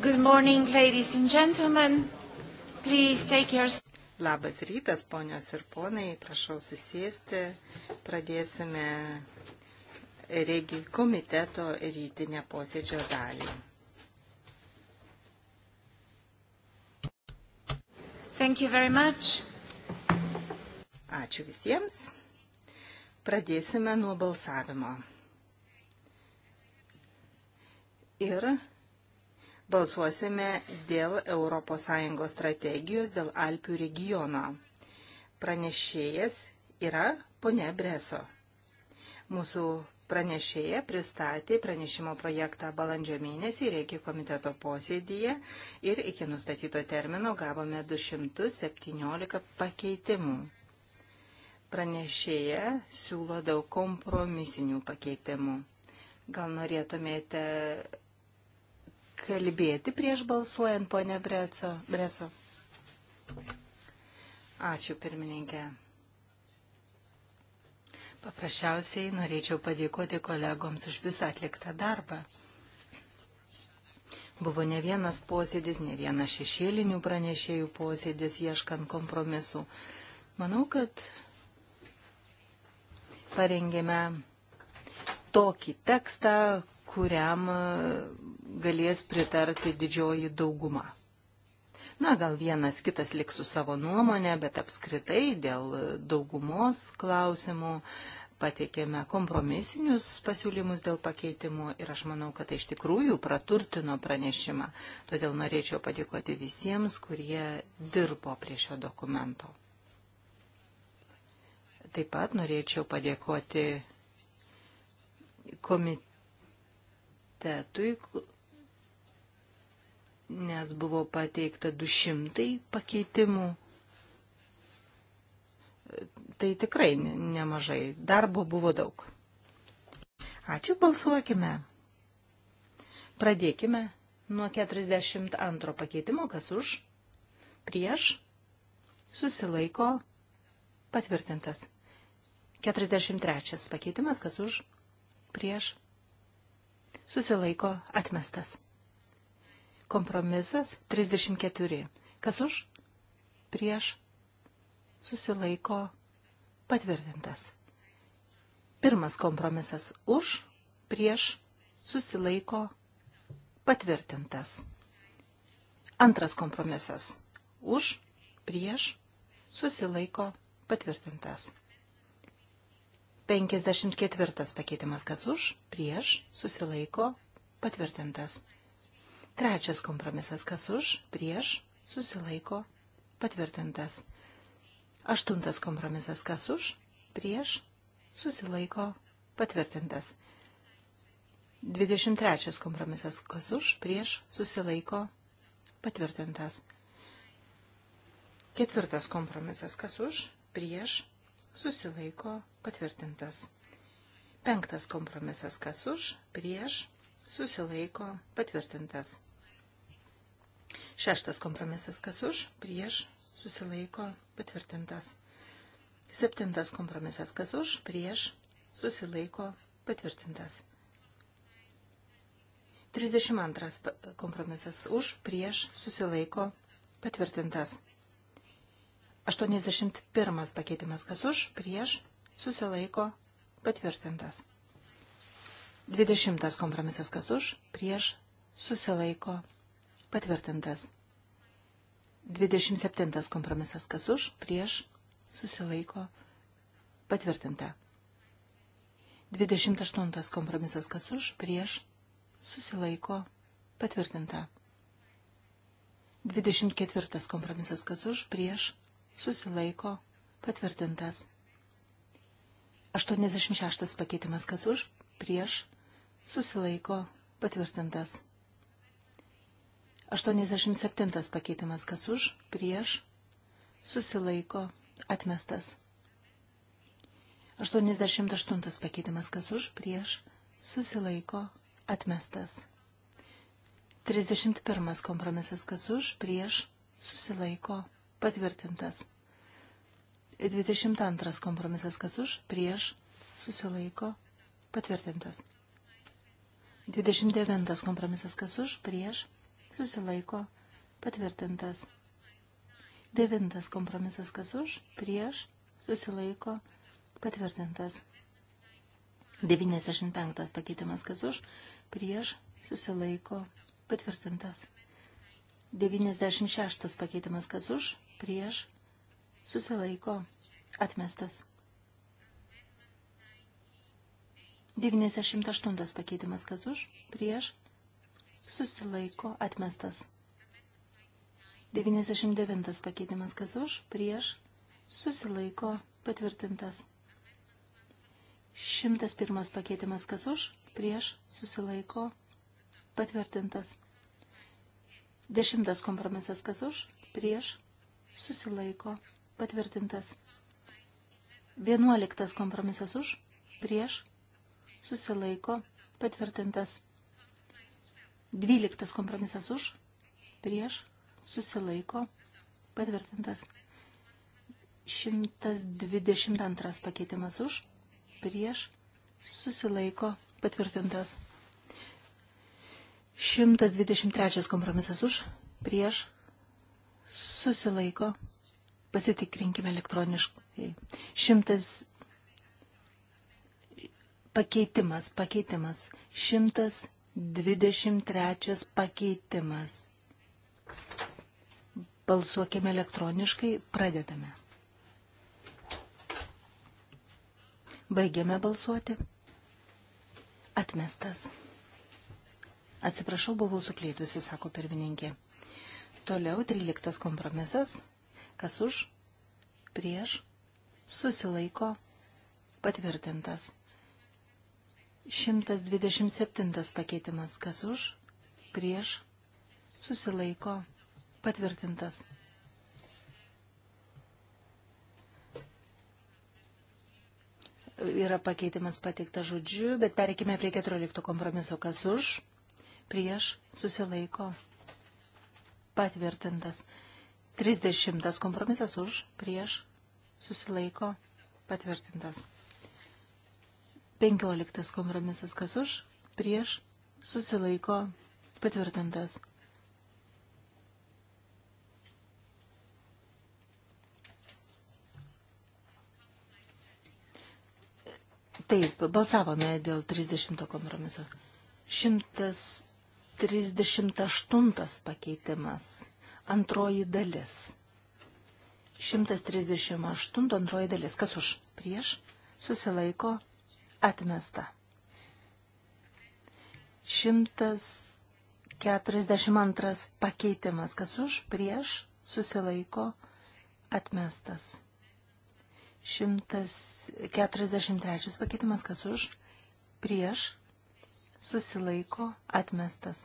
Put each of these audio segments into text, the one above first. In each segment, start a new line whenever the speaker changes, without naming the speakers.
Good morning, ladies and gentlemen. Please take your... Labas rytas, ponios ir ponai, prašau susėsti. Pradėsime regi komiteto rytinę posėdžio dalį. Thank you very much. Ačiū visiems. Pradėsime nuo balsavimo. Ir balsuosime dėl ES strategijos dėl Alpių regiono. Pranešėjas yra ponė Breso. Mūsų pranešėja pristatė pranešimo projektą balandžio mėnesį reikia komiteto posėdyje ir iki nustatyto termino gavome 217 pakeitimų. Pranešėja siūlo daug kompromisinių pakeitimų. Gal norėtumėte kalbėti prieš balsuojant, ponė Breso. Breso. Ačiū, pirmininkė. Paprasčiausiai norėčiau padėkoti kolegoms už visą atliktą darbą. Buvo ne vienas posėdis, ne vienas šešėlinių pranešėjų posėdis, ieškant kompromisų. Manau, kad parengėme tokį tekstą, kuriam e, galės pritarti didžioji dauguma. Na, gal vienas kitas liks su savo nuomonė, bet apskritai dėl daugumos klausimų pateikėme kompromisinius pasiūlymus dėl pakeitimų ir aš manau, kad tai iš tikrųjų praturtino pranešimą. Todėl norėčiau padėkoti visiems, kurie dirbo prie šio dokumento. Taip pat norėčiau padėkoti komit komitetui, nes buvo pateikta 200 pakeitimų. Tai tikrai nemažai. Darbo buvo daug. Ačiū, balsuokime. Pradėkime nuo 42 pakeitimo, kas už, prieš, susilaiko, patvirtintas. 43 pakeitimas, kas už, prieš, susilaiko atmestas. Kompromisas 34. Kas už? Prieš susilaiko patvirtintas. Pirmas kompromisas už, prieš susilaiko patvirtintas. Antras kompromisas už, prieš susilaiko patvirtintas. 54 pakeitimas kas už, prieš, susilaiko, patvirtintas. Trečias kompromisas kas už, prieš, susilaiko, patvirtintas. Aštuntas kompromisas kas už, prieš, susilaiko, patvirtintas. 23 kompromisas kas už, prieš, susilaiko, patvirtintas. Ketvirtas kompromisas kas už, prieš, susilaiko patvirtintas. Penktas kompromisas kas už, prieš, susilaiko patvirtintas. Šeštas kompromisas kas už, prieš, susilaiko patvirtintas. Septintas kompromisas kas už, prieš, susilaiko patvirtintas. 32 kompromisas už, prieš, susilaiko patvirtintas. 81 pakeitimas kas už, prieš, susilaiko, patvirtintas. 20 kompromisas kas už, prieš, susilaiko, patvirtintas. 27 kompromisas kas už, prieš, susilaiko, patvirtinta. 28 kompromisas kas už, prieš, susilaiko, patvirtinta. 24 kompromisas kas už, prieš, susilaiko, patvirtintas. 86 pakeitimas kas už, prieš, susilaiko, patvirtintas. 87 pakeitimas kas už, prieš, susilaiko, atmestas. 88 pakeitimas kas už, prieš, susilaiko, atmestas. 31 kompromisas kas už, prieš, susilaiko, atmestas patvirtintas. 22 kompromisas kas už, prieš, susilaiko, patvirtintas. 29 kompromisas kas už, prieš, susilaiko, patvirtintas. 9 kompromisas kas už, prieš, susilaiko, patvirtintas. 95 pakeitimas kas už, prieš, susilaiko, patvirtintas. 96 pakeitimas kas už, prieš, susilaiko, atmestas. 98 pakeitimas kas už, prieš, susilaiko, atmestas. 99 pakeitimas kas už, prieš, susilaiko, patvirtintas. 101 pakeitimas kas už, prieš, susilaiko, patvirtintas. Dešimtas kompromisas kas už, prieš, susilaiko, patvirtintas. Vienuoliktas kompromisas už, prieš, susilaiko, patvirtintas. Dvyliktas kompromisas už, prieš, susilaiko, patvirtintas. 122 pakeitimas už, prieš, susilaiko, patvirtintas. 123 kompromisas už, prieš, susilaiko, pasitikrinkime elektroniškai. Šimtas pakeitimas, pakeitimas, šimtas dvidešimt trečias pakeitimas. Balsuokime elektroniškai, pradedame. Baigiame balsuoti. Atmestas. Atsiprašau, buvau suklėdusi, sako pirmininkė. Toliau 13 kompromisas. Kas už, prieš, susilaiko, patvirtintas. 127 pakeitimas. Kas už, prieš, susilaiko, patvirtintas. Yra pakeitimas pateiktas žodžiu, bet pereikime prie 14 kompromiso. Kas už, prieš, susilaiko, patvirtintas patvirtintas. 30 kompromisas už, prieš, susilaiko, patvirtintas. 15 kompromisas kas už, prieš, susilaiko, patvirtintas. Taip, balsavome dėl 30 kompromiso. 100 138 pakeitimas, antroji dalis. 138 antroji dalis. Kas už? Prieš? Susilaiko? Atmesta. 142 pakeitimas. Kas už? Prieš? Susilaiko? Atmestas. 143 pakeitimas. Kas už? Prieš? susilaiko, atmestas.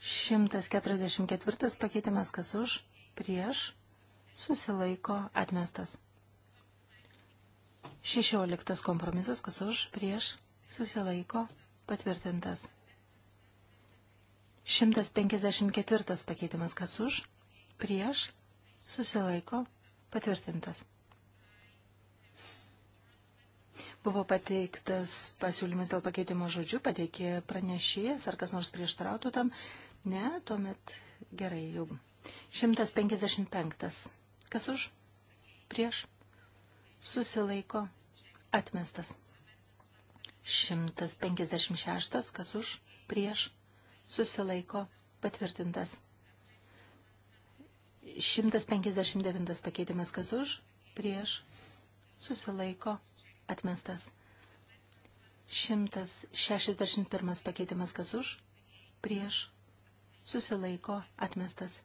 144 pakeitimas kas už, prieš, susilaiko, atmestas. 16 kompromisas kas už, prieš, susilaiko, patvirtintas. 154 pakeitimas kas už, prieš, susilaiko, patvirtintas. Buvo pateiktas pasiūlymas dėl pakeitimo žodžių, pateikė pranešėjas, ar kas nors prieštarautų tam. Ne, tuomet gerai jau. 155. Kas už? Prieš? Susilaiko. Atmestas. 156. Kas už? Prieš? Susilaiko. Patvirtintas. 159 pakeitimas. Kas už? Prieš? Susilaiko. Atmestas. 161 pakeitimas kas už, prieš, susilaiko, atmestas.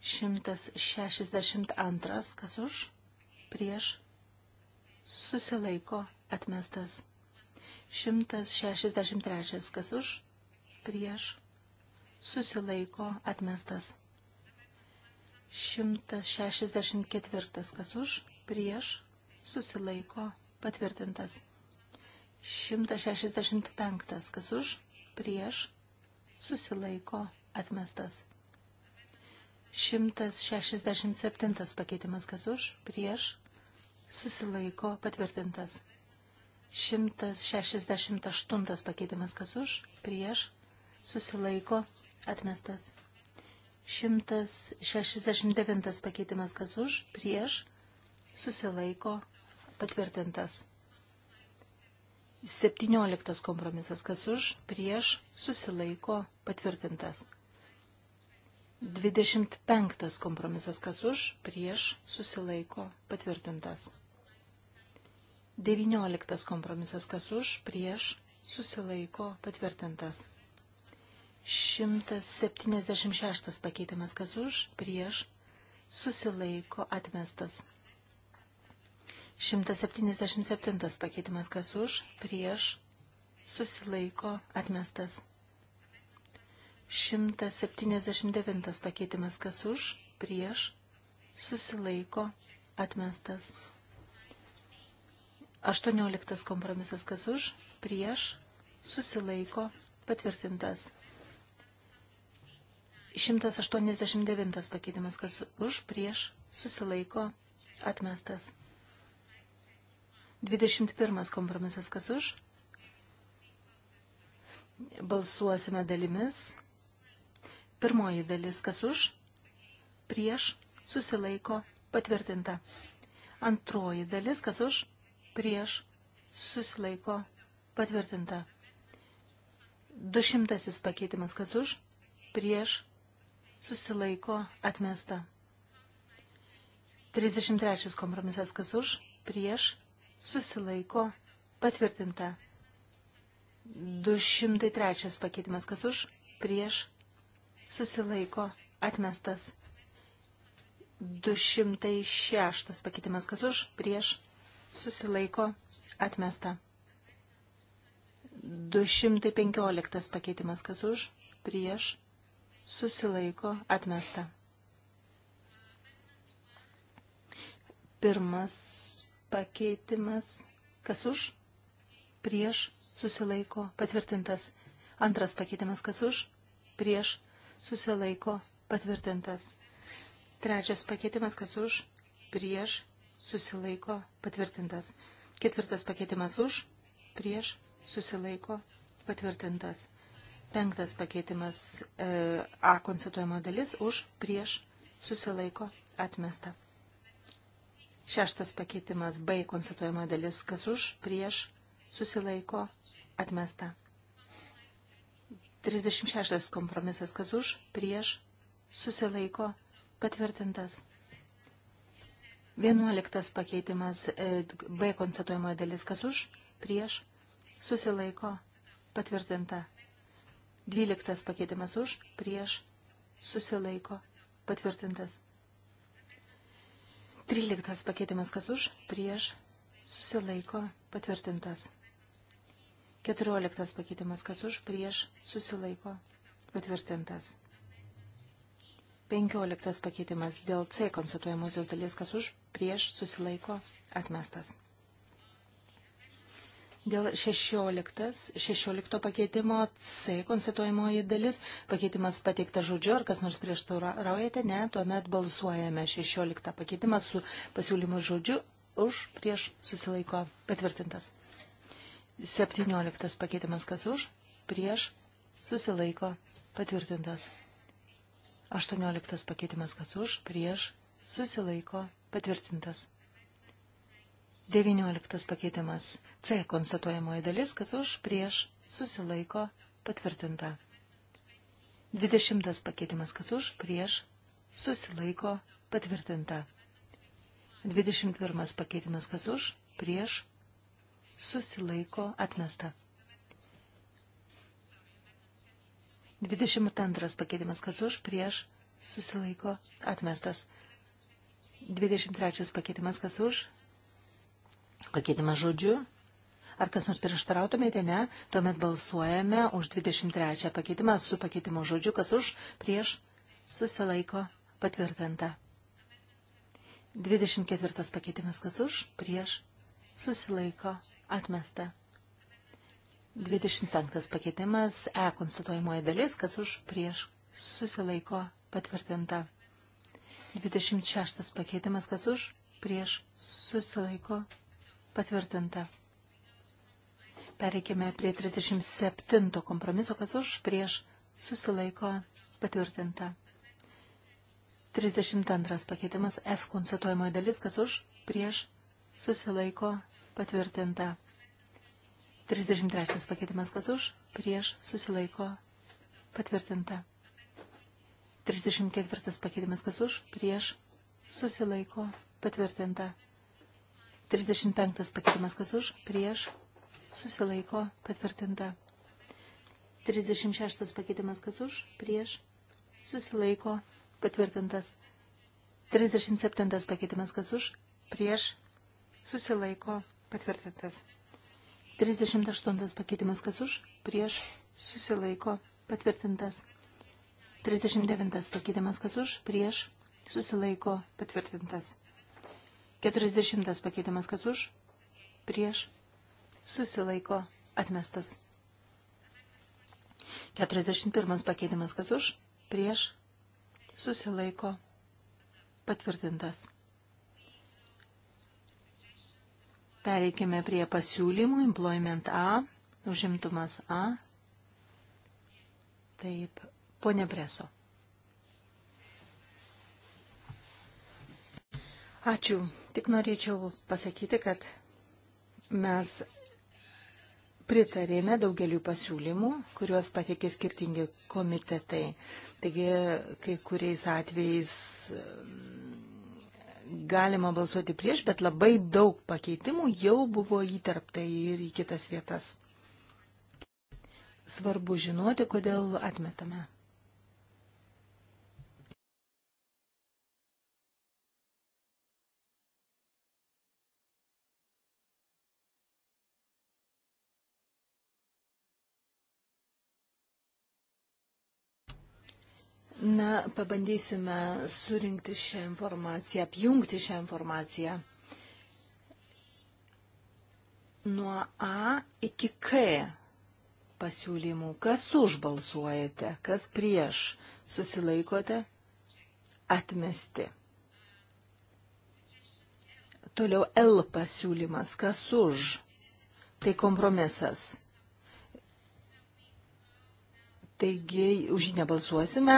162 kas už, prieš, susilaiko, atmestas. 163 kas už, prieš, susilaiko, atmestas. 164 kas už, prieš, susilaiko, Patvirtintas. 165. Kas už? Prieš. Susilaiko. Atmestas. 167 pakeitimas kas už, prieš, susilaiko, patvirtintas. 168 pakeitimas kas už, prieš, susilaiko, atmestas. 169 pakeitimas kas už, prieš, susilaiko, patvirtintas. 17 kompromisas, kas už, prieš, susilaiko, patvirtintas. 25 kompromisas, kas už, prieš, susilaiko, patvirtintas. 19 kompromisas, kas už, prieš, susilaiko, patvirtintas. 176 pakeitimas, kas už, prieš, susilaiko, atmestas. 177 pakeitimas kas už, prieš, susilaiko, atmestas. 179 pakeitimas kas už, prieš, susilaiko, atmestas. 18 kompromisas kas už, prieš, susilaiko, patvirtintas. 189 pakeitimas kas už, prieš, susilaiko, atmestas. 21 kompromisas kas už? Balsuosime dalimis. Pirmoji dalis kas už? Prieš susilaiko patvirtinta. Antroji dalis kas už? Prieš susilaiko patvirtinta. Dušimtasis pakeitimas kas už? Prieš susilaiko atmesta. 33 kompromisas kas už? Prieš susilaiko, patvirtinta. 203 pakeitimas, kas už, prieš, susilaiko, atmestas. 206 pakeitimas, kas už, prieš, susilaiko, atmesta. 215 pakeitimas, kas už, prieš, susilaiko, atmesta. Pirmas pakeitimas. Kas už? Prieš susilaiko patvirtintas. Antras pakeitimas. Kas už? Prieš susilaiko patvirtintas. Trečias pakeitimas. Kas už? Prieš susilaiko patvirtintas. Ketvirtas pakeitimas už, prieš susilaiko patvirtintas. Penktas pakeitimas e, A konstituojama dalis už, prieš susilaiko atmesta. Šeštas pakeitimas B konstatuojamoji dalis, kas už, prieš, susilaiko, atmesta. 36 kompromisas, kas už, prieš, susilaiko, patvirtintas. 11 pakeitimas e, B konstatuojamoji dalis, kas už, prieš, susilaiko, patvirtinta. 12 pakeitimas už, prieš, susilaiko, patvirtintas. 13 pakeitimas kas už, prieš, susilaiko, patvirtintas. 14 pakeitimas kas už, prieš, susilaiko, patvirtintas. 15 pakeitimas dėl C konstatuojamosios dalies kas už, prieš, susilaiko, atmestas. Dėl 16, 16 pakeitimo C konstatuojamoji dalis, pakeitimas pateiktas žodžiu, ar kas nors prieštaraujate, ne, tuomet balsuojame 16 pakeitimą su pasiūlymu žodžiu, už, prieš, susilaiko, patvirtintas. 17 pakeitimas kas už, prieš, susilaiko, patvirtintas. 18 pakeitimas kas už, prieš, susilaiko, patvirtintas. 19 pakeitimas. C konstatuojamoji dalis, kas už, prieš, susilaiko, patvirtinta. 20 pakeitimas, kas už, prieš, susilaiko, patvirtinta. 21 pakeitimas, kas už, prieš, susilaiko, atmesta. 22 pakeitimas, kas už, prieš, susilaiko, atmestas. 23 pakeitimas, kas už, Pakeitimas žodžiu. Ar kas nors prieštarautumėte? Ne. Tuomet balsuojame už 23 pakeitimą su pakeitimo žodžiu, kas už, prieš, susilaiko, patvirtinta. 24 pakeitimas, kas už, prieš, susilaiko, atmesta. 25 pakeitimas, E konstatuojamoji dalis, kas už, prieš, susilaiko, patvirtinta. 26 pakeitimas, kas už, prieš, susilaiko, Patvirtinta. Pereikime prie 37 kompromiso, kas už prieš susilaiko patvirtinta. 32 pakeitimas F konstatuojamoji dalis, kas už prieš susilaiko patvirtinta. 33 pakeitimas, kas už prieš susilaiko patvirtinta. 34 pakeitimas, kas už prieš susilaiko patvirtinta. 35 pakeitimas kas už, prieš, susilaiko, patvirtinta. 36 pakeitimas kas už, prieš, susilaiko, patvirtintas. 37 pakeitimas kas už, prieš, susilaiko, patvirtintas. 38 pakeitimas kas už, prieš, susilaiko, patvirtintas. 39 pakeitimas kas už, prieš, susilaiko, patvirtintas. 40 pakeitimas kas už, prieš, susilaiko, atmestas. 41 pakeitimas kas už, prieš, susilaiko, patvirtintas. Pereikime prie pasiūlymų, employment A, užimtumas A. Taip, ponė Breso. Ačiū, Tik norėčiau pasakyti, kad mes pritarėme daugeliu pasiūlymų, kuriuos patikė skirtingi komitetai. Taigi, kai kuriais atvejais mm, galima balsuoti prieš, bet labai daug pakeitimų jau buvo įtarpta ir į kitas vietas. Svarbu žinoti, kodėl atmetame. Na, pabandysime surinkti šią informaciją, apjungti šią informaciją nuo A iki K pasiūlymų. Kas užbalsuojate, kas prieš susilaikote, atmesti. Toliau L pasiūlymas, kas už, tai kompromisas. Taigi už jį nebalsuosime.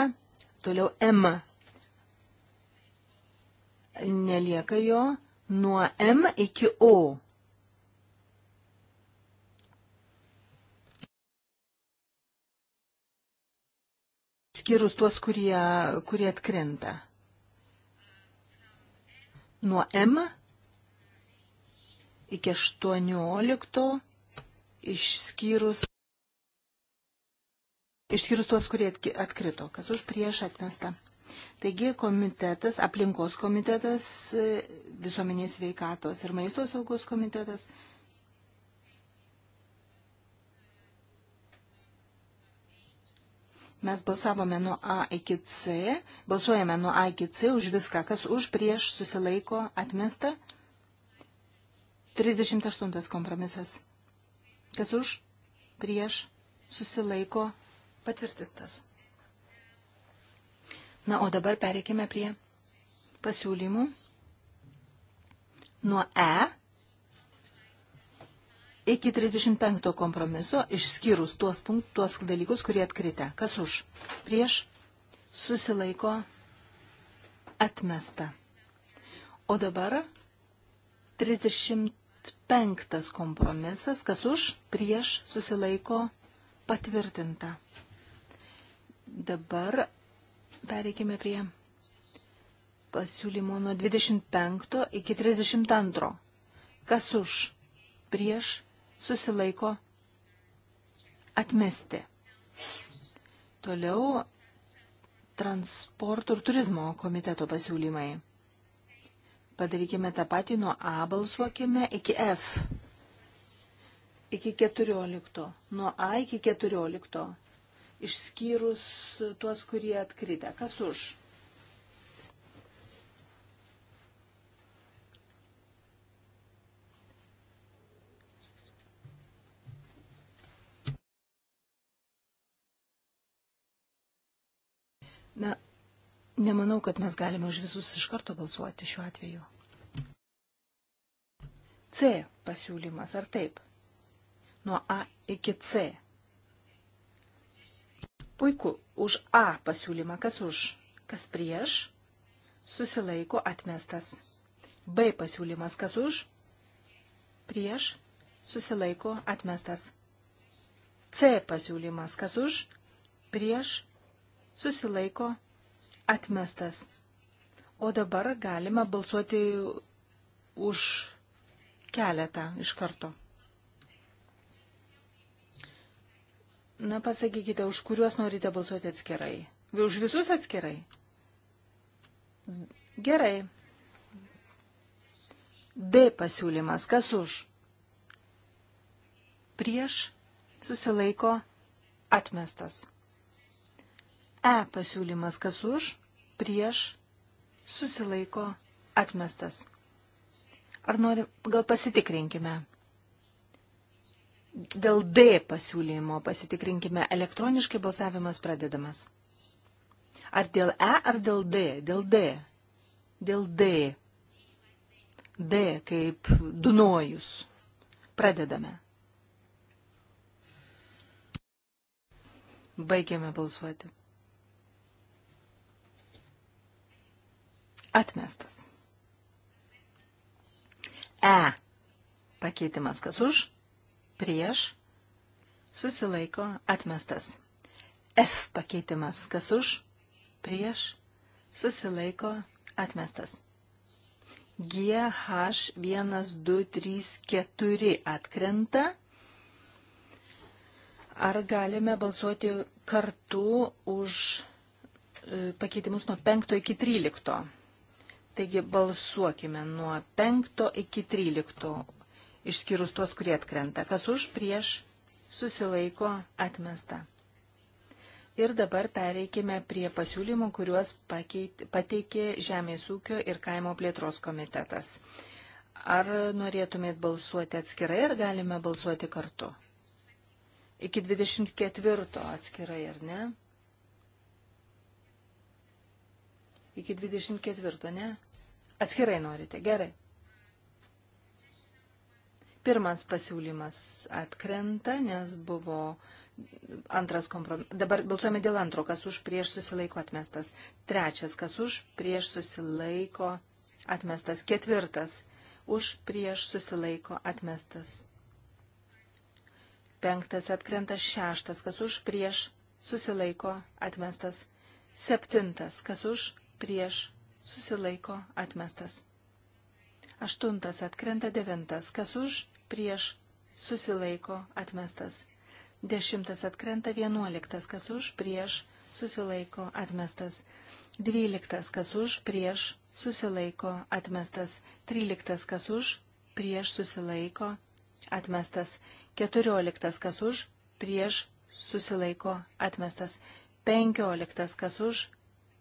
Toliau M. Nelieka jo nuo M iki O. Skirus tuos, kurie, kurie atkrenta. Nuo M iki 18 išskyrus Išskyrus tuos, kurie atkrito, kas už prieš atmesta. Taigi komitetas, aplinkos komitetas, e, visuomenės veikatos ir maisto saugos komitetas. Mes balsavome nuo A iki C, balsuojame nuo A iki C už viską, kas už prieš susilaiko atmesta. 38 kompromisas. Kas už prieš susilaiko atmesta Patvirtintas. Na, o dabar pereikime prie pasiūlymų nuo E iki 35 kompromiso, išskyrus tuos, punkt, tuos dalykus, kurie atkrite. Kas už? Prieš susilaiko atmesta. O dabar 35 kompromisas, kas už? Prieš susilaiko patvirtinta. Dabar pereikime prie pasiūlymo nuo 25 iki 32. Kas už, prieš, susilaiko, atmesti. Toliau transporto ir turizmo komiteto pasiūlymai. Padarykime tą patį nuo A balsuokime iki F. Iki 14. Nuo A iki 14 išskyrus tuos, kurie atkritę. Kas už? Na, nemanau, kad mes galime už visus iš karto balsuoti šiuo atveju. C pasiūlymas, ar taip? Nuo A iki C. Puiku, už A pasiūlymą, kas už, kas prieš, susilaiko atmestas. B pasiūlymas, kas už, prieš, susilaiko atmestas. C pasiūlymas, kas už, prieš, susilaiko atmestas. O dabar galima balsuoti už keletą iš karto. Na, pasakykite, už kuriuos norite balsuoti atskirai? Už visus atskirai? Gerai. D pasiūlymas. Kas už? Prieš susilaiko atmestas. E pasiūlymas. Kas už? Prieš susilaiko atmestas. Ar nori, gal pasitikrinkime. Dėl D pasiūlymo pasitikrinkime elektroniškai balsavimas pradedamas. Ar dėl E, ar dėl D? Dėl D. Dėl D. D kaip Dunojus. Pradedame. Baigiame balsuoti. Atmestas. E. Pakeitimas kas už? prieš, susilaiko, atmestas. F pakeitimas, kas už, prieš, susilaiko, atmestas. GH1234 atkrenta. Ar galime balsuoti kartu už e, pakeitimus nuo 5 iki 13? Taigi balsuokime nuo 5 iki 13 išskyrus tuos, kurie atkrenta. Kas už, prieš, susilaiko, atmesta. Ir dabar pereikime prie pasiūlymų, kuriuos pakeit, pateikė Žemės ūkio ir kaimo plėtros komitetas. Ar norėtumėt balsuoti atskirai, ar galime balsuoti kartu? Iki 24 atskirai, ar ne? Iki 24, ne? Atskirai norite, gerai. Pirmas pasiūlymas atkrenta, nes buvo antras kompromisas. Dabar balsuojame dėl antro, kas už prieš susilaiko atmestas. Trečias, kas už prieš susilaiko atmestas. Ketvirtas, už prieš susilaiko atmestas. Penktas atkrenta šeštas, kas už prieš susilaiko atmestas. Septintas, kas už prieš susilaiko atmestas. Aštuntas atkrenta devintas, kas už prieš susilaiko atmestas. Dešimtas atkrenta vienuoliktas, kas už prieš susilaiko atmestas. Dvyliktas, kas už prieš susilaiko atmestas. Tryliktas, kas už prieš susilaiko atmestas. Keturioliktas, kas už prieš susilaiko atmestas. Penkioliktas, kas už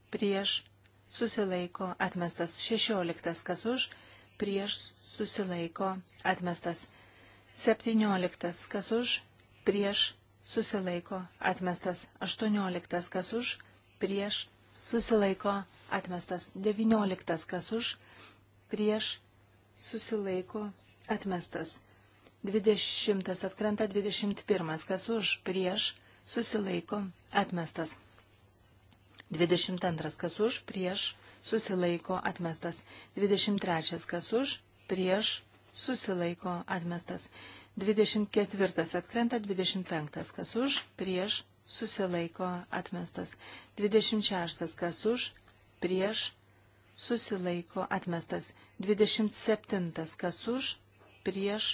prieš susilaiko atmestas. Šešioliktas, kas už prieš susilaiko atmestas. 17. Kas už, prieš, susilaiko, atmestas. 18. Kas už, prieš, susilaiko, atmestas. 19. Kas už, prieš, susilaiko, atmestas. 20. Atkrenta 21. Kas už, prieš, susilaiko, atmestas. 22. Kas už, prieš, susilaiko, atmestas. 23. Kas už, prieš, susilaiko atmestas. 24 atkrenta, 25 kas už, prieš, susilaiko atmestas. 26 kas už, prieš, susilaiko atmestas. 27 kas už, prieš,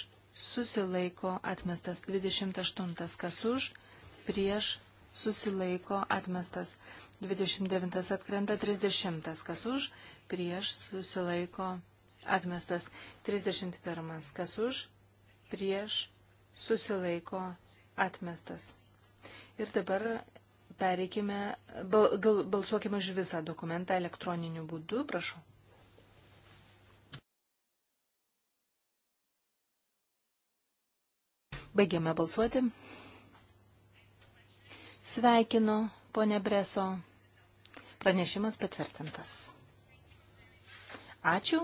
susilaiko atmestas. 28 kas už, prieš, susilaiko atmestas. 29 atkrenta, 30 kas už, prieš, susilaiko atmestas Atmestas 31. Kas už, prieš, susilaiko, atmestas. Ir dabar pereikime, bal, gal, balsuokime už visą dokumentą elektroniniu būdu, prašau. Baigiame balsuoti. Sveikinu, ponė Breso. Pranešimas patvirtintas. Ačiū.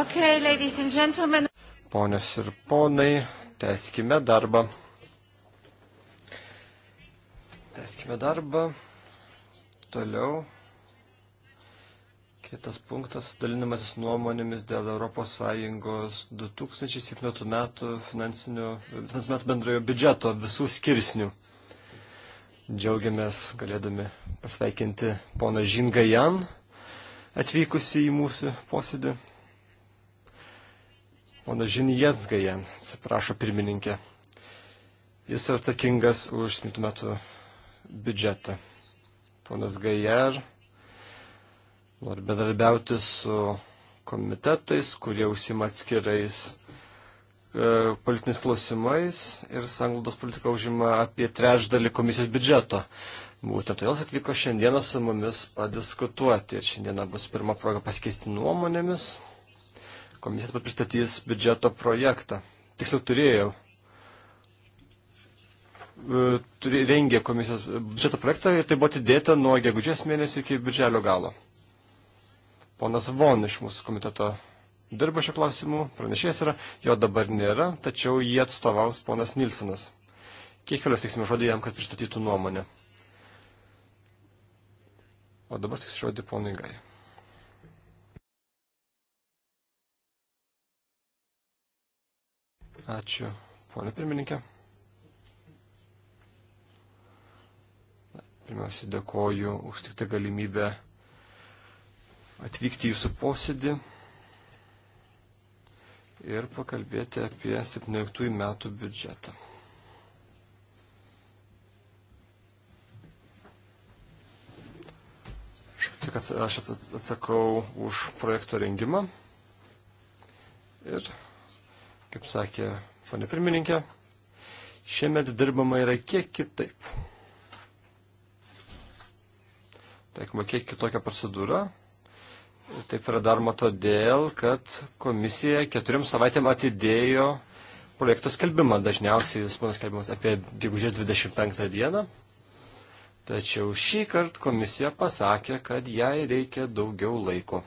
Okay, ladies and gentlemen.
Ponios ir ponai, teskime darbą. Teskime darbą. Toliau. Kitas punktas - dalinimasis nuomonėmis dėl ES 2017 metų finansinių, finansinių metų bendrojo biudžeto visų skirsnių. Džiaugiamės galėdami pasveikinti poną Žingajan atvykusi į mūsų posėdį. Pana Žinietsgaja, atsiprašo pirmininkė. Jis yra atsakingas už 7 metų biudžetą. Ponas Gajer nori bedarbiauti su komitetais, kurie užsima atskirais e, politiniais klausimais ir sanglaudos politika užima apie trečdalį komisijos biudžeto. Būtent todėl tai atvyko šiandieną su mumis padiskutuoti ir šiandieną bus pirma proga pasikeisti
nuomonėmis
Komisija pat pristatys biudžeto projektą. Tiksliau turėjo. E, turė, rengė komisijos biudžeto projektą ir tai buvo atidėta nuo gegužės mėnesio iki birželio galo. Ponas Von iš mūsų komiteto dirba šio klausimu, pranešėjas yra, jo dabar nėra, tačiau jį atstovaus ponas Nilsonas. Kiek vėliau teiksime žodį jam, kad pristatytų nuomonę. O dabar tik žodį ponui Gai. Ačiū, ponė pirmininkė. Pirmiausia, dėkoju už tik tą tai galimybę atvykti į jūsų posėdį ir pakalbėti apie 17 metų biudžetą. Tik aš atsakau už projekto rengimą ir Kaip sakė ponė pirmininkė, šiemet dirbama yra kiek kitaip. Taikoma kiek kitokia procedūra. Taip yra daroma todėl, kad komisija keturiam savaitėm atidėjo projekto skelbimą. Dažniausiai jis būna skelbimas apie gegužės 25 dieną. Tačiau šį kartą komisija pasakė, kad jai reikia daugiau laiko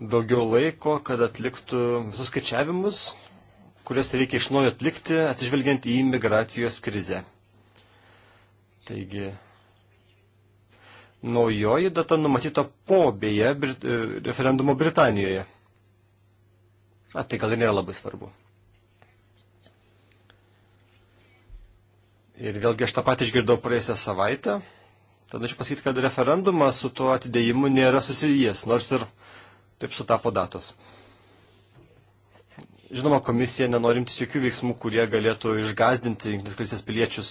daugiau laiko, kad atliktų visus skaičiavimus, kuriuos reikia iš naujo atlikti, atsižvelgiant į migracijos krizę. Taigi, naujoji data numatyta po beje Brit e, referendumo Britanijoje. A, tai gal ir nėra labai svarbu. Ir vėlgi aš tą patį išgirdau praėjusią savaitę. Tada aš pasakyti, kad referendumas su tuo atidėjimu nėra susijęs, nors ir Taip sutapo datos. Žinoma, komisija nenorimtis jokių veiksmų, kurie galėtų išgazdinti Junktinės karalystės piliečius.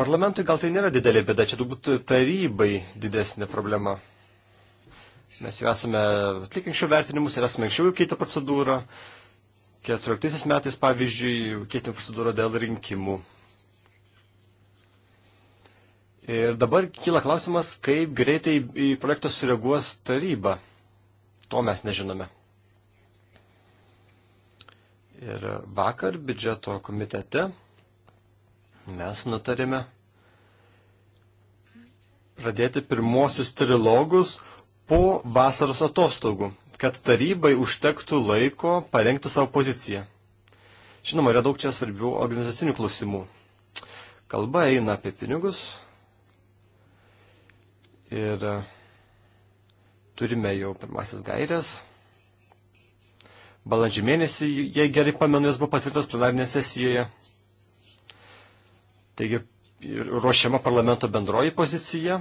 Parlamentui gal tai nėra didelė bėda, čia turbūt tarybai didesnė problema. Mes jau esame atlikę anksčiau vertinimus ir esame anksčiau jau keitę procedūrą. 14 metais, pavyzdžiui, keitėme procedūrą dėl rinkimų. Ir dabar kyla klausimas, kaip greitai į projektą sureaguos taryba. To mes nežinome. Ir vakar biudžeto komitete mes nutarėme pradėti pirmosius trilogus po vasaros atostogų, kad tarybai užtektų laiko parengti savo poziciją. Žinoma, yra daug čia svarbių organizacinių klausimų. Kalba eina apie pinigus, Ir e, turime jau pirmasis gairias. Balandžio mėnesį, jei gerai pamenu, jis buvo patvirtas plenarinėje sesijoje. Taigi ruošiama parlamento bendroji pozicija.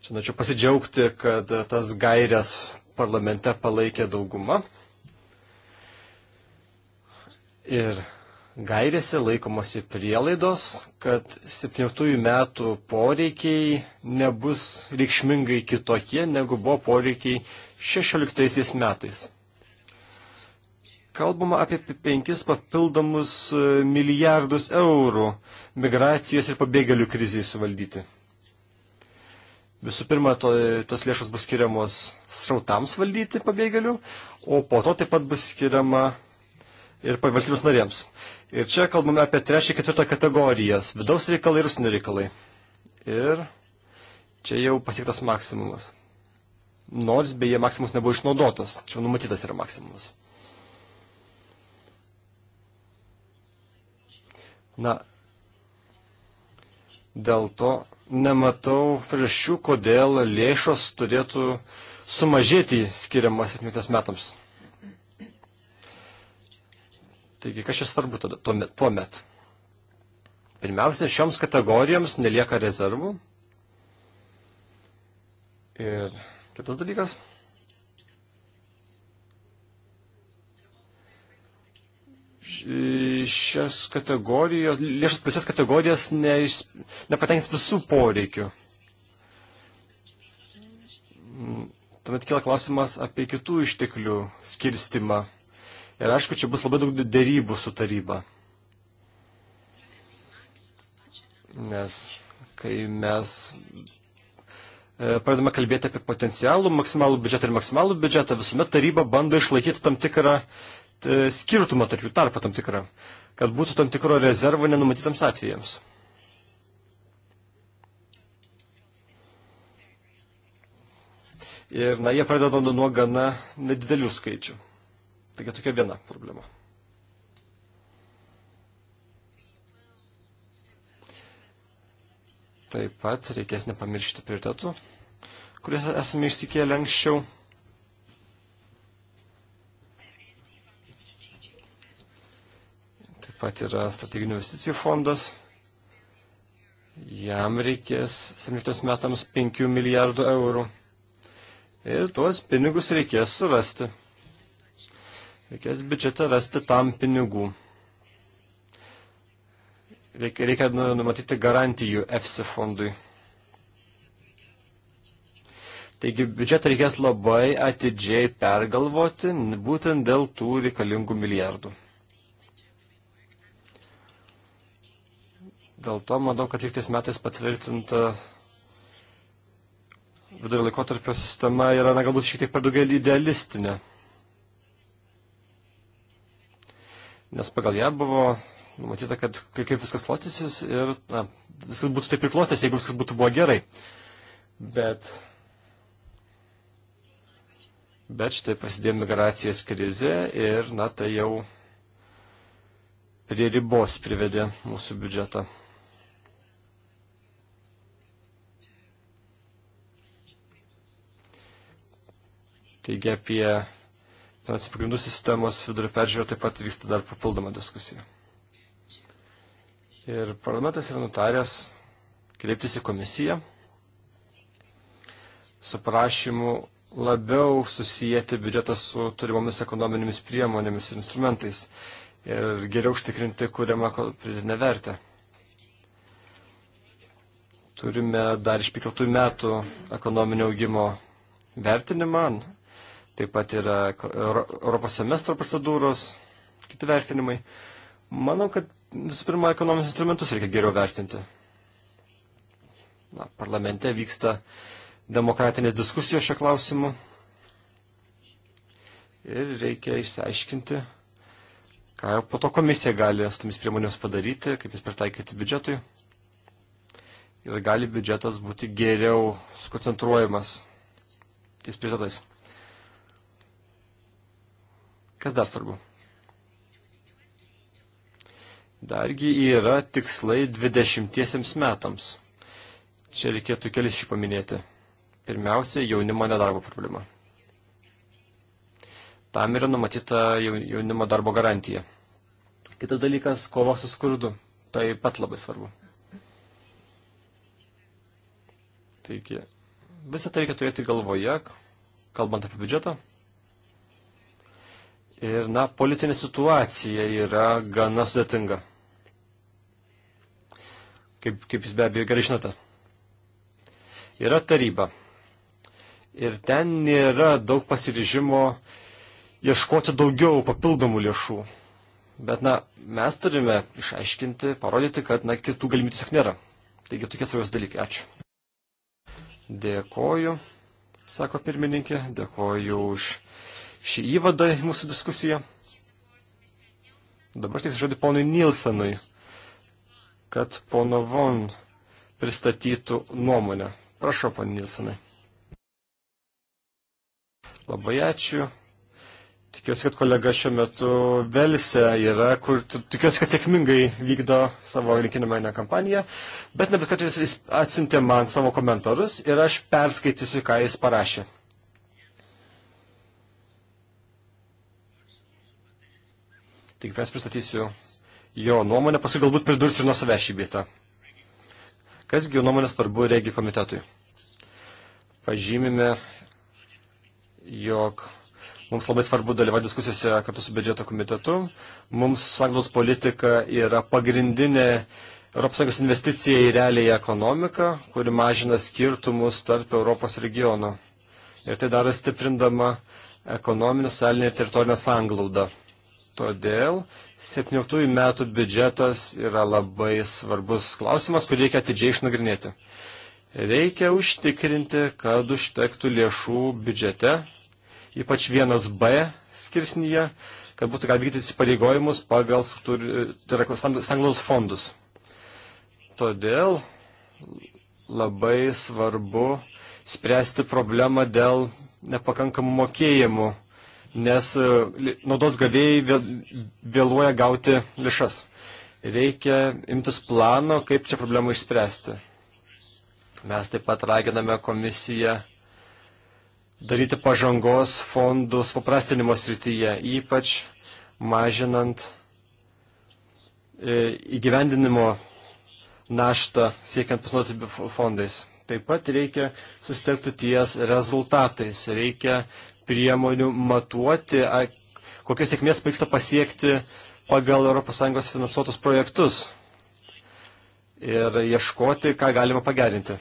Čia norėčiau pasidžiaugti, kad tas gairias parlamente palaikė dauguma. Ir gairėse laikomosi prielaidos, kad 17 metų poreikiai nebus reikšmingai kitokie, negu buvo poreikiai 16 metais. Kalbama apie 5 papildomus e, milijardus eurų migracijos ir pabėgėlių kriziai suvaldyti. Visų pirma, to, tos lėšos bus skiriamos srautams valdyti pabėgėlių, o po to taip pat bus skiriama ir valstybės narėms. Ir čia kalbame apie trečią, ketvirtą kategorijas - vidaus reikalai ir užsienio reikalai. Ir čia jau pasiektas maksimumas. Nors beje, maksimumas nebuvo išnaudotas, čia numatytas yra maksimumas. Na, dėl to nematau priešių, kodėl lėšos turėtų sumažėti skiriamas atminties metams. Taigi, kas čia svarbu tada, tuo met? Pirmiausia, šioms kategorijoms nelieka rezervų. Ir kitas dalykas. Šias kategorijos, lėšas pačias kategorijas neiš, nepatenkins visų poreikių. Tuomet kila klausimas apie kitų išteklių skirstimą Ir aišku, čia bus labai daug dėrybų su taryba. Nes kai mes e, pradame kalbėti apie potencialų maksimalų biudžetą ir maksimalų biudžetą, visuomet taryba bando išlaikyti tam tikrą e, skirtumą tarp jų tarpą tam tikrą, kad būtų tam tikro rezervo nenumatytams atvejams. Ir, na, jie pradeda nuo gana nedidelių skaičių. Taigi tokia viena problema. Taip pat reikės nepamiršti prioritetų, kuriuos esame išsikėlę anksčiau. Taip pat yra strateginių investicijų fondas. Jam reikės 17 metams 5 milijardų eurų. Ir tuos pinigus reikės suvesti. Reikės biudžetą rasti tam pinigų. Reikia, reikia nu, numatyti garantijų EFSI fondui. Taigi biudžetą reikės labai atidžiai pergalvoti, būtent dėl tų reikalingų milijardų. Dėl to, manau, kad 13 metais patvirtinta vidurio laikotarpio sistema yra, na, galbūt šiek tiek per daugiau idealistinė. nes pagal ją buvo numatyta, kad kaip viskas klostysis ir na, viskas būtų taip ir klostys, jeigu viskas būtų buvo gerai. Bet, bet štai prasidėjo migracijos krizė ir, na, tai jau prie ribos privedė mūsų biudžetą. Taigi apie Finansinių pagrindų sistemos vidurio peržiūro taip pat vyksta dar papildoma diskusija. Ir parlamentas yra nutaręs kreiptis į komisiją su prašymu labiau susijęti biudžetą su turimomis ekonominėmis priemonėmis ir instrumentais ir geriau užtikrinti kuriamą pridėtinę vertę. Turime dar iš penkiotųjų metų ekonominio augimo vertinimą, Taip pat yra Europos semestro procedūros, kiti vertinimai. Manau, kad visų pirma, ekonominius instrumentus reikia geriau vertinti. Na, parlamente vyksta demokratinės diskusijos šio klausimu. Ir reikia išsiaiškinti, ką po to komisija gali su tomis priemonėmis padaryti, kaip jis pritaikyti biudžetui. Ir gali biudžetas būti geriau skoncentruojamas ties prioritetais. Kas dar svarbu? Dargi yra tikslai 20 metams. Čia reikėtų kelis šį paminėti. Pirmiausia, jaunimo nedarbo problema. Tam yra numatyta jaunimo darbo garantija. Kitas dalykas - kova su skurdu. Tai pat labai svarbu. Taigi, visą tai reikia turėti galvoje, kalbant apie biudžetą. Ir, na, politinė situacija yra gana sudėtinga. Kaip, kaip jūs be abejo gerai žinote. Yra taryba. Ir ten nėra daug pasiryžimo ieškoti daugiau papildomų lėšų. Bet, na, mes turime išaiškinti, parodyti, kad, na, kitų galimybių tiesiog nėra. Taigi tokie svarbus dalykai. Ačiū. Dėkoju, sako pirmininkė, dėkoju už šį įvadą į mūsų diskusiją. Dabar tik žodį ponui Nilsenui, kad pono Von pristatytų nuomonę. Prašau, ponai Nilsenai. Labai ačiū. Tikiuosi, kad kolega šiuo metu Velse yra, kur tikiuosi, kad sėkmingai vykdo savo rinkiminę kampaniją, bet nebet kad jis atsintė man savo komentarus ir aš perskaitysiu, ką jis parašė. Tik mes pristatysiu jo nuomonę, paskui galbūt pridursiu ir nuo savęs šį bitą. Kasgi jo nuomonė svarbu regi komitetui? Pažymime, jog mums labai svarbu dalyvauti diskusijose kartu su biudžeto komitetu. Mums sanglos politika yra pagrindinė ES investicija į realiai ekonomiką, kuri mažina skirtumus tarp Europos regiono. Ir tai daro stiprindama ekonominį, salinį ir teritorinę sanglaudą. Todėl 17 metų biudžetas yra labai svarbus klausimas, kurį reikia atidžiai išnagrinėti. Reikia užtikrinti, kad užtektų lėšų biudžete, ypač 1B skirsnyje, kad būtų galima vykdyti įsipareigojimus pagal tai sanglaus fondus. Todėl labai svarbu spręsti problemą dėl nepakankamų mokėjimų nes e, naudos gavėjai vėluoja gauti lišas. Reikia imtis plano, kaip čia problemą išspręsti. Mes taip pat raginame komisiją daryti pažangos fondus paprastinimo srityje, ypač mažinant e, įgyvendinimo naštą siekiant pasinaudoti fondais. Taip pat reikia susitelkti ties rezultatais, reikia priemonių matuoti, kokios sėkmės pavyksta pasiekti pagal ES finansuotus projektus ir ieškoti, ką galima pagerinti.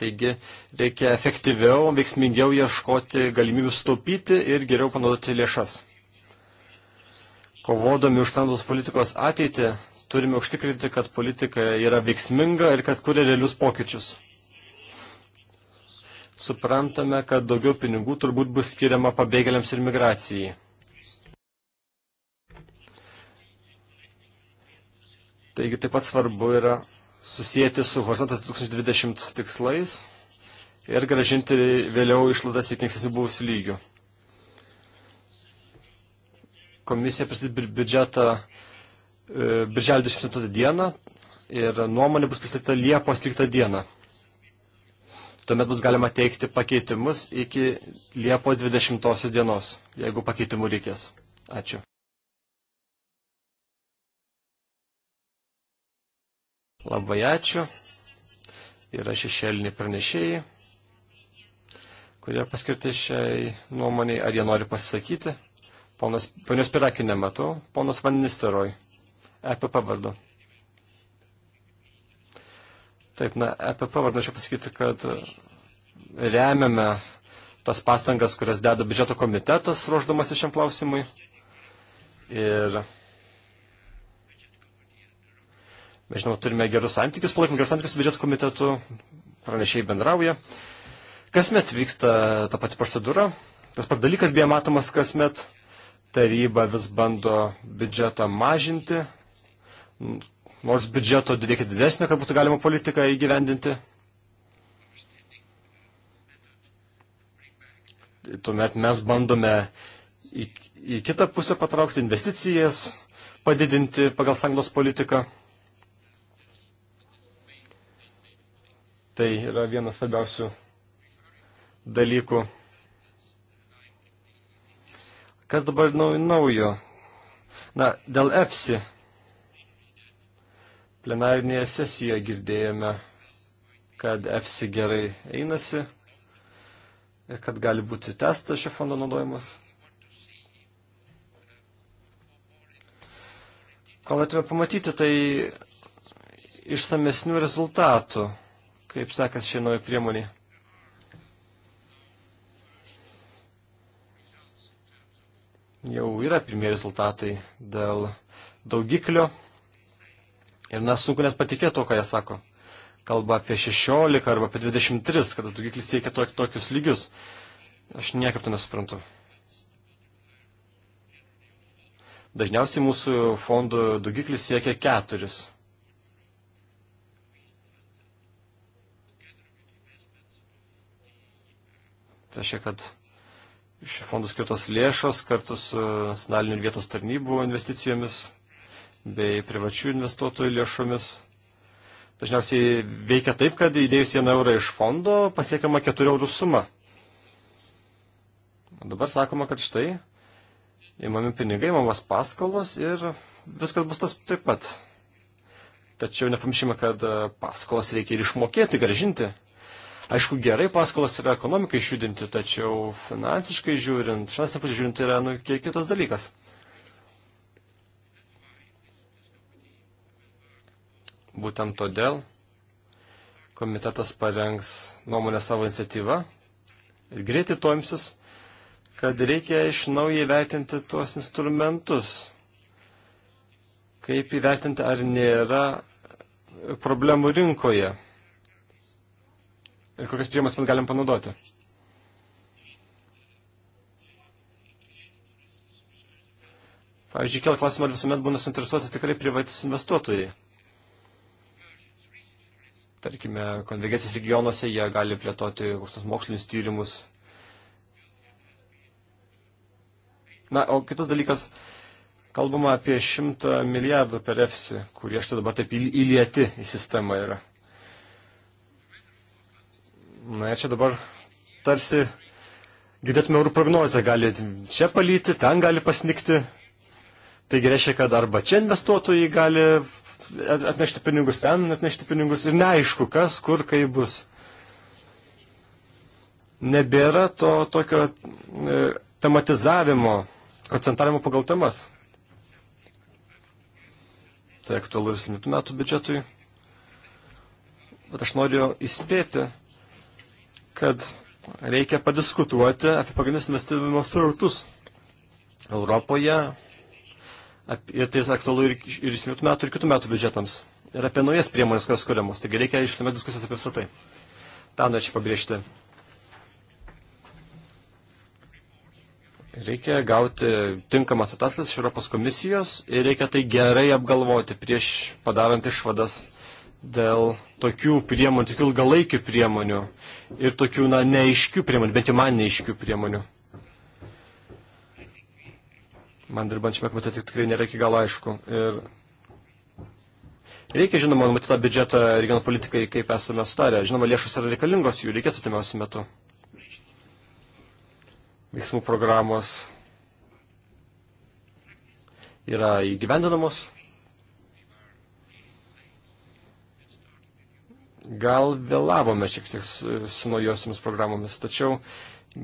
Taigi reikia efektyviau, veiksmingiau ieškoti galimybių sutaupyti ir geriau panaudoti lėšas. Kovodami už sandos politikos ateitį, turime užtikrinti, kad politika yra veiksminga ir kad kuria realius pokyčius suprantame, kad daugiau pinigų turbūt bus skiriama pabėgėliams ir migracijai. Taigi taip pat svarbu yra susijęti su horizontas 2020 tikslais ir gražinti vėliau išlaidas iki ankstesnių buvusių lygių. Komisija pristatys biudžetą e, birželio 27 dieną ir nuomonė bus pristatyta Liepos 13 dieną. Tuomet bus galima teikti pakeitimus iki Liepos 20 dienos, jeigu pakeitimų reikės. Ačiū. Labai ačiū. Yra šešėliniai pranešėjai, kurie paskirti šiai nuomoniai. Ar jie nori pasisakyti? Ponas, ponios Pirakinė matau. Ponas Van Nisteroj. EPP vardu. Taip, na, EPP varnačiau pasakyti, kad remiame tas pastangas, kurias deda biudžeto komitetas ruoždamas šiam klausimui. Ir mes, žinoma, turime gerus santykius, palaikome gerus santykius su biudžeto komitetu, pranešėjai bendrauja. Kasmet vyksta ta pati procedūra, tas pat dalykas beje matomas kasmet, taryba vis bando biudžetą mažinti, nors biudžeto didėkit didesnė, kad būtų galima politiką įgyvendinti. Tuomet mes bandome į, į kitą pusę patraukti investicijas, padidinti pagal sanglos politiką. Tai yra vienas svarbiausių dalykų. Kas dabar naujo? Na, dėl EFSI plenarinėje sesijoje girdėjome, kad EFSI gerai einasi ir kad gali būti testas šio fondo naudojimas. Ko norėtume pamatyti, tai išsamesnių rezultatų, kaip sekas šiai nauja priemonė. Jau yra pirmieji rezultatai dėl daugiklio Ir nesunku net patikėti to, ką jie sako. Kalba apie 16 arba apie 23, kada daugiklis siekia tok, tokius lygius. Aš niekaip to nesuprantu. Dažniausiai mūsų fondų daugiklis siekia 4. Tai reiškia, kad iš fondų skirtos lėšos kartu su nacionaliniu ir vietos tarnybų investicijomis bei privačių investuotojų lėšomis. Dažniausiai veikia taip, kad įdėjus vieną eurą iš fondo pasiekiama 4 eurų suma. O dabar sakoma, kad štai įmami pinigai, įmamas paskolos ir viskas bus tas taip pat. Tačiau nepamiršime, kad e, paskolas reikia ir išmokėti, gražinti. Aišku, gerai paskolas yra ekonomikai išjudinti, tačiau finansiškai žiūrint, finansiškai žiūrint, tai yra nu, kiek kitas dalykas. Būtent todėl komitetas parengs nuomonę savo iniciatyvą ir greitai to imsis, kad reikia iš naujo įvertinti tuos instrumentus. Kaip įvertinti, ar nėra problemų rinkoje ir kokias priemas mes galim panaudoti. Pavyzdžiui, kėl klausimą, ar visuomet būna suinteresuoti tikrai privatis investuotojai tarkime, konvergencijos regionuose jie gali plėtoti kokius mokslinius tyrimus. Na, o kitas dalykas, kalbama apie 100 milijardų per EFSI, kurie štai dabar taip įlieti į sistemą yra. Na ir čia dabar tarsi girdėtume eurų prognozę, gali čia palyti, ten gali pasnikti. Taigi reiškia, kad arba čia investuotojai gali atnešti pinigus ten, atnešti pinigus ir neaišku, kas, kur, kaip bus. Nebėra to tokio e, tematizavimo, koncentravimo pagal temas. Tai aktualu ir 7 metų biudžetui. Bet aš noriu įspėti, kad reikia padiskutuoti apie pagrindinius investavimo srautus Europoje, ir tai aktualu ir, ir 17 metų, ir kitų metų biudžetams, ir apie naujas priemonės, kurios kuriamos. Taigi reikia išsame diskusijos apie visą tai. Tą norėčiau pabrėžti. Reikia gauti tinkamas ataskaitas iš Europos komisijos ir reikia tai gerai apgalvoti prieš padarant išvadas dėl tokių priemonių, tokių ilgalaikių priemonių ir tokių, na, neaiškių priemonių, bent jau man neaiškių priemonių man dirbančiame komitete tikrai nėra iki galo aišku. Ir reikia, žinoma, numatytą biudžetą regionų politikai, kaip esame sutarę. Žinoma, lėšos yra reikalingos, jų reikės atimiausių metų. Veiksmų programos yra įgyvendinamos. Gal vėlavome šiek tiek su naujosiamis programomis, tačiau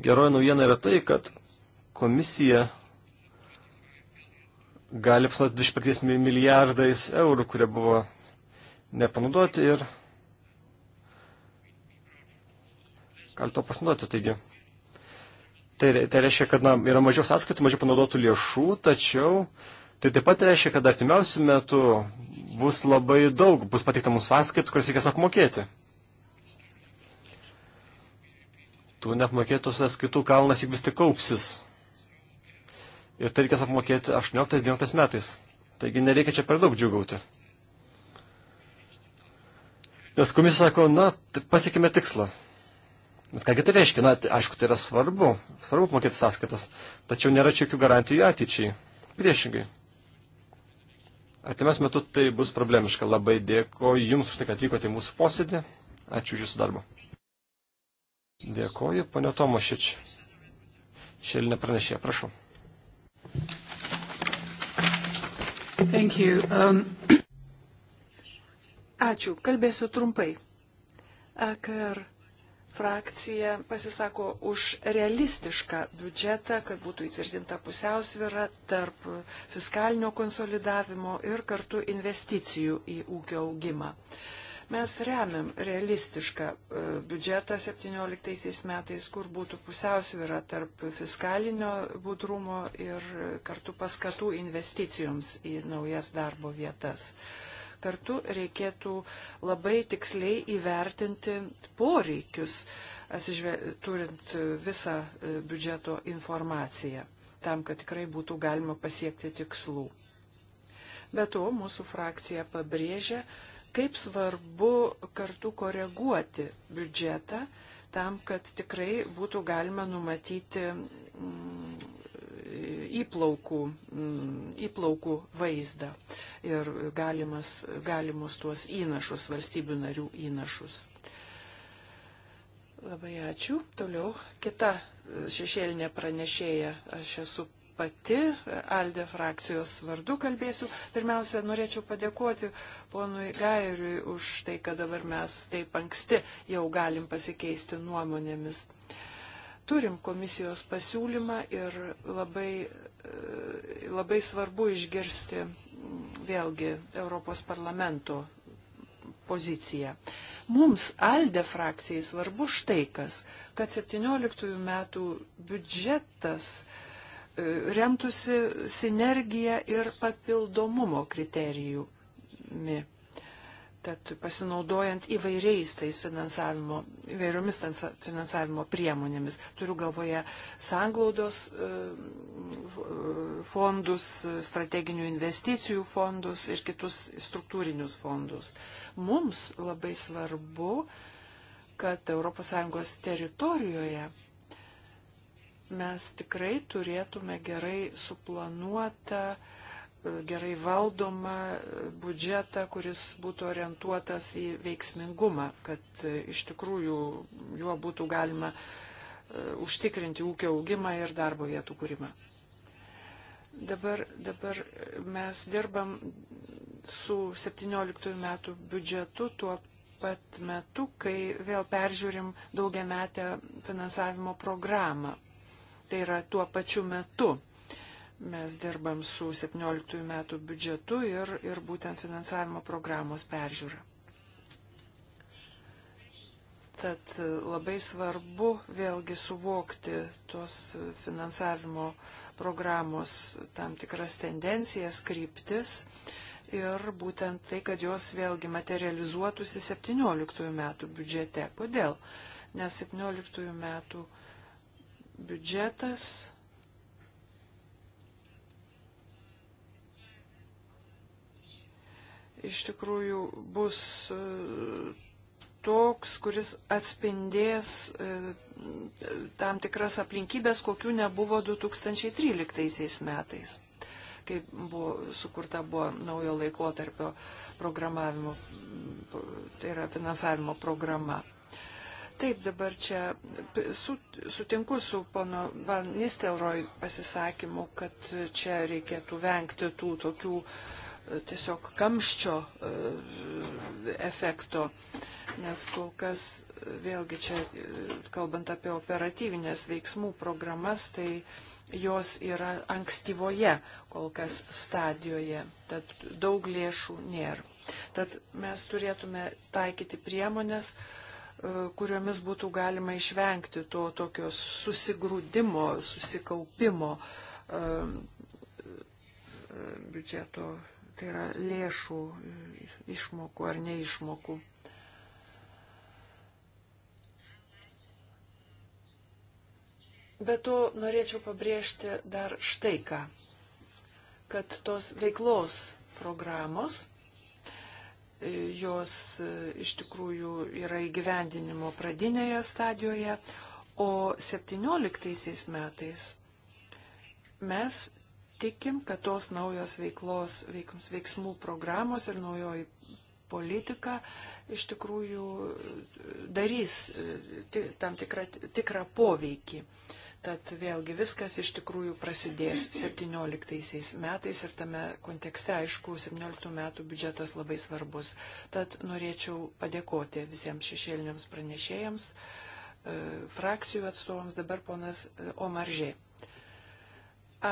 geroji naujiena yra tai, kad komisija gali apsuoti 25 milijardais eurų, kurie buvo nepanaudoti ir gali to pasinaudoti. Taigi, tai, tai reiškia, kad na, yra mažiau sąskaitų, mažiau panaudotų lėšų, tačiau tai taip pat reiškia, kad artimiausių metų bus labai daug, bus pateikta mūsų sąskaitų, kurias reikės apmokėti. Tų neapmokėtų sąskaitų kalnas juk vis tik kaupsis ir tai reikės apmokėti 18-19 metais. Taigi nereikia čia per daug džiugauti. Nes komisija sako, na, pasiekime tikslą. Bet kągi tai reiškia? Na, tai, aišku, tai yra svarbu, svarbu apmokėti sąskaitas, tačiau nėra čia jokių garantijų ateičiai. Priešingai. Artimės metu tai bus problemiška. Labai dėkoju Jums už tai, kad atvykote į mūsų posėdį. Ačiū už Jūsų darbą. Dėkoju, ponio Tomošič. Šėlinė pranešė, prašau.
Thank you. Um... Ačiū, kalbėsiu trumpai. AKR frakcija pasisako už realistišką biudžetą, kad būtų įtvirtinta pusiausvyrą tarp fiskalinio konsolidavimo ir kartu investicijų į ūkio augimą. Uh, Mes remiam realistišką e, biudžetą 17 metais, kur būtų pusiausvyrą tarp fiskalinio budrumo ir kartu paskatų investicijoms į naujas darbo vietas kartu reikėtų labai tiksliai įvertinti poreikius, atsižve, turint visą e, biudžeto informaciją, tam, kad tikrai būtų galima pasiekti tikslų. Be to, mūsų frakcija pabrėžia, kaip svarbu kartu koreguoti biudžetą tam, kad tikrai būtų galima numatyti mm, įplaukų, mm, įplaukų vaizdą ir galimas, galimus tuos įnašus, valstybių narių įnašus. Labai ačiū. Toliau kita e, šešėlinė pranešėja, aš esu pati Alde frakcijos vardu kalbėsiu. Pirmiausia, norėčiau padėkoti ponui Gairiui už tai, kad dabar mes taip anksti jau galim pasikeisti nuomonėmis. Turim komisijos pasiūlymą ir labai, e, labai svarbu išgirsti mm, vėlgi Europos parlamento poziciją. Mums, Alde frakcijai, svarbu štai kas, kad 17 metų biudžetas remtųsi sinergija ir papildomumo kriterijumi. Tad pasinaudojant įvairiais tais finansavimo, įvairiomis finansavimo priemonėmis, turiu galvoje sanglaudos e, fondus, strateginių investicijų fondus ir kitus struktūrinius fondus. Mums labai svarbu, kad ES teritorijoje mes tikrai turėtume gerai suplanuotą, gerai valdomą biudžetą, kuris būtų orientuotas į veiksmingumą, kad e, iš tikrųjų juo būtų galima e, užtikrinti ūkio augimą ir darbo vietų kūrimą. Dabar, dabar mes dirbam su 17 metų biudžetu tuo pat metu, kai vėl peržiūrim daugiametę finansavimo programą tai yra tuo pačiu metu. Mes dirbam su 17 metų biudžetu ir, ir būtent finansavimo programos peržiūra. Tad labai svarbu vėlgi suvokti tos finansavimo programos tam tikras tendencijas, kryptis ir būtent tai, kad jos vėlgi materializuotųsi 17 metų biudžete. Kodėl? Nes 17 metų biudžetas. Iš tikrųjų bus e, toks, kuris atspindės e, tam tikras aplinkybės, kokių nebuvo 2013 metais, kai buvo sukurta buvo naujo laikotarpio programavimo, tai yra finansavimo programa. Taip, dabar čia su, sutinku su pono Van Nistelroj pasisakymu, kad čia reikėtų vengti tų tokių e, tiesiog kamščio e, efekto, nes kol kas e, vėlgi čia, kalbant apie operatyvinės veiksmų programas, tai jos yra ankstyvoje kol kas stadijoje, tad daug lėšų nėra. Tad mes turėtume taikyti priemonės, uh, E, kuriomis būtų galima išvengti to tokio susigrūdimo, susikaupimo e, e, biudžeto, tai yra lėšų išmokų ar neišmokų. Bet to norėčiau pabrėžti dar štai ką, kad tos veiklos programos jos e, iš tikrųjų yra įgyvendinimo pradinėje stadijoje, o 17 metais mes tikim, kad tos naujos veiklos, veiksmų programos ir naujoji politika iš tikrųjų darys e, tam tikrą, tikrą poveikį. Uh, Tad vėlgi viskas iš tikrųjų prasidės 17 metais ir tame kontekste, aišku, 17 metų biudžetas labai svarbus. Tad norėčiau padėkoti visiems šešėliniams pranešėjams, e, frakcijų atstovams, dabar ponas e, Omaržė.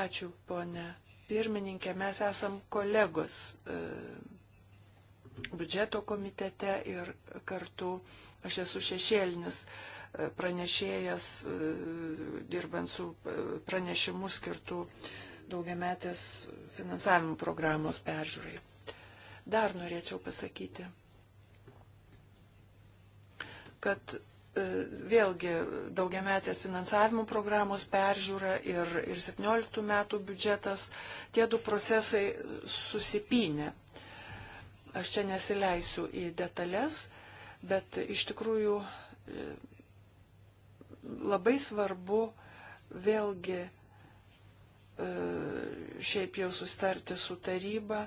Ačiū, ponė pirmininkė, mes esam kolegos e, biudžeto komitete ir kartu aš esu šešėlinis. Uh, pranešėjas, e, dirbant su e, pranešimu skirtų daugiametės finansavimo programos peržiūrai. Dar norėčiau pasakyti, kad e, vėlgi daugiametės finansavimo programos peržiūra ir, ir 17 metų biudžetas, tie du procesai susipinė. Aš čia nesileisiu į detalės, bet iš tikrųjų labai svarbu vėlgi e, šiaip jau sustarti su taryba,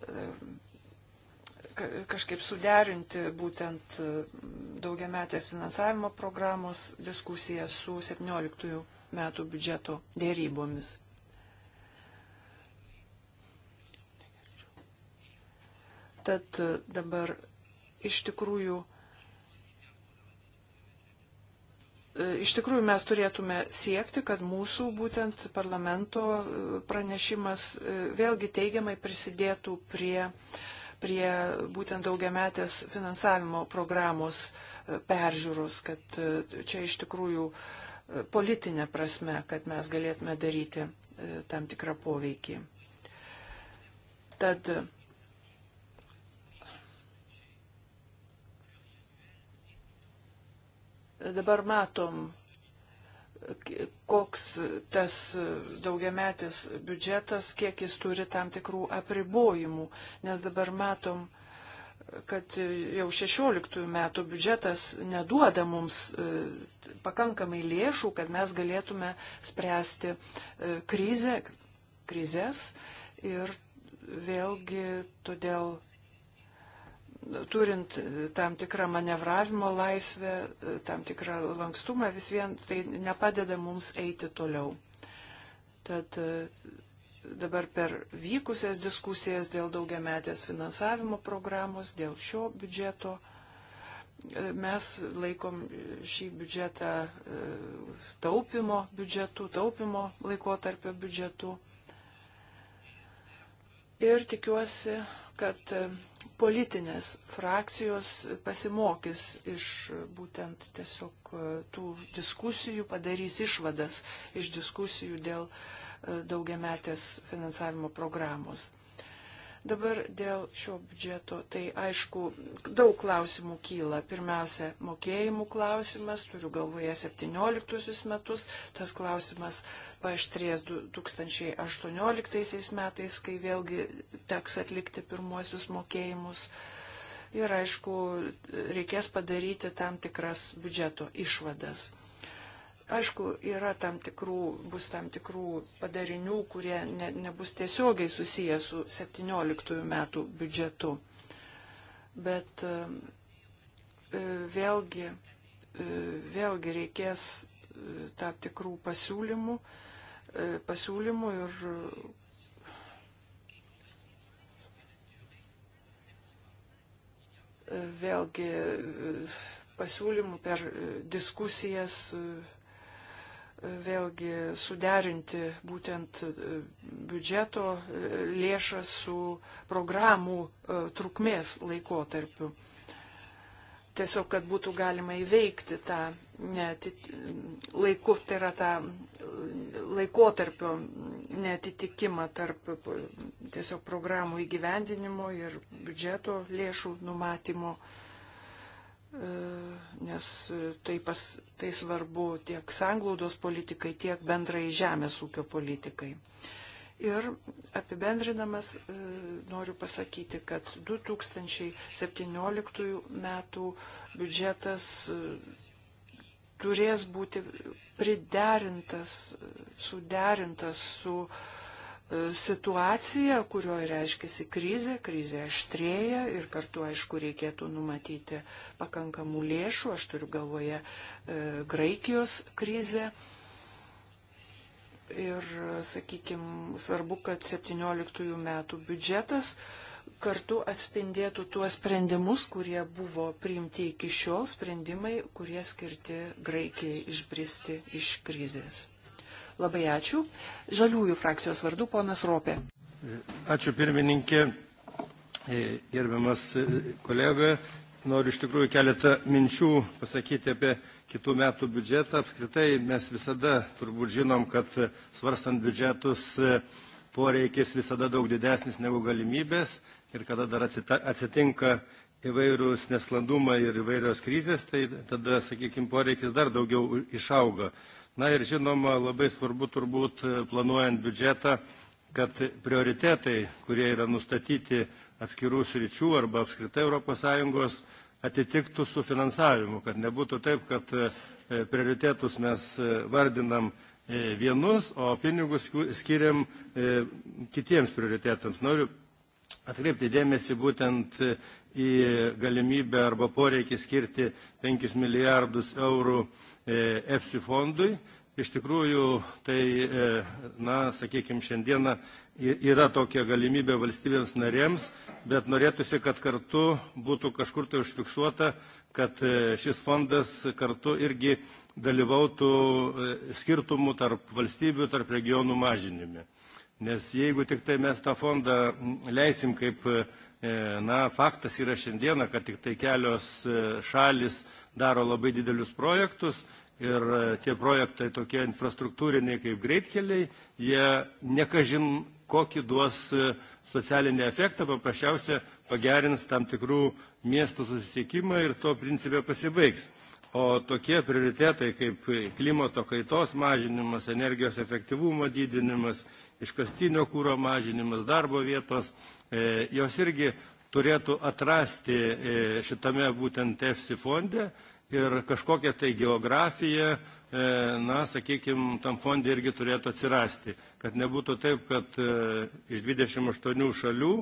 e, kažkaip suderinti būtent e, daugiametės finansavimo programos diskusiją su 17 metų biudžeto dėrybomis. Tad dabar iš tikrųjų E, iš tikrųjų, mes turėtume siekti, kad mūsų būtent parlamento e, pranešimas e, vėlgi teigiamai prisidėtų prie, prie būtent daugiametės finansavimo programos peržiūros, kad čia iš tikrųjų politinė prasme, kad mes galėtume daryti tam tikrą poveikį. Tad Dabar matom, koks tas daugiametis biudžetas, kiek jis turi tam tikrų apribojimų, nes dabar matom, kad jau 16 metų biudžetas neduoda mums e, pakankamai lėšų, kad mes galėtume spręsti e, krizę, krizės ir vėlgi todėl turint tam tikrą manevravimo laisvę, tam tikrą lankstumą, vis vien tai nepadeda mums eiti toliau. Tad e, dabar per vykusias diskusijas dėl daugiametės finansavimo programos, dėl šio biudžeto, e, mes laikom šį biudžetą e, taupimo biudžetu, taupimo laikotarpio biudžetu. Ir tikiuosi, kad politinės frakcijos pasimokys iš būtent tiesiog e, tų diskusijų, padarys išvadas iš diskusijų dėl e, daugiametės finansavimo programos. Dabar dėl šio biudžeto, tai aišku, daug klausimų kyla. Pirmiausia, mokėjimų klausimas, turiu galvoje 17 metus, tas klausimas paštrės 2018 metais, kai vėlgi teks atlikti pirmuosius mokėjimus. Ir aišku, reikės padaryti tam tikras biudžeto išvadas. Aišku, yra tam tikrų, bus tam tikrų padarinių, kurie ne, nebus tiesiogiai susiję su 17 metų biudžetu. Bet e, e, vėlgi, e, vėlgi reikės tam tikrų pasiūlymų, pasiūlymų ir vėlgi pasiūlymų per diskusijas vėlgi suderinti būtent e, biudžeto e, lėšas su programų e, trukmės laikotarpiu. Tiesiog, kad būtų galima įveikti tą neatit... laiku, tai yra tą laikotarpio netitikimą tarp tiesiog programų įgyvendinimo ir biudžeto lėšų numatymo. Uh, E, nes tai, pas, tai svarbu tiek sanglaudos politikai, tiek bendrai žemės ūkio politikai. Ir apibendrinamas e, noriu pasakyti, kad 2017 metų biudžetas e, turės būti priderintas, suderintas su uh, situacija, kurioje reiškiasi krizė, krizė aštrėja ir kartu, aišku, reikėtų numatyti pakankamų lėšų, aš turiu galvoje e, Graikijos krizę. Ir, sakykime, svarbu, kad 17 metų biudžetas kartu atspindėtų tuos sprendimus, kurie buvo priimti iki šiol, sprendimai, kurie skirti Graikijai išbristi iš krizės. Labai ačiū. Žaliųjų frakcijos
vardu ponas Ropė. Ačiū pirmininkė, e, gerbiamas e, kolega. Noriu iš tikrųjų keletą minčių pasakyti apie kitų metų biudžetą. Apskritai mes visada turbūt žinom, kad svarstant biudžetus e, poreikis visada daug didesnis negu galimybės ir kada dar atsitinka įvairūs nesklandumai ir įvairios krizės, tai tada, sakykime, poreikis dar daugiau išauga. Na ir žinoma, labai svarbu turbūt e, planuojant biudžetą, kad prioritetai, kurie yra nustatyti atskirų sričių arba apskritai ES, atitiktų su finansavimu, kad nebūtų taip, kad e, e, prioritetus mes vardinam vienus, o pinigus skiriam kitiems prioritetams. Noriu atkreipti dėmesį būtent į galimybę arba poreikį skirti 5 milijardus eurų EFSI fondui. Iš tikrųjų, tai, e, na, sakykime, šiandieną yra tokia galimybė valstybėms narėms, bet norėtųsi, kad kartu būtų kažkur tai užfiksuota, kad e, šis fondas kartu irgi dalyvautų e, skirtumų tarp valstybių, tarp regionų mažinime. Nes jeigu tik tai mes tą fondą leisim kaip, na, faktas yra šiandieną, kad tik tai kelios šalis daro labai didelius projektus ir e, tie projektai tokie infrastruktūriniai kaip greitkeliai, jie nekažin kokį duos e, socialinį efektą, paprasčiausia pagerins tam tikrų miestų susisiekimą ir to principė pasibaigs. O tokie prioritetai kaip klimato kaitos mažinimas, energijos efektyvumo didinimas, iškastinio kūro mažinimas, darbo vietos, e, jos irgi turėtų atrasti e, šitame būtent EFSI fonde ir kažkokia tai geografija, e, na, sakykime, tam fonde irgi turėtų atsirasti, kad nebūtų taip, kad e, iš 28 šalių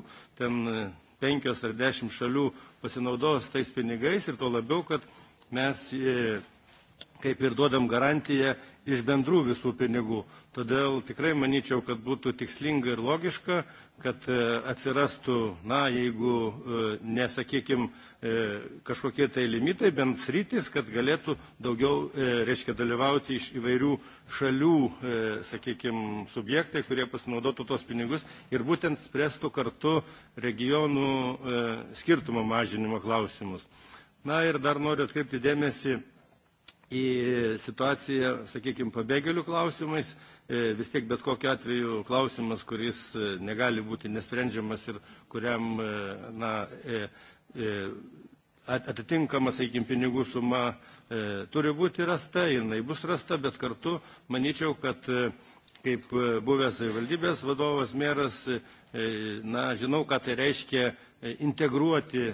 ten penkios ar dešimt šalių pasinaudos tais pinigais ir to labiau, kad mes kaip ir duodam garantiją iš bendrų visų pinigų. Todėl tikrai manyčiau, kad būtų tikslinga ir logiška, kad e, atsirastų, na, jeigu e, nesakykim e, kažkokie tai limitai, bent sritis, kad galėtų daugiau, reiškia, dalyvauti iš įvairių šalių, sakykim, subjektai, kurie pasinaudotų tos pinigus ir būtent spręstų kartu regionų skirtumo mažinimo klausimus. Na ir dar noriu atkreipti dėmesį į situaciją, sakykime, pabėgėlių klausimais. E, vis tiek bet kokiu atveju klausimas, kuris e, negali būti nesprendžiamas ir kuriam e, na, atitinkama, sakykime, pinigų suma turi būti rasta, jinai bus rasta, bet kartu manyčiau, kad kaip buvęs savivaldybės vadovas meras, na, žinau, ką tai reiškia integruoti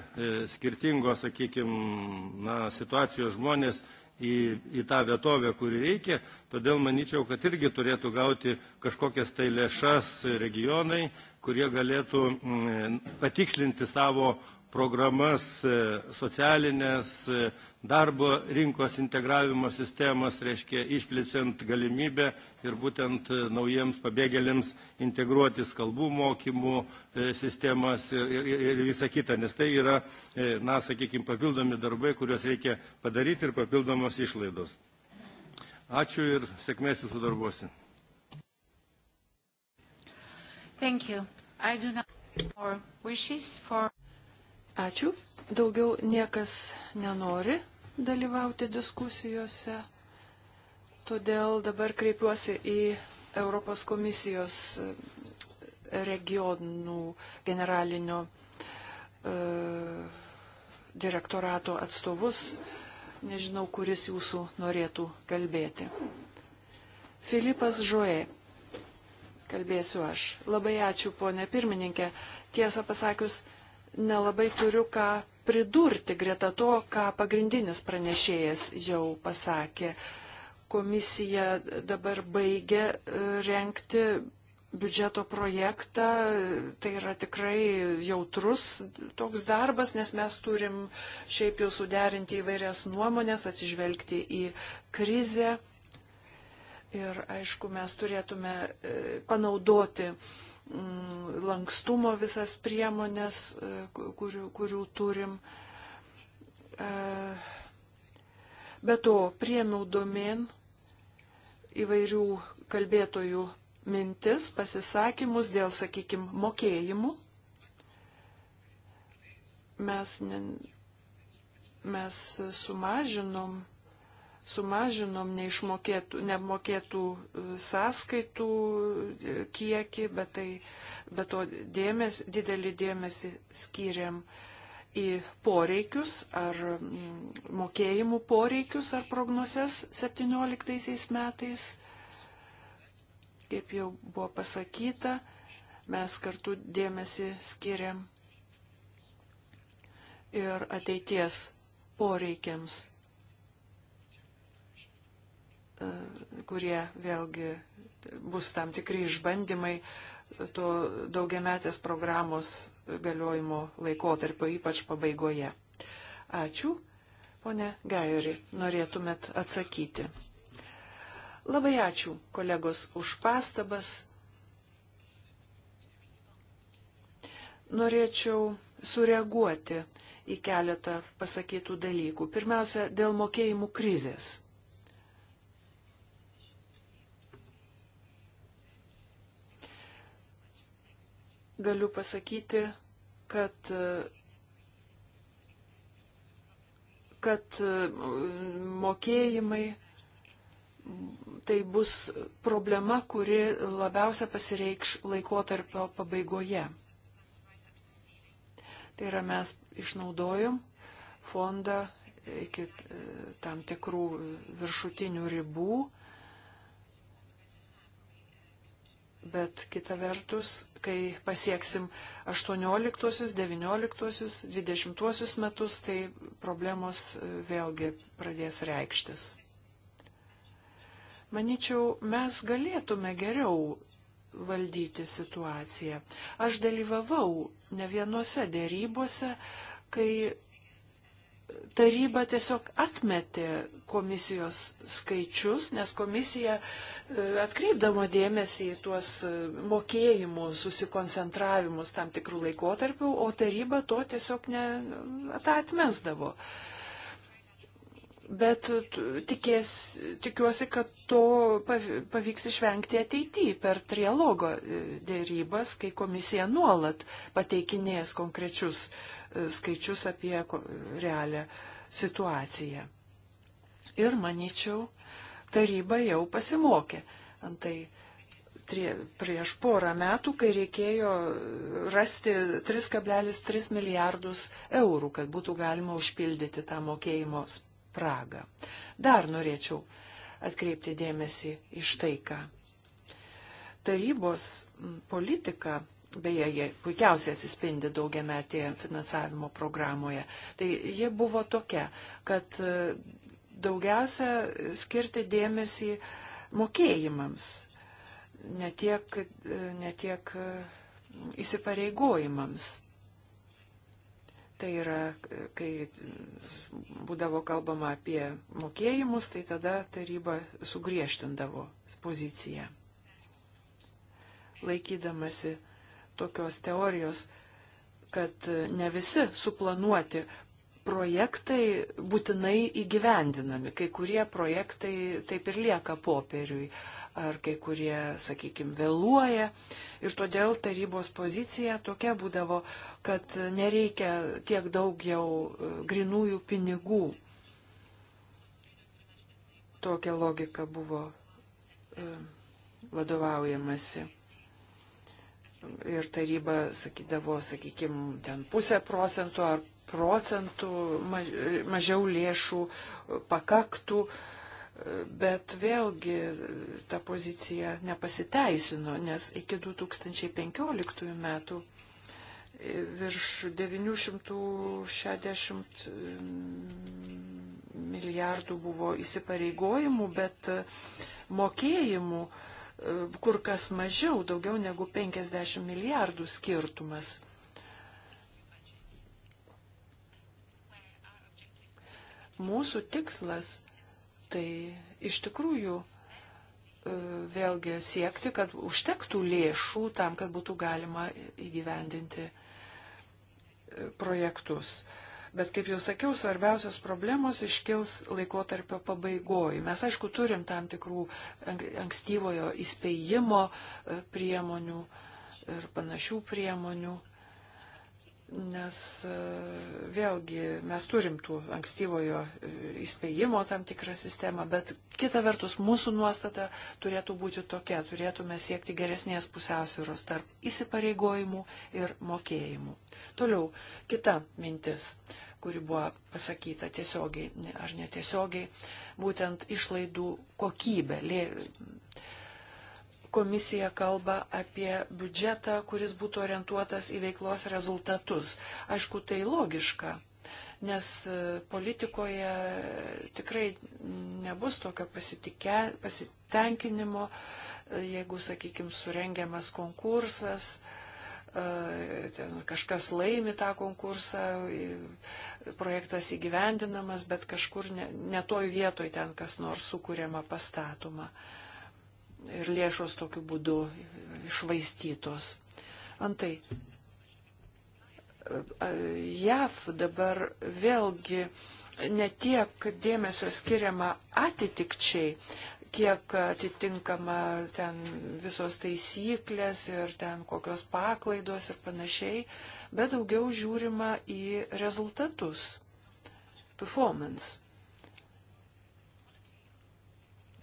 skirtingos, sakykime, situacijos žmonės į, į tą vietovę, kuri reikia. Todėl manyčiau, kad irgi turėtų gauti kažkokias tai lėšas regionai, kurie galėtų mm, patikslinti savo programas e, socialinės, e, darbo rinkos integravimo sistemos, reiškia išplečiant galimybę ir būtent e, naujiems pabėgėliams integruotis kalbų mokymų e, sistemas ir, ir, ir visa kita, nes tai yra, e, na, sakykime, papildomi darbai, kuriuos reikia padaryti ir papildomos išlaidos. Ačiū ir sėkmės jūsų darbuose.
Thank you. I do not more wishes for
Ačiū. Daugiau niekas nenori dalyvauti diskusijose. Todėl dabar kreipiuosi į Europos komisijos e, regionų generalinio e, direktorato atstovus. Nežinau, kuris jūsų norėtų kalbėti. Filipas Žoe. Kalbėsiu aš. Labai ačiū, ponė pirmininkė. Tiesą pasakius, nelabai turiu ką pridurti greta to, ką pagrindinis pranešėjas jau pasakė. Komisija dabar baigia e, renkti biudžeto projektą. Tai yra tikrai jautrus toks darbas, nes mes turim šiaip jau suderinti įvairias nuomonės, atsižvelgti į krizę. Ir aišku, mes turėtume e, panaudoti uh, Mm, lankstumo visas priemonės, e, kurių, kurių turim. E, be to, priemiau domen įvairių kalbėtojų mintis, pasisakymus dėl, sakykime, mokėjimų. Mes, ne, mes sumažinom sumažinom neišmokėtų, neapmokėtų e, sąskaitų e, kiekį, bet, tai, bet to dėmes, didelį dėmesį skiriam į poreikius ar mm, mokėjimų poreikius ar prognozes 17 metais. Kaip jau buvo pasakyta, mes kartu dėmesį skiriam ir ateities poreikiams kurie vėlgi bus tam tikri išbandymai to daugiametės programos galiojimo laikotarpio, ypač pabaigoje. Ačiū, ponė Gairi, norėtumėt atsakyti. Labai ačiū, kolegos, už pastabas. Norėčiau sureaguoti į keletą pasakytų dalykų. Pirmiausia, dėl mokėjimų krizės. galiu pasakyti, kad kad mokėjimai tai bus problema, kuri labiausia pasireikš laikotarpio pabaigoje. Tai yra mes išnaudojom fondą iki e, tam tikrų viršutinių ribų, bet kita vertus, kai pasieksim 18, 19, 20 metus, tai problemos e, vėlgi pradės reikštis. Maničiau, mes galėtume geriau valdyti situaciją. Aš dalyvavau ne vienose dėrybose, kai taryba tiesiog atmetė komisijos skaičius, nes komisija e, atkreipdama dėmesį į tuos e, mokėjimų susikoncentravimus tam tikrų laikotarpių, o taryba to tiesiog ne, atmesdavo. Bet tikės, tikiuosi, kad to pavyks išvengti ateityje per trialogo e, dėrybas, kai komisija nuolat pateikinės konkrečius uh, skaičius apie realią situaciją. Ir manyčiau, taryba jau pasimokė. Antai trie, prieš porą metų, kai reikėjo rasti 3,3 milijardus eurų, kad būtų galima užpildyti tą mokėjimo spragą. Dar norėčiau atkreipti dėmesį iš tai, ką. Tarybos politika Beje, jie puikiausiai atsispindi daugiametėje finansavimo programoje. Tai ji buvo tokia, kad e, daugiausia skirti dėmesį mokėjimams, ne tiek, e, ne tiek e, įsipareigojimams. Tai yra, kai būdavo kalbama apie mokėjimus, tai tada taryba sugriežtindavo poziciją, laikydamasi tokios teorijos, kad ne visi suplanuoti projektai būtinai įgyvendinami. Kai kurie projektai taip ir lieka popieriui, ar kai kurie, sakykime, vėluoja. Ir todėl tarybos pozicija tokia būdavo, kad nereikia tiek daug jau e, grinųjų pinigų. Tokia logika buvo e, vadovaujamasi ir taryba sakydavo, sakykime, ten pusę procentų ar procentų mažiau lėšų pakaktų, bet vėlgi ta pozicija nepasiteisino, nes iki 2015 metų virš 960 milijardų buvo įsipareigojimų, bet mokėjimų kur kas mažiau, daugiau negu 50 milijardų skirtumas. Mūsų tikslas tai iš tikrųjų e, vėlgi siekti, kad užtektų lėšų tam, kad būtų galima įgyvendinti e, projektus. Bet, kaip jau sakiau, svarbiausios problemos iškils laikotarpio pabaigoj. Mes, aišku, turim tam tikrų ankstyvojo įspėjimo e, priemonių ir panašių priemonių nes e, vėlgi mes turim tų ankstyvojo e, įspėjimo tam tikrą sistemą, bet kita vertus mūsų nuostata turėtų būti tokia, turėtume siekti geresnės pusiausvyros tarp įsipareigojimų ir mokėjimų. Toliau, kita mintis, kuri buvo pasakyta tiesiogiai ar netiesiogiai, būtent išlaidų kokybė, lė, komisija kalba apie biudžetą, kuris būtų orientuotas į veiklos rezultatus. Aišku, tai logiška, nes e, politikoje tikrai nebus tokio pasitike, pasitenkinimo, e, jeigu, sakykime, surengiamas konkursas, e, kažkas laimi tą konkursą, projektas įgyvendinamas, bet kažkur ne, ne toj vietoj ten kas nors sukūriama pastatoma. Uh, ir lėšos tokiu būdu išvaistytos. Antai, JAV dabar vėlgi ne tiek dėmesio skiriama atitikčiai, kiek atitinkama ten visos taisyklės ir ten kokios paklaidos ir panašiai, bet daugiau žiūrima į rezultatus, performance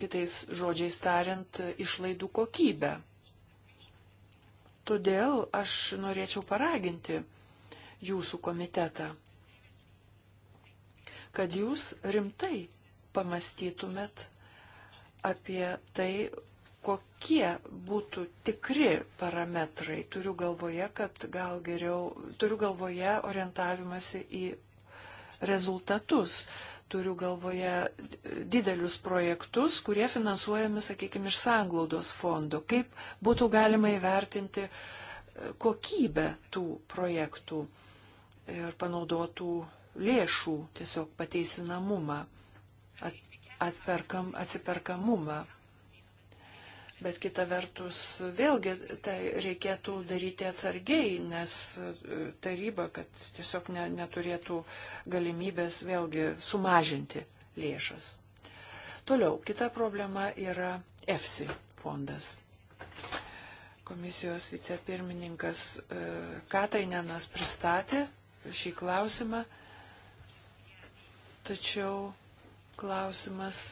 kitais žodžiais tariant, išlaidų kokybę. Todėl aš norėčiau paraginti jūsų komitetą, kad jūs rimtai pamastytumėt apie tai, kokie būtų tikri parametrai. Turiu galvoje, kad gal geriau, turiu galvoje orientavimasi į rezultatus turiu galvoje didelius projektus, kurie finansuojami, sakykime, iš sanglaudos fondo. Kaip būtų galima įvertinti e, kokybę tų projektų ir panaudotų lėšų tiesiog pateisinamumą, atperkam, atsiperkamumą. Bet kita vertus, vėlgi tai reikėtų daryti atsargiai, nes e, taryba, kad tiesiog ne, neturėtų galimybės vėlgi sumažinti lėšas. Toliau, kita problema yra EFSI fondas. Komisijos vicepirmininkas e, Katainenas pristatė šį klausimą, tačiau klausimas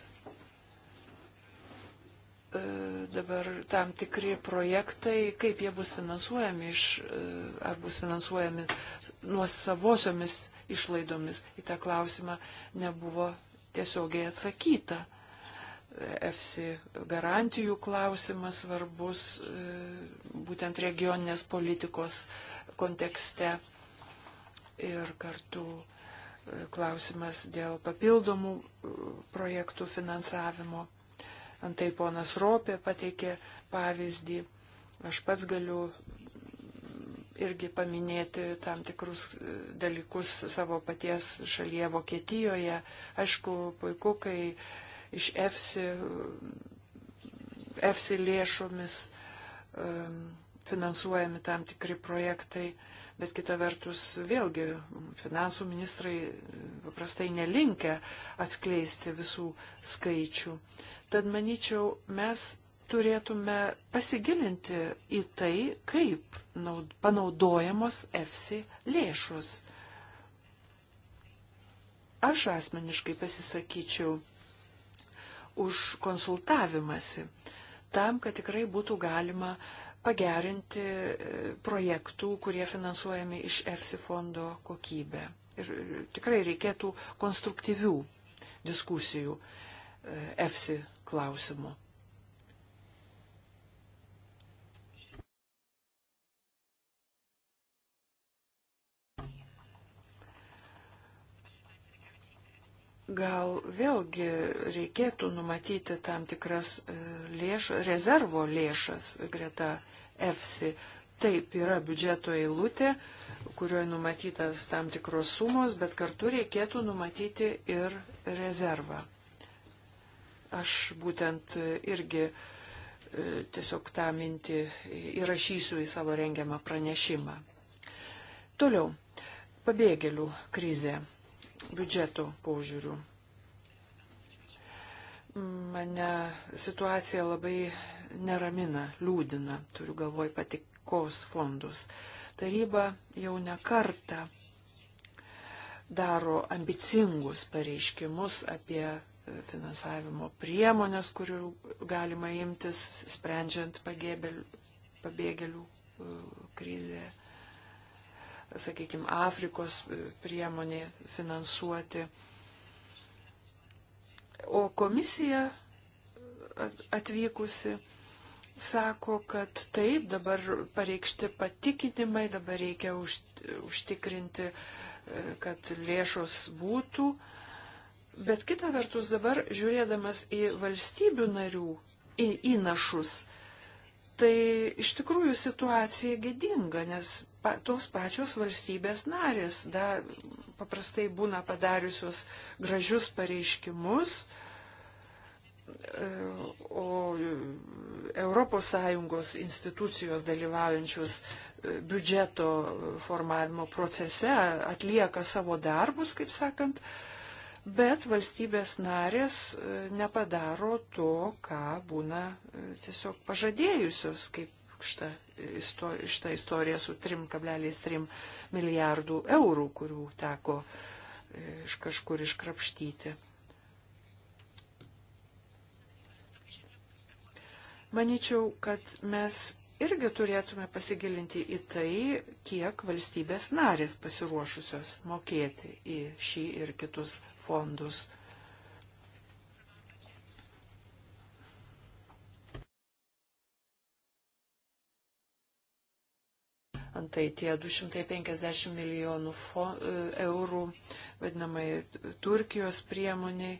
E, dabar tam tikri projektai, kaip jie bus finansuojami iš, e, ar bus finansuojami nuo savosiomis išlaidomis. Į tą klausimą nebuvo tiesiogiai atsakyta. EFSI garantijų klausimas svarbus e, būtent regioninės politikos kontekste ir kartu klausimas dėl papildomų projektų finansavimo. Antai ponas Ropė pateikė pavyzdį. Aš pats galiu irgi paminėti tam tikrus e, dalykus savo paties šalyje Vokietijoje. Aišku, puiku, kai iš EFSI, EFSI lėšomis um, finansuojami tam tikri projektai. Uh, bet kita vertus vėlgi finansų ministrai paprastai nelinkia atskleisti visų skaičių. Tad manyčiau, mes turėtume pasigilinti į tai, kaip panaudojamos EFSI lėšos. Aš asmeniškai pasisakyčiau už konsultavimąsi, tam, kad tikrai būtų galima uh, pagerinti e, projektų, kurie finansuojami iš EFSI fondo kokybę. Ir tikrai reikėtų konstruktyvių diskusijų e, EFSI klausimu. Gal vėlgi reikėtų numatyti tam tikras e, lėš, rezervo lėšas greta EFSI. Taip yra biudžeto eilutė, kurioje numatytas tam tikros sumos, bet kartu reikėtų numatyti ir rezervą. Aš būtent irgi e, tiesiog tą mintį įrašysiu į savo rengiamą pranešimą. Toliau, pabėgėlių krizė biudžeto požiūrių mane situacija labai neramina, liūdina, turiu galvoj patikos fondus. Taryba jau ne kartą daro ambicingus pareiškimus apie finansavimo priemonės, kurių galima imtis, sprendžiant pabėgėlių e, krizę, sakykime, Afrikos e, priemonė finansuoti. O komisija atvykusi sako, kad taip, dabar pareikšti patikinimai, dabar reikia užtikrinti, e, kad lėšos būtų. Bet kita vertus dabar, žiūrėdamas į valstybių narių į įnašus, tai iš tikrųjų situacija gėdinga, nes pa, tos pačios valstybės narės da, paprastai būna padariusios gražius pareiškimus, e, o ES institucijos dalyvaujančius e, biudžeto formavimo procese atlieka savo darbus, kaip sakant, bet valstybės narės e, nepadaro to, ką būna e, tiesiog pažadėjusios, kaip šitą, šitą istoriją su 3,3 milijardų eurų, kurių teko iš kažkur iškrapštyti. Maničiau, kad mes irgi turėtume pasigilinti į tai, kiek valstybės narės pasiruošusios mokėti į šį ir kitus fondus. Antai tie 250 milijonų e, eurų, vadinamai Turkijos priemoniai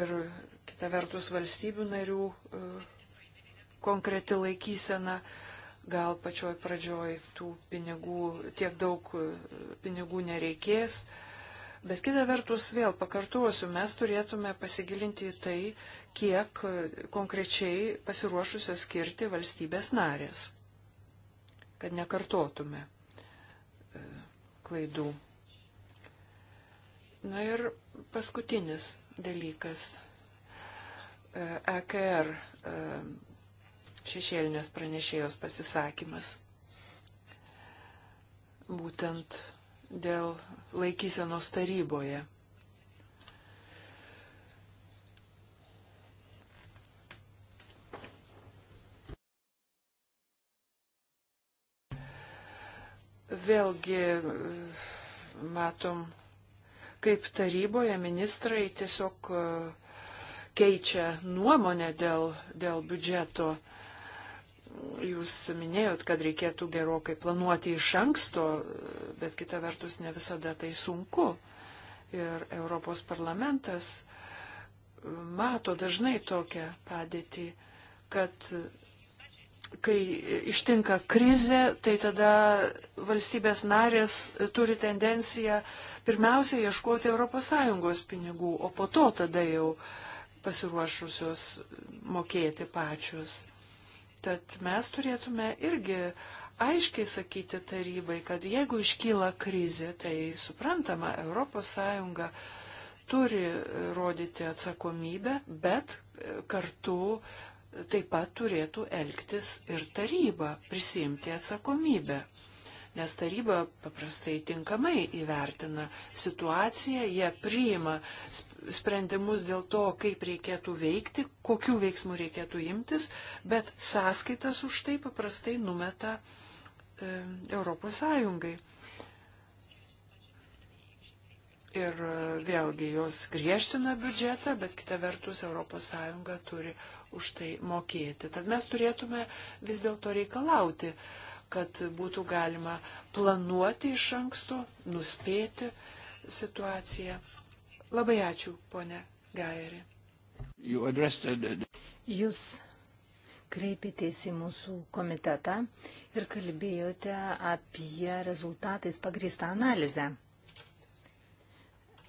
ir kita vertus valstybių narių e, konkreti laikysena, gal pačioj pradžioj tų pinigų, tiek daug e, pinigų nereikės. Bet kita vertus, vėl pakartosiu, mes turėtume pasigilinti į tai, kiek e, konkrečiai pasiruošusios skirti valstybės narės, kad nekartotume e, klaidų. Na ir paskutinis dalykas. EKR šešėlinės pranešėjos pasisakymas. Būtent dėl laikysenos taryboje. Vėlgi matom, kaip taryboje ministrai tiesiog e, keičia nuomonę dėl, dėl biudžeto jūs minėjot, kad reikėtų gerokai planuoti iš anksto, bet kita vertus ne visada tai sunku. Ir Europos parlamentas mato dažnai tokią padėtį, kad kai ištinka krizė, tai tada valstybės narės turi tendenciją pirmiausia ieškoti ES pinigų, o po to tada jau pasiruošusios mokėti pačius. Tad mes turėtume irgi aiškiai sakyti tarybai, kad jeigu iškyla krizė, tai suprantama, ES turi rodyti atsakomybę, bet kartu taip pat turėtų elgtis ir taryba, prisimti atsakomybę nes taryba paprastai tinkamai įvertina situaciją, jie priima sprendimus dėl to, kaip reikėtų veikti, kokių veiksmų reikėtų imtis, bet sąskaitas už tai paprastai numeta e, Europos Sąjungai. Ir e, vėlgi jos griežtina biudžetą, bet kita vertus ES turi už tai mokėti. Tad mes turėtume vis dėlto reikalauti uh, kad būtų galima planuoti iš anksto, nuspėti
situaciją. Labai ačiū, ponė Gairi. Jūs kreipėtės į mūsų komitetą ir kalbėjote apie rezultatais pagrįstą analizę.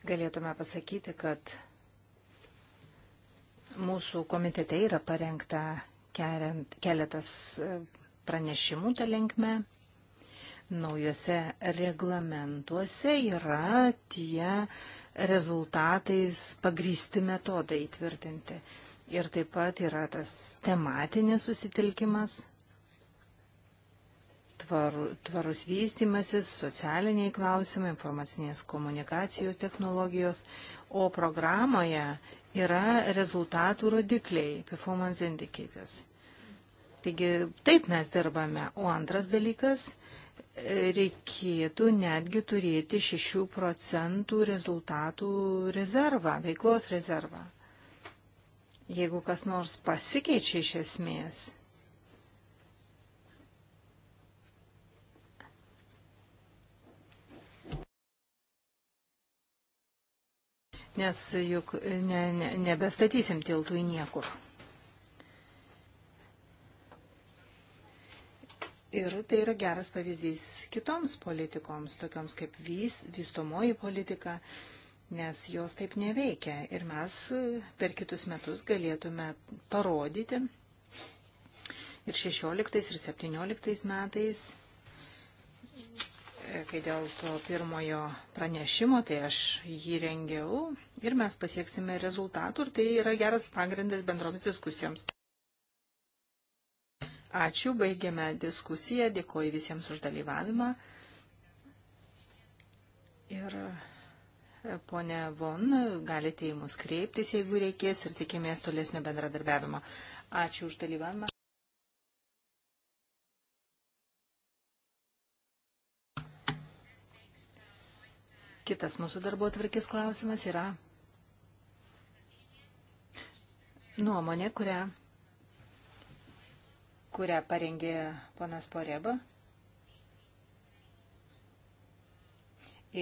Galėtume pasakyti, kad mūsų komitete yra parengta keletas pranešimų tą linkme. Naujuose reglamentuose yra tie rezultatais pagrysti metodai įtvirtinti. Ir taip pat yra tas tematinis susitelkimas, tvaru, tvarus vystimasis, socialiniai klausimai, informacinės komunikacijų technologijos, o programoje yra rezultatų rodikliai, performance indicators. Taigi taip mes dirbame. O antras dalykas, reikėtų netgi turėti 6 procentų rezultatų rezervą, veiklos rezervą. Jeigu kas nors pasikeičia iš esmės, nes juk ne, ne, nebestatysim tiltų į niekur. Ir tai yra geras pavyzdys kitoms politikoms, tokioms kaip vys, vystomoji politika, nes jos taip neveikia. Ir mes e, per kitus metus galėtume parodyti ir 16 ir 17 metais, e, kai dėl to pirmojo pranešimo, tai aš jį rengiau ir mes pasieksime rezultatų ir tai yra geras pagrindas bendroms diskusijoms. Ačiū, baigiame diskusiją, dėkoju visiems už dalyvavimą. Ir e, ponė Von, galite į mus kreiptis, jeigu reikės, ir tikimės tolesnio bendradarbiavimo. Ačiū už dalyvavimą. Kitas mūsų darbo atvarkės klausimas yra nuomonė, kurią kurią parengė ponas Poreba.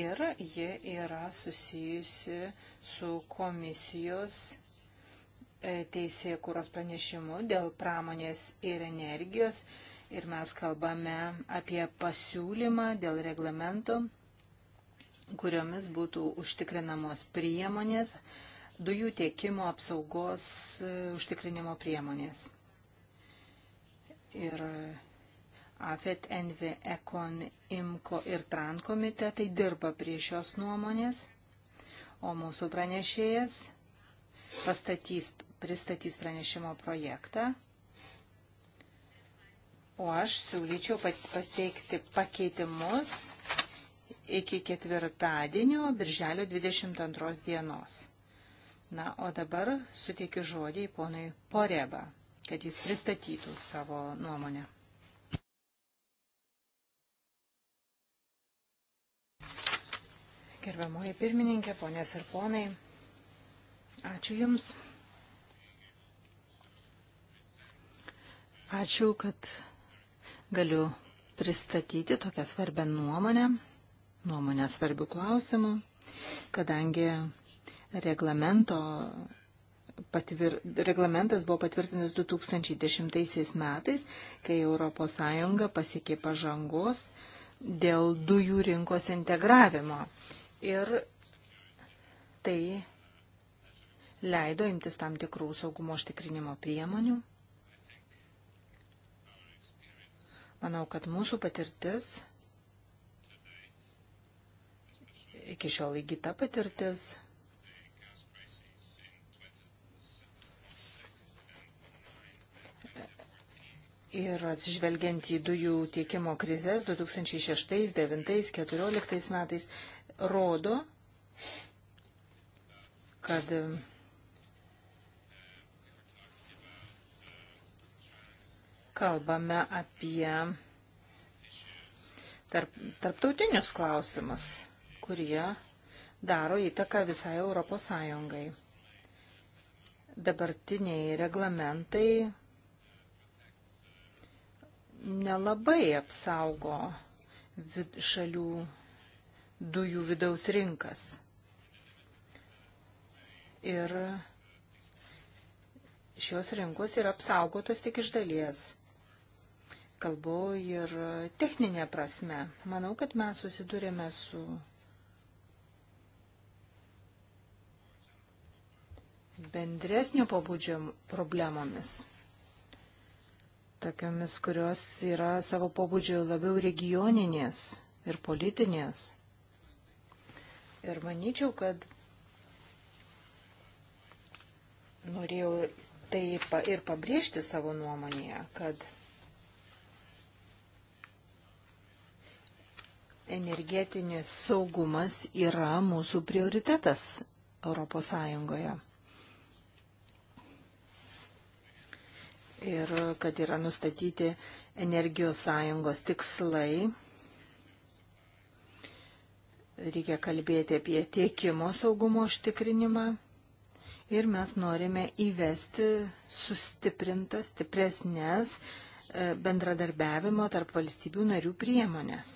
Ir ji yra susijusi su komisijos e, teisėje kūros pranešimu dėl pramonės ir energijos. Ir mes kalbame apie pasiūlymą dėl reglamento, kuriomis būtų užtikrinamos priemonės, dujų tiekimo apsaugos e, užtikrinimo priemonės ir e, AFET, ENVI, ECON, IMCO ir TRAN komitetai dirba prie šios nuomonės, o mūsų pranešėjas pastatys, pristatys pranešimo projektą. O aš siūlyčiau pasteikti pakeitimus iki ketvirtadienio, birželio 22 dienos. Na, o dabar suteikiu žodį ponui Poreba kad jis pristatytų savo nuomonę. Gerbiamoji pirmininkė, ponės ir ponai, ačiū Jums. Ačiū, kad galiu pristatyti tokią svarbę nuomonę, nuomonę svarbių klausimų, kadangi reglamento patvir... reglamentas buvo patvirtinas 2010 metais, kai ES pasiekė pažangos dėl dujų rinkos integravimo. Ir tai leido imtis tam tikrų saugumo užtikrinimo priemonių. Manau, kad mūsų patirtis, iki šiol įgyta patirtis, Ir atsižvelgiant į dujų tiekimo krizės 2006, 2009, 2014 metais, rodo, kad kalbame apie tarp, tarptautinius klausimus, kurie daro įtaką visai Europos Sąjungai. Dabartiniai reglamentai nelabai apsaugo šalių dujų vidaus rinkas. Ir šios rinkos yra apsaugotos tik iš dalies. Kalbu ir techninė prasme. Manau, kad mes susidurėme su bendresnio pabudžio problemomis tokiamis, kurios yra savo pobūdžio labiau regioninės ir politinės. Ir manyčiau, kad norėjau tai ir pabrėžti savo nuomonėje, kad energetinis saugumas yra mūsų prioritetas Europos Sąjungoje. ir kad yra nustatyti energijos sąjungos tikslai. Reikia kalbėti apie tiekimo saugumo užtikrinimą ir mes norime įvesti sustiprintas, stipresnės e, bendradarbiavimo tarp valstybių narių priemonės.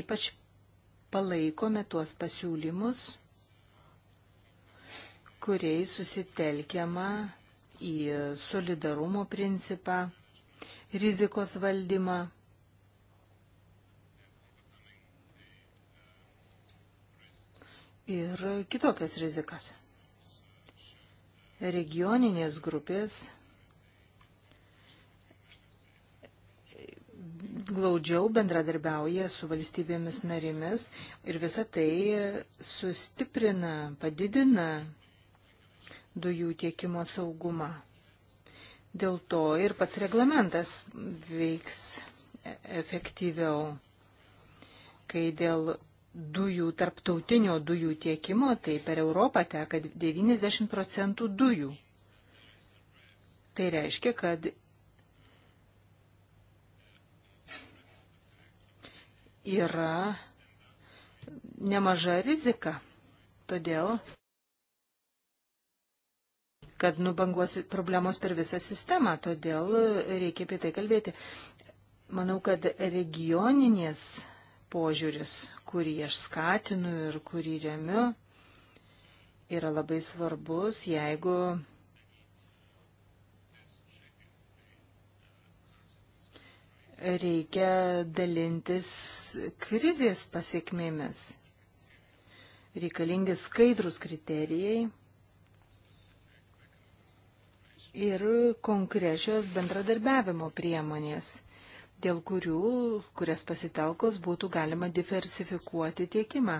Ypač palaikome tuos pasiūlymus, kuriais susitelkiama į solidarumo principą, rizikos valdymą. Ir kitokias rizikas. Regioninės grupės glaudžiau bendradarbiauja su valstybėmis narimis ir visa tai sustiprina, padidina dujų tiekimo saugumą. Dėl to ir pats reglamentas veiks efektyviau. Kai dėl dujų, tarptautinio dujų tiekimo, tai per Europą teka 90 procentų dujų. Tai reiškia, kad yra nemaža rizika. Todėl kad nubanguos problemos per visą sistemą, todėl reikia apie tai kalbėti. Manau, kad regioninės požiūris, kurį aš skatinu ir kurį remiu, yra labai svarbus, jeigu reikia dalintis krizės pasiekmėmis. Reikalingi skaidrus kriterijai, ir konkrečios bendradarbiavimo priemonės, dėl kurių, kurias pasitelkus, būtų galima diversifikuoti tiekimą.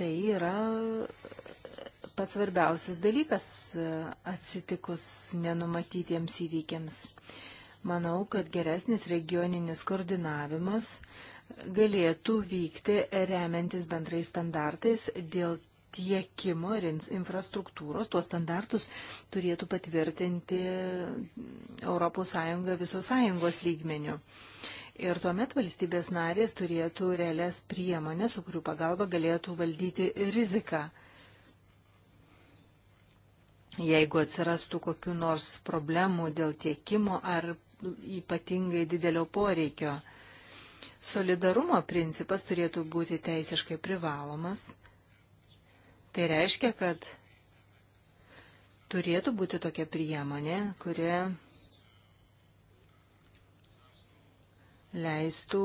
Tai yra pats svarbiausias dalykas e, atsitikus nenumatytiems įvykiams. Manau, kad geresnis regioninis koordinavimas galėtų vykti remiantis bendrais standartais dėl tiekimo ir infrastruktūros, tuos standartus turėtų patvirtinti ES visos sąjungos lygmenių. Ir tuomet valstybės narės turėtų realias priemonės, su kurių pagalba galėtų valdyti riziką. Jeigu atsirastų kokiu nors problemų dėl tiekimo ar ypatingai didelio poreikio. Solidarumo principas turėtų būti teisiškai privalomas Tai reiškia, kad turėtų būti tokia priemonė, kuri leistų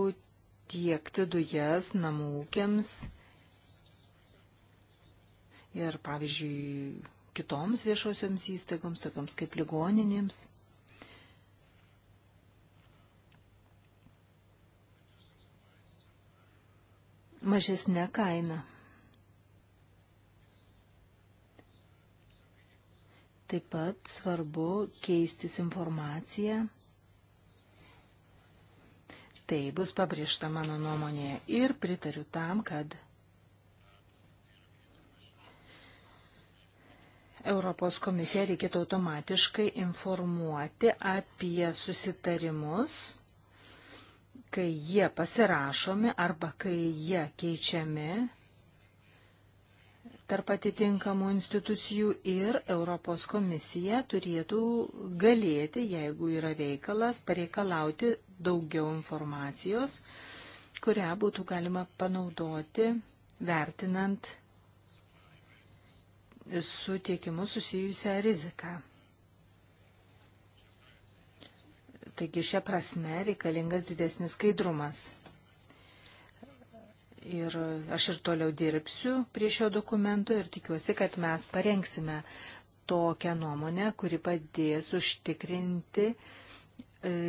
tiekti dujas namų ūkiams ir, pavyzdžiui, kitoms viešosioms įstaigoms, tokioms kaip ligoninėms. Mažesnė kaina. Taip pat svarbu keistis informaciją. Tai bus pabrėžta mano nuomonėje ir pritariu tam, kad Europos komisija reikėtų automatiškai informuoti apie susitarimus, kai jie pasirašomi arba kai jie keičiami tarp atitinkamų institucijų ir Europos komisija turėtų galėti, jeigu yra reikalas, pareikalauti daugiau informacijos, kurią būtų galima panaudoti vertinant su tiekimu susijusią riziką. Taigi šią prasme reikalingas didesnis skaidrumas. Ir aš ir toliau dirbsiu prie šio dokumento ir tikiuosi, kad mes parengsime tokią nuomonę, kuri padės užtikrinti e,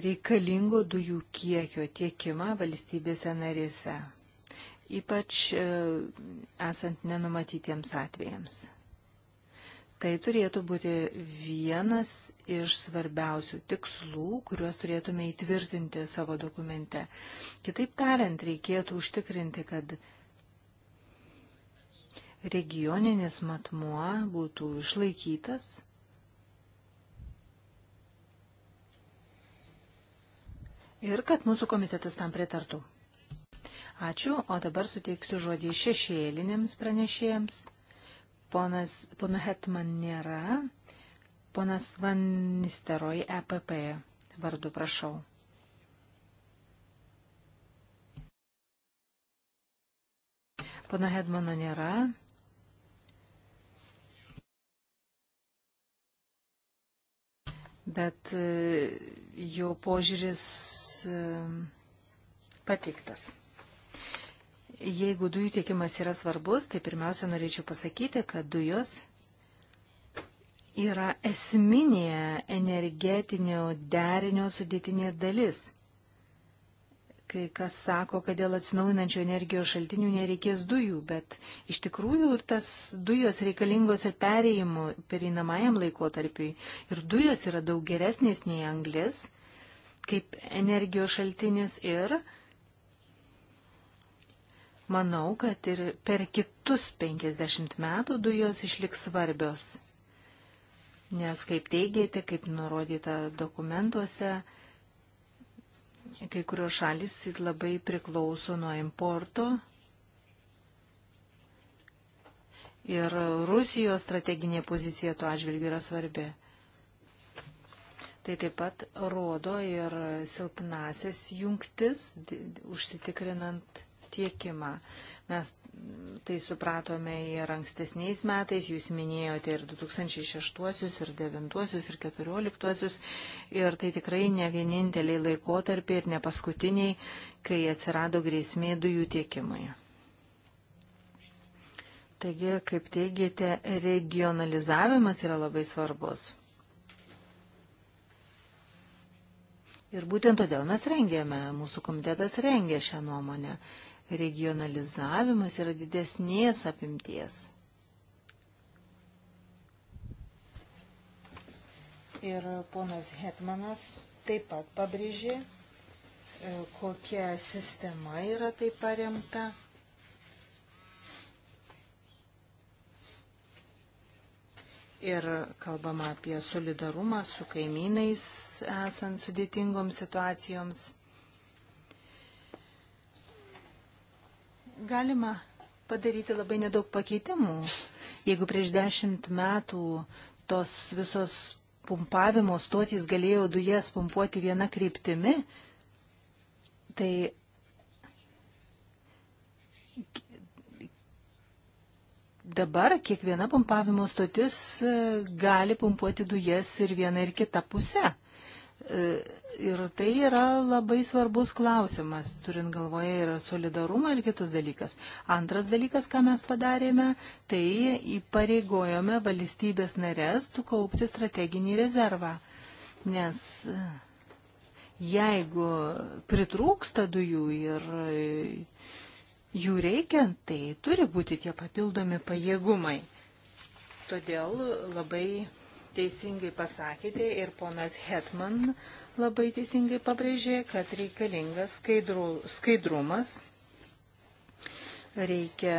reikalingo dujų kiekio tiekimą valstybėse narėse, ypač e, esant nenumatytiems atvejams. Tai turėtų būti vienas iš svarbiausių tikslų, kuriuos turėtume įtvirtinti savo dokumente. Kitaip tariant, reikėtų užtikrinti, kad regioninis matmuo būtų išlaikytas. Ir kad mūsų komitetas tam pritartų. Ačiū, o dabar suteiksiu žodį šešėlinėms pranešėjams. Ponas, pono Hetman nėra. Ponas Van Nisteroj, EPP vardu, prašau. Pono Hedmano nėra. Bet e, jo požiūris e, pateiktas. Jeigu dujų tiekimas yra svarbus, tai pirmiausia norėčiau pasakyti, kad dujos yra esminė energetinio derinio sudėtinė dalis. Kai kas sako, kad dėl atsinaujinančio energijos šaltinių nereikės dujų, bet iš tikrųjų ir tas dujos reikalingos ir perėjimų pereinamajam laikotarpiui. Ir dujos yra daug geresnės nei anglis kaip energijos šaltinis ir uh, Manau, kad ir per kitus 50 metų dujos išliks svarbios, nes, kaip teigėte, kaip nurodyta dokumentuose, kai kurios šalis labai priklauso nuo importo ir Rusijos strateginė pozicija tuo atžvilgiu yra svarbi. Tai taip pat rodo ir silpnasias jungtis, užsitikrinant tiekimą. Mes tai supratome ir ankstesniais metais, jūs minėjote ir 2006, ir 2009, ir 2014, ir tai tikrai ne vieninteliai laikotarpiai ir ne paskutiniai, kai atsirado grėsmė dujų tiekimui. Taigi, kaip teigiate, regionalizavimas yra labai svarbus. Ir būtent todėl mes rengėme, mūsų komitetas rengė šią nuomonę regionalizavimas yra didesnės apimties. Ir ponas Hetmanas taip pat pabrėžė, e, kokia sistema yra tai paremta. Ir kalbama apie solidarumą su kaimynais esant sudėtingoms situacijoms. Galima padaryti labai nedaug pakeitimų. Jeigu prieš dešimt metų tos visos pumpavimo stotys galėjo dujas pumpuoti viena kryptimi, tai dabar kiekviena pumpavimo stotis gali pumpuoti dujas ir vieną ir kitą pusę. Ir tai yra labai svarbus klausimas, turint galvoje ir solidarumą ir kitus dalykas. Antras dalykas, ką mes padarėme, tai įpareigojome valstybės narės sukaupti strateginį rezervą. Nes e, jeigu pritrūksta dujų ir e, jų reikia, tai turi būti tie papildomi pajėgumai. Todėl labai teisingai pasakėte ir ponas Hetman labai teisingai pabrėžė, kad reikalingas skaidru, skaidrumas, reikia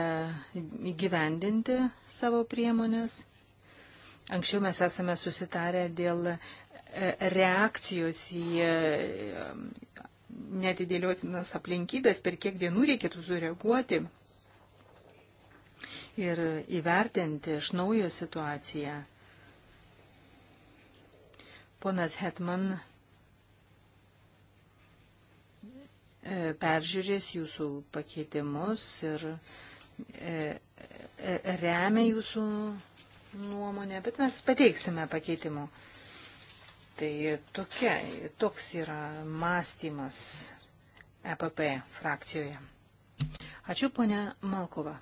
įgyvendinti savo priemonės. Anksčiau mes esame susitarę dėl e, reakcijos į e, netidėliotinas aplinkybės, per kiek dienų reikėtų sureaguoti ir įvertinti iš naujo situaciją. Ponas Hetman e, peržiūrės jūsų pakeitimus ir e, e, remia jūsų nuomonę, bet mes pateiksime pakeitimų. Tai tokia, toks yra mąstymas EPP frakcijoje. Ačiū, ponia Malkova.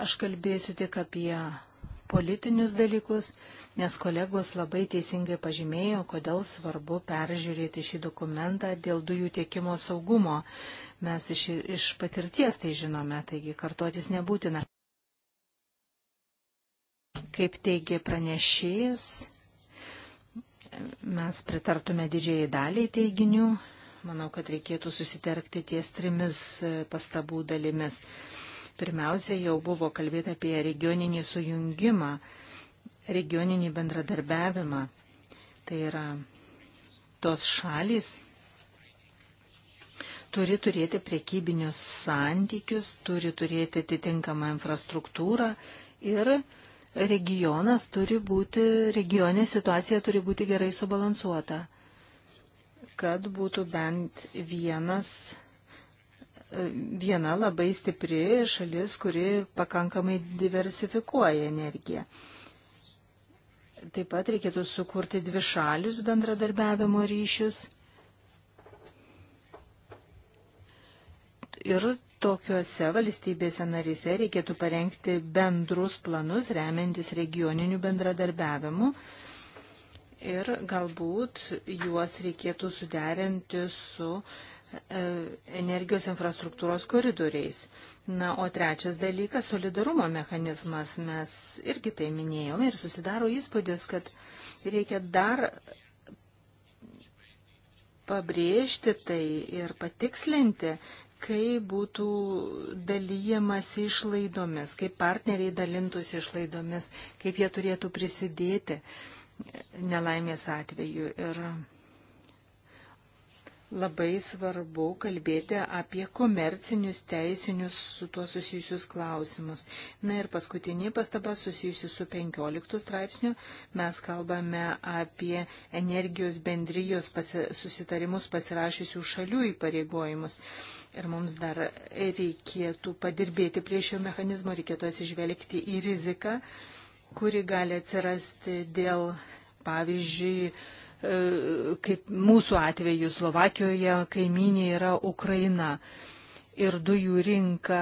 Aš kalbėsiu tik apie politinius dalykus, nes kolegos labai teisingai pažymėjo, kodėl svarbu peržiūrėti šį dokumentą dėl dujų tiekimo saugumo. Mes iš, iš patirties tai žinome, taigi kartotis nebūtina. Kaip teigia pranešėjas, mes pritartume didžiai daliai teiginių. Manau, kad reikėtų susitelkti ties trimis pastabų dalimis. Pirmiausia, jau buvo kalbėta apie regioninį sujungimą, regioninį bendradarbiavimą. Tai yra tos šalis turi turėti priekybinius santykius, turi turėti atitinkamą infrastruktūrą ir regionas turi būti, regionė situacija turi būti gerai subalansuota, kad būtų bent vienas viena labai stipri šalis, kuri pakankamai diversifikuoja energiją. Taip pat reikėtų sukurti dvi šalius bendradarbiavimo ryšius. Ir tokiuose valstybėse narise reikėtų parengti bendrus planus remiantis regioniniu bendradarbiavimu ir galbūt juos reikėtų suderinti su uh, E, energijos infrastruktūros koridoriais. Na, o trečias dalykas - solidarumo mechanizmas. Mes irgi tai minėjome ir susidaro įspūdis, kad reikia dar pabrėžti tai ir patikslinti, kai būtų dalyjamas išlaidomis, kaip partneriai dalintųsi išlaidomis, kaip jie turėtų prisidėti nelaimės atveju. Ir labai svarbu kalbėti apie komercinius teisinius su tuo susijusius klausimus. Na ir paskutinė pastaba susijusi su 15 straipsniu. Mes kalbame apie energijos bendrijos pasi susitarimus pasirašysių šalių įpareigojimus. Ir mums dar reikėtų padirbėti prie šio mechanizmo, reikėtų atsižvelgti į riziką, kuri gali atsirasti dėl, pavyzdžiui, E, kaip mūsų atveju Slovakijoje kaiminė yra Ukraina. Ir dujų rinka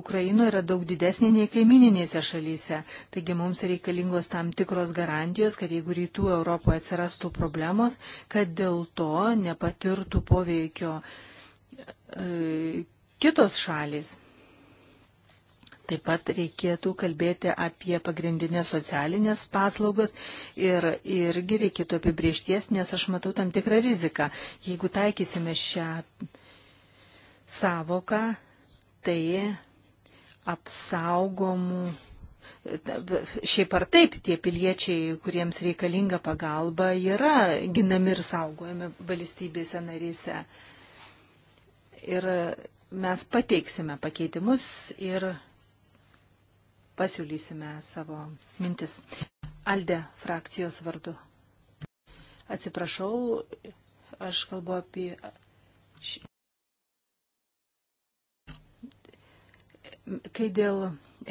Ukrainoje yra daug didesnė nei kaimininėse šalyse. Taigi mums reikalingos tam tikros garantijos, kad jeigu rytų Europoje atsirastų problemos, kad dėl to nepatirtų poveikio e, kitos šalis. Taip pat reikėtų kalbėti apie pagrindinės socialinės paslaugas ir irgi reikėtų apibriešties, nes aš matau tam tikrą riziką. Jeigu taikysime šią savoką, tai apsaugomų. Šiaip ar taip, tie piliečiai, kuriems reikalinga pagalba, yra ginami ir saugojami valstybėse narise. Ir mes pateiksime pakeitimus ir pasiūlysime savo mintis. Alde frakcijos vardu. Atsiprašau, aš kalbu apie. Kai dėl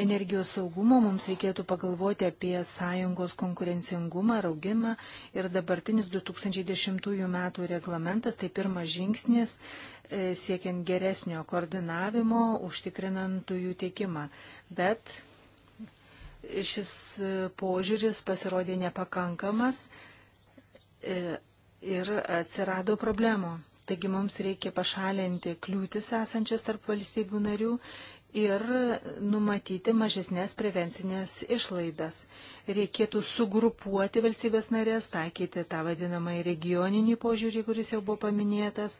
energijos saugumo mums reikėtų pagalvoti apie sąjungos konkurencingumą ir augimą ir dabartinis 2010 metų reglamentas tai pirmas žingsnis e, siekiant geresnio koordinavimo, užtikrinant dujų tiekimą. Bet šis požiūris pasirodė nepakankamas e, ir atsirado problemų. Taigi mums reikia pašalinti kliūtis esančias tarp valstybių narių ir numatyti mažesnės prevencinės išlaidas. Reikėtų sugrupuoti valstybės narės, taikyti tą vadinamą regioninį požiūrį, kuris jau buvo paminėtas.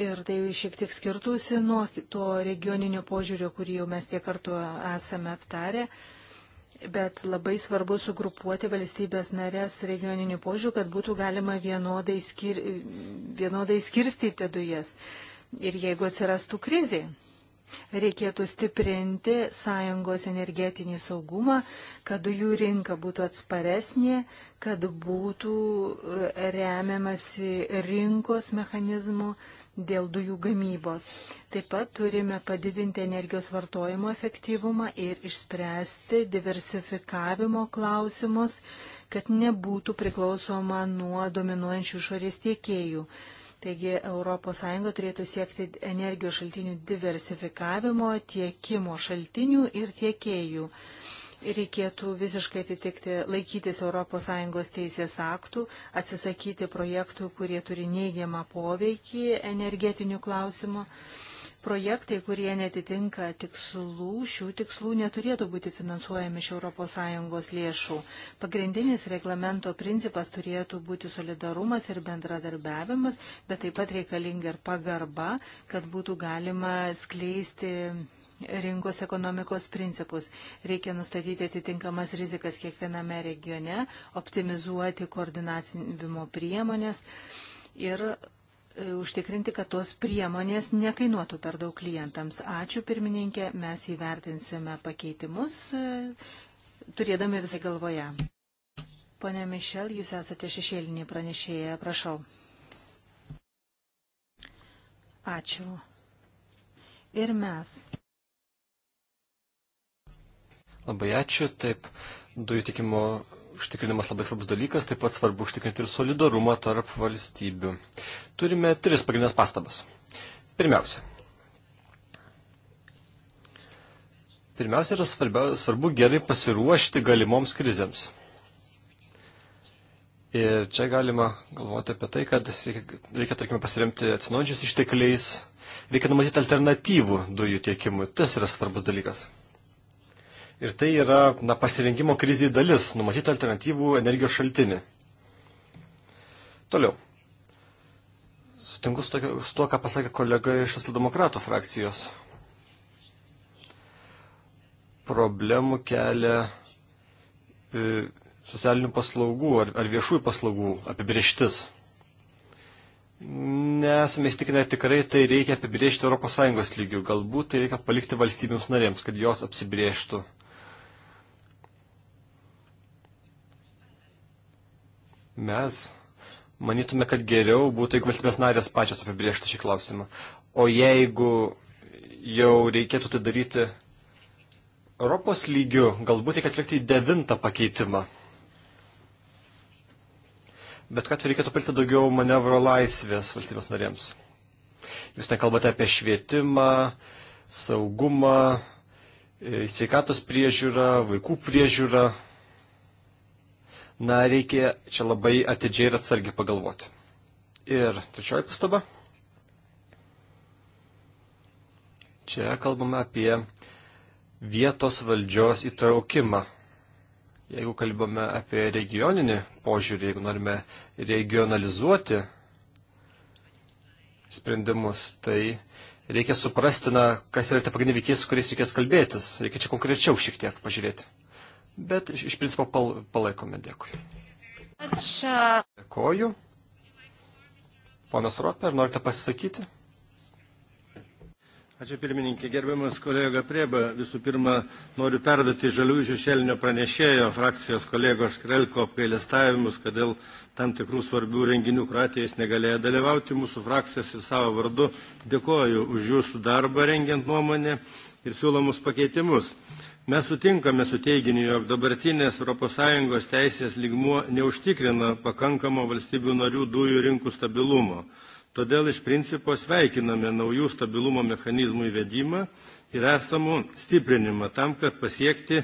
Ir tai šiek tiek skirtusi nuo to regioninio požiūrio, kurį jau mes tiek kartų esame aptarę. Bet labai svarbu sugrupuoti valstybės narės regioninių požiūrį, kad būtų galima vienodai, skir... vienodai skirstyti dujas. Ir jeigu atsirastų krizė, reikėtų stiprinti sąjungos energetinį saugumą, kad dujų rinka būtų atsparesnė, kad būtų remiamasi rinkos mechanizmų dėl dujų gamybos. Taip pat turime padidinti energijos vartojimo efektyvumą ir išspręsti diversifikavimo klausimus, kad nebūtų priklausoma nuo dominuojančių šalies tiekėjų. Taigi ES turėtų siekti energijos šaltinių diversifikavimo, tiekimo šaltinių ir tiekėjų reikėtų visiškai atitikti, laikytis ES teisės aktų, atsisakyti projektų, kurie turi neigiamą poveikį energetinių klausimų. Projektai, kurie netitinka tikslų, šių tikslų neturėtų būti finansuojami iš ES lėšų. Pagrindinis reglamento principas turėtų būti solidarumas ir bendradarbiavimas, bet taip pat reikalinga ir pagarba, kad būtų galima skleisti rinkos ekonomikos principus. Reikia nustatyti atitinkamas rizikas kiekviename regione, optimizuoti koordinavimo priemonės ir e, užtikrinti, kad tos priemonės nekainuotų per daug klientams. Ačiū pirmininkė, mes įvertinsime pakeitimus, e, turėdami visą galvoje. Pone Mišel, jūs esate šešėlinį pranešėją, prašau. Ačiū. Ir mes.
Labai ačiū. Taip, dujų tikimo užtikrinimas labai svarbus dalykas, taip pat svarbu užtikrinti ir solidarumą tarp valstybių. Turime tris pagrindinės pastabas. Pirmiausia. Pirmiausia yra svarbia, svarbu gerai pasiruošti galimoms krizėms. Ir čia galima galvoti apie tai, kad reikia, reikia tarkime, pasiremti atsinaujančiais ištekliais, reikia numatyti alternatyvų dujų tiekimui. Tas yra svarbus dalykas. Ir tai yra na, pasirengimo kriziai dalis, numatyti alternatyvų energijos šaltinį. Toliau. Sutinku su, tokio, su tuo, ką pasakė kolega iš Socialdemokratų frakcijos. Problemų kelia e, socialinių paslaugų ar, ar viešųjų paslaugų apibrieštis. Nesame įstikinę tikrai, tai reikia apibriežti ES lygių. Galbūt tai reikia palikti valstybėms narėms, kad jos apsibrieštų Mes manytume, kad geriau būtų, jeigu valstybės narės pačios apibrėžtų šį klausimą. O jeigu jau reikėtų tai daryti Europos lygiu, galbūt reikia atsvelgti į devintą pakeitimą. Bet kad reikėtų palikti daugiau manevro laisvės valstybės narėms. Jūs ten kalbate apie švietimą, saugumą, e, sveikatos priežiūrą, vaikų priežiūrą. Na, reikia čia labai atidžiai ir atsargiai pagalvoti. Ir trečioji pastaba. Čia kalbame apie vietos valdžios įtraukimą. Jeigu kalbame apie regioninį požiūrį, jeigu norime regionalizuoti sprendimus, tai reikia suprasti, na, kas yra tie pagrindiniai veikėjai, su kuriais reikės kalbėtis. Reikia čia konkrečiau šiek tiek pažiūrėti bet iš principo pal palaikome. Dėkui.
Dėkoju.
Ponas Roper, norite pasisakyti?
Ačiū pirmininkė, gerbiamas kolega Prieba. Visų pirma, noriu perduoti žaliųjų šešėlinio pranešėjo frakcijos kolegos Krelko apgailestavimus, kad dėl tam tikrų svarbių renginių Kroatijais negalėjo dalyvauti. Mūsų frakcijas ir savo vardu dėkoju už jūsų darbą rengiant nuomonę ir siūlomus pakeitimus. Mes sutinkame su teiginiu, jog dabartinės ES teisės lygmuo neužtikrina pakankamo valstybių narių dujų rinkų stabilumo. Todėl iš principo sveikiname naujų stabilumo mechanizmų įvedimą ir esamų stiprinimą tam, kad pasiekti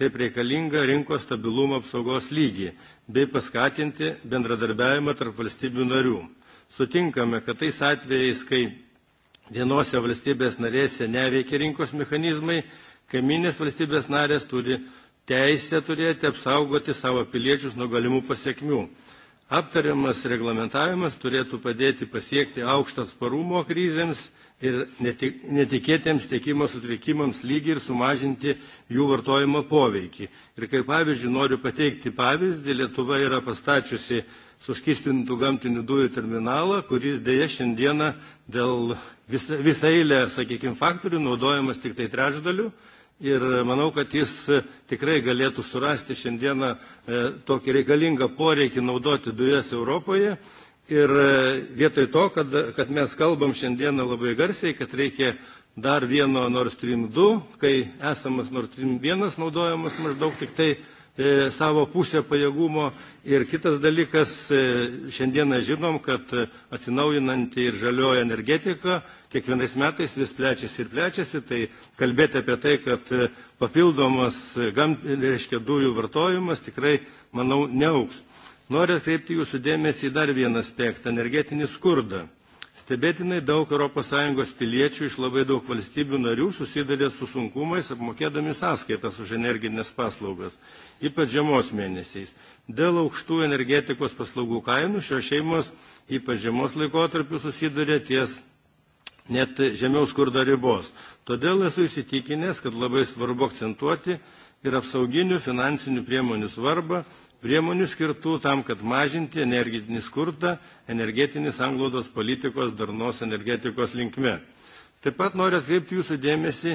taip reikalingą rinkos stabilumo apsaugos lygį bei paskatinti bendradarbiavimą tarp valstybių narių. Sutinkame, kad tais atvejais, kai vienose valstybės narėse neveikia rinkos mechanizmai, Kaiminės valstybės narės turi teisę turėti apsaugoti savo piliečius nuo galimų pasiekmių. Aptariamas reglamentavimas turėtų padėti pasiekti aukštą sparumo krizėms ir netikėtiems tiekimo sutrikimams lygį ir sumažinti jų vartojimo poveikį. Ir kaip pavyzdžiui noriu pateikti pavyzdį, Lietuva yra pastatčiusi suskistintų gamtinių dujų terminalą, kuris dėja šiandieną dėl visą eilę, sakykime, faktorių naudojamas tik tai trečdaliu ir manau, kad jis e, tikrai galėtų surasti šiandieną e, tokį reikalingą poreikį naudoti dujas Europoje. Ir e, vietoj to, kad, kad mes kalbam šiandieną labai garsiai, kad reikia dar vieno Nord Stream 2, kai esamas Nord Stream 1 naudojamas maždaug tik tai E, savo pusę pajėgumo. Ir kitas dalykas, e, šiandieną žinom, kad e, atsinaujinanti ir žalioji energetika kiekvienais metais vis plečiasi ir plečiasi, tai kalbėti apie tai, kad papildomas gam, reiškia, dujų vartojimas tikrai, manau, neauks. Noriu atkreipti jūsų dėmesį į dar vieną aspektą - energetinį skurdą. Stebėtinai daug ES piliečių iš labai daug valstybių narių susidarė su sunkumais apmokėdami sąskaitas už energinės paslaugas, ypač žiemos mėnesiais. Dėl aukštų energetikos paslaugų kainų šios šeimos ypač žiemos laikotarpiu susidarė ties net žemiau skurdo ribos. Todėl esu įsitikinęs, kad labai svarbu akcentuoti ir apsauginių finansinių priemonių svarbą priemonių skirtų tam, kad mažinti energetinį skurdą energetinės anglodos politikos darnos energetikos linkme. Taip pat noriu atkreipti jūsų dėmesį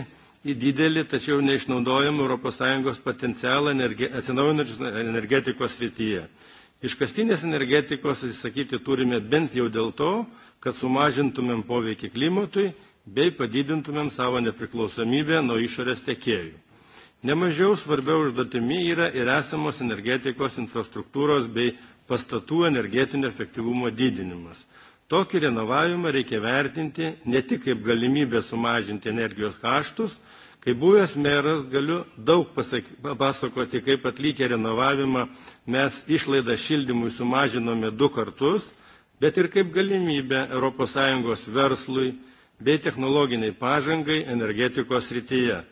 į didelį, tačiau neišnaudojamą ES potencialą energe, atsinaujinančios energetikos srityje. Iškastinės energetikos atsisakyti turime bent jau dėl to, kad sumažintumėm poveikį klimatui bei padidintumėm savo nepriklausomybę nuo išorės tekėjų. Nemažiau svarbia užduotimi yra ir esamos energetikos infrastruktūros bei pastatų energetinio efektyvumo didinimas. Tokį renovavimą reikia vertinti ne tik kaip galimybę sumažinti energijos kaštus, kaip buvęs meras galiu daug papasakoti, kaip atlikę renovavimą mes išlaidą šildymui sumažinome du kartus, bet ir kaip galimybę ES verslui bei technologiniai pažangai energetikos rytyje.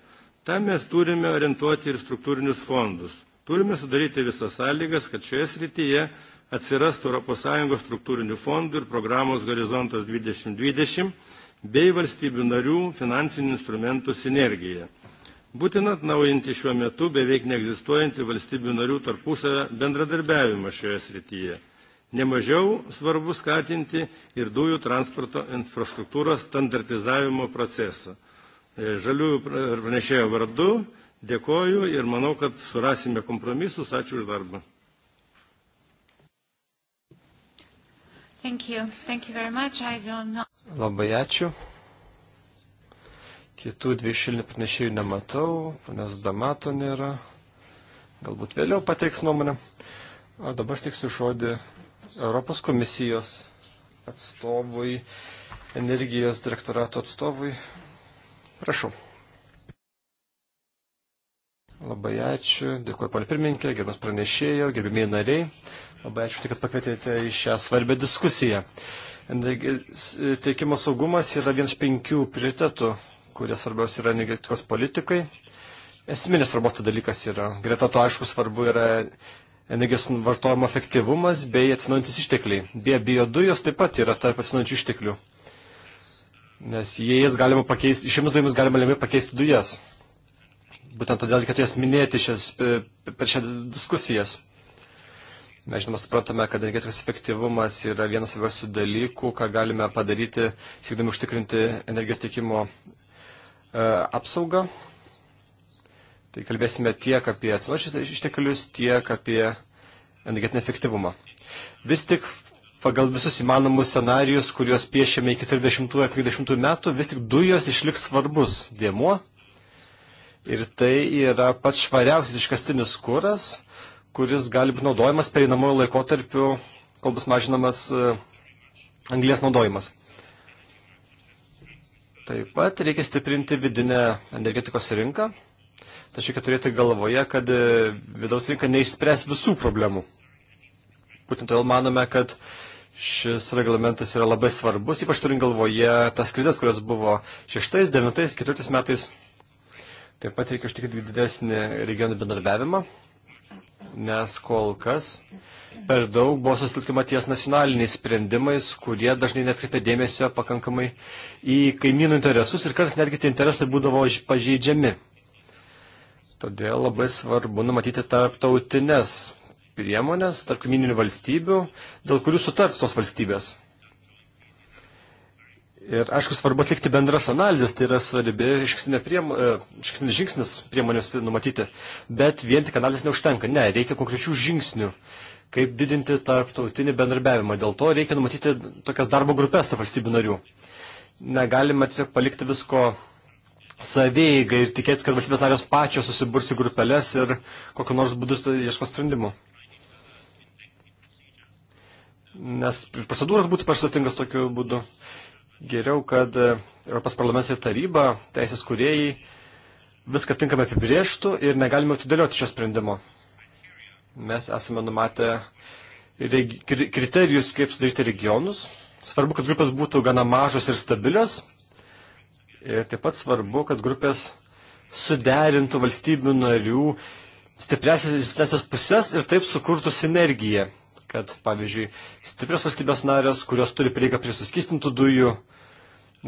Tam mes turime orientuoti ir struktūrinius fondus. Turime sudaryti visas sąlygas, kad šioje srityje atsirastų ES struktūrinių fondų ir programos Horizontas 2020 bei valstybių narių finansinių instrumentų sinergija. Būtina atnaujinti šiuo metu beveik neegzistuojantį valstybių narių tarpusavę bendradarbiavimą šioje srityje. Nemažiau svarbu skatinti ir dujų transporto infrastruktūros standartizavimo procesą. E, žaliųjų pranešėjo vardu dėkoju ir manau, kad surasime kompromisus. Ačiū už darbą.
Thank you. Thank you very much. I don't know.
Labai ačiū.
Kitų dvišilinių pranešėjų nematau, nes damato nėra. Galbūt vėliau pateiks nuomonę. O dabar tiksiu žodį Europos komisijos atstovui, energijos direktorato atstovui Prašau. Labai ačiū. Dėkuoju, ponė pirmininkė, gerbiamas pranešėjo, gerbimieji nariai. Labai ačiū, kad pakvietėte į šią svarbę diskusiją. Teikimo saugumas yra vienas iš penkių prioritetų, kurie svarbiausia yra energetikos politikai. Esminės svarbos tai dalykas yra. Greta to, aišku, svarbu yra energijos vartojimo efektyvumas bei atsinaujantis ištekliai. Beje, biodujos taip pat yra tarp atsinaujančių išteklių nes jais galima pakeisti, šiomis dujomis galima lengvai pakeisti dujas. Būtent todėl reikėtų jas minėti šias, e, per šias diskusijas. Mes žinoma suprantame, kad energetikos efektyvumas yra vienas svarbiausių dalykų, ką galime padaryti, siekdami užtikrinti energijos tiekimo e, apsaugą. Tai kalbėsime tiek apie atsinaujinančius išteklius, tiek apie energetinį efektyvumą. Vis tik pagal visus įmanomus scenarius, kuriuos piešėme iki 30-50 metų, vis tik dujos išliks svarbus dėmuo. Ir tai yra pats švariausias iškastinis kuras, kuris gali būti naudojamas pereinamojo laikotarpiu, kol bus mažinamas e, anglės naudojimas. Taip pat reikia stiprinti vidinę energetikos rinką, tačiau reikia turėti galvoje, kad e, vidaus rinka neišspręs visų problemų. Būtent todėl manome, kad šis reglamentas yra labai svarbus, ypač turint galvoje tas krizės, kurios buvo 6, 9, 14 metais. Taip pat reikia užtikrinti didesnį regionų bendarbiavimą, nes kol kas per daug buvo susilkima ties nacionaliniais sprendimais, kurie dažnai netkreipė dėmesio pakankamai į kaimynų interesus ir kartais netgi tie interesai būdavo pažeidžiami. Todėl labai svarbu numatyti tarptautinės priemonės tarp kaimyninių valstybių, dėl kurių sutars tos valstybės. Ir aišku, svarbu atlikti bendras analizės, tai yra svarbi išksinės priem, e, žingsnis priemonės numatyti, bet vien tik analizės neužtenka. Ne, reikia konkrečių žingsnių, kaip didinti tarptautinį bendarbiavimą. Dėl to reikia numatyti tokias darbo grupės tarp valstybių narių. Negalime tiesiog palikti visko savėgai ir tikėtis, kad valstybės narės pačios susiburs į grupelės ir kokiu nors būdu ieško sprendimų nes procedūros būtų per sudėtingas tokiu būdu. Geriau, kad e, Europos parlamentas ir taryba, teisės kuriejai viską tinkamai apibrieštų ir negalime atidėlioti šio sprendimo. Mes esame numatę kriterijus, kaip sudaryti regionus. Svarbu, kad grupės būtų gana mažos ir stabilios. Ir taip pat svarbu, kad grupės suderintų valstybių narių stipresias ir stipresias pusės ir taip sukurtų sinergiją kad, pavyzdžiui, stiprios valstybės narės, kurios turi prieigą prie suskistintų dujų,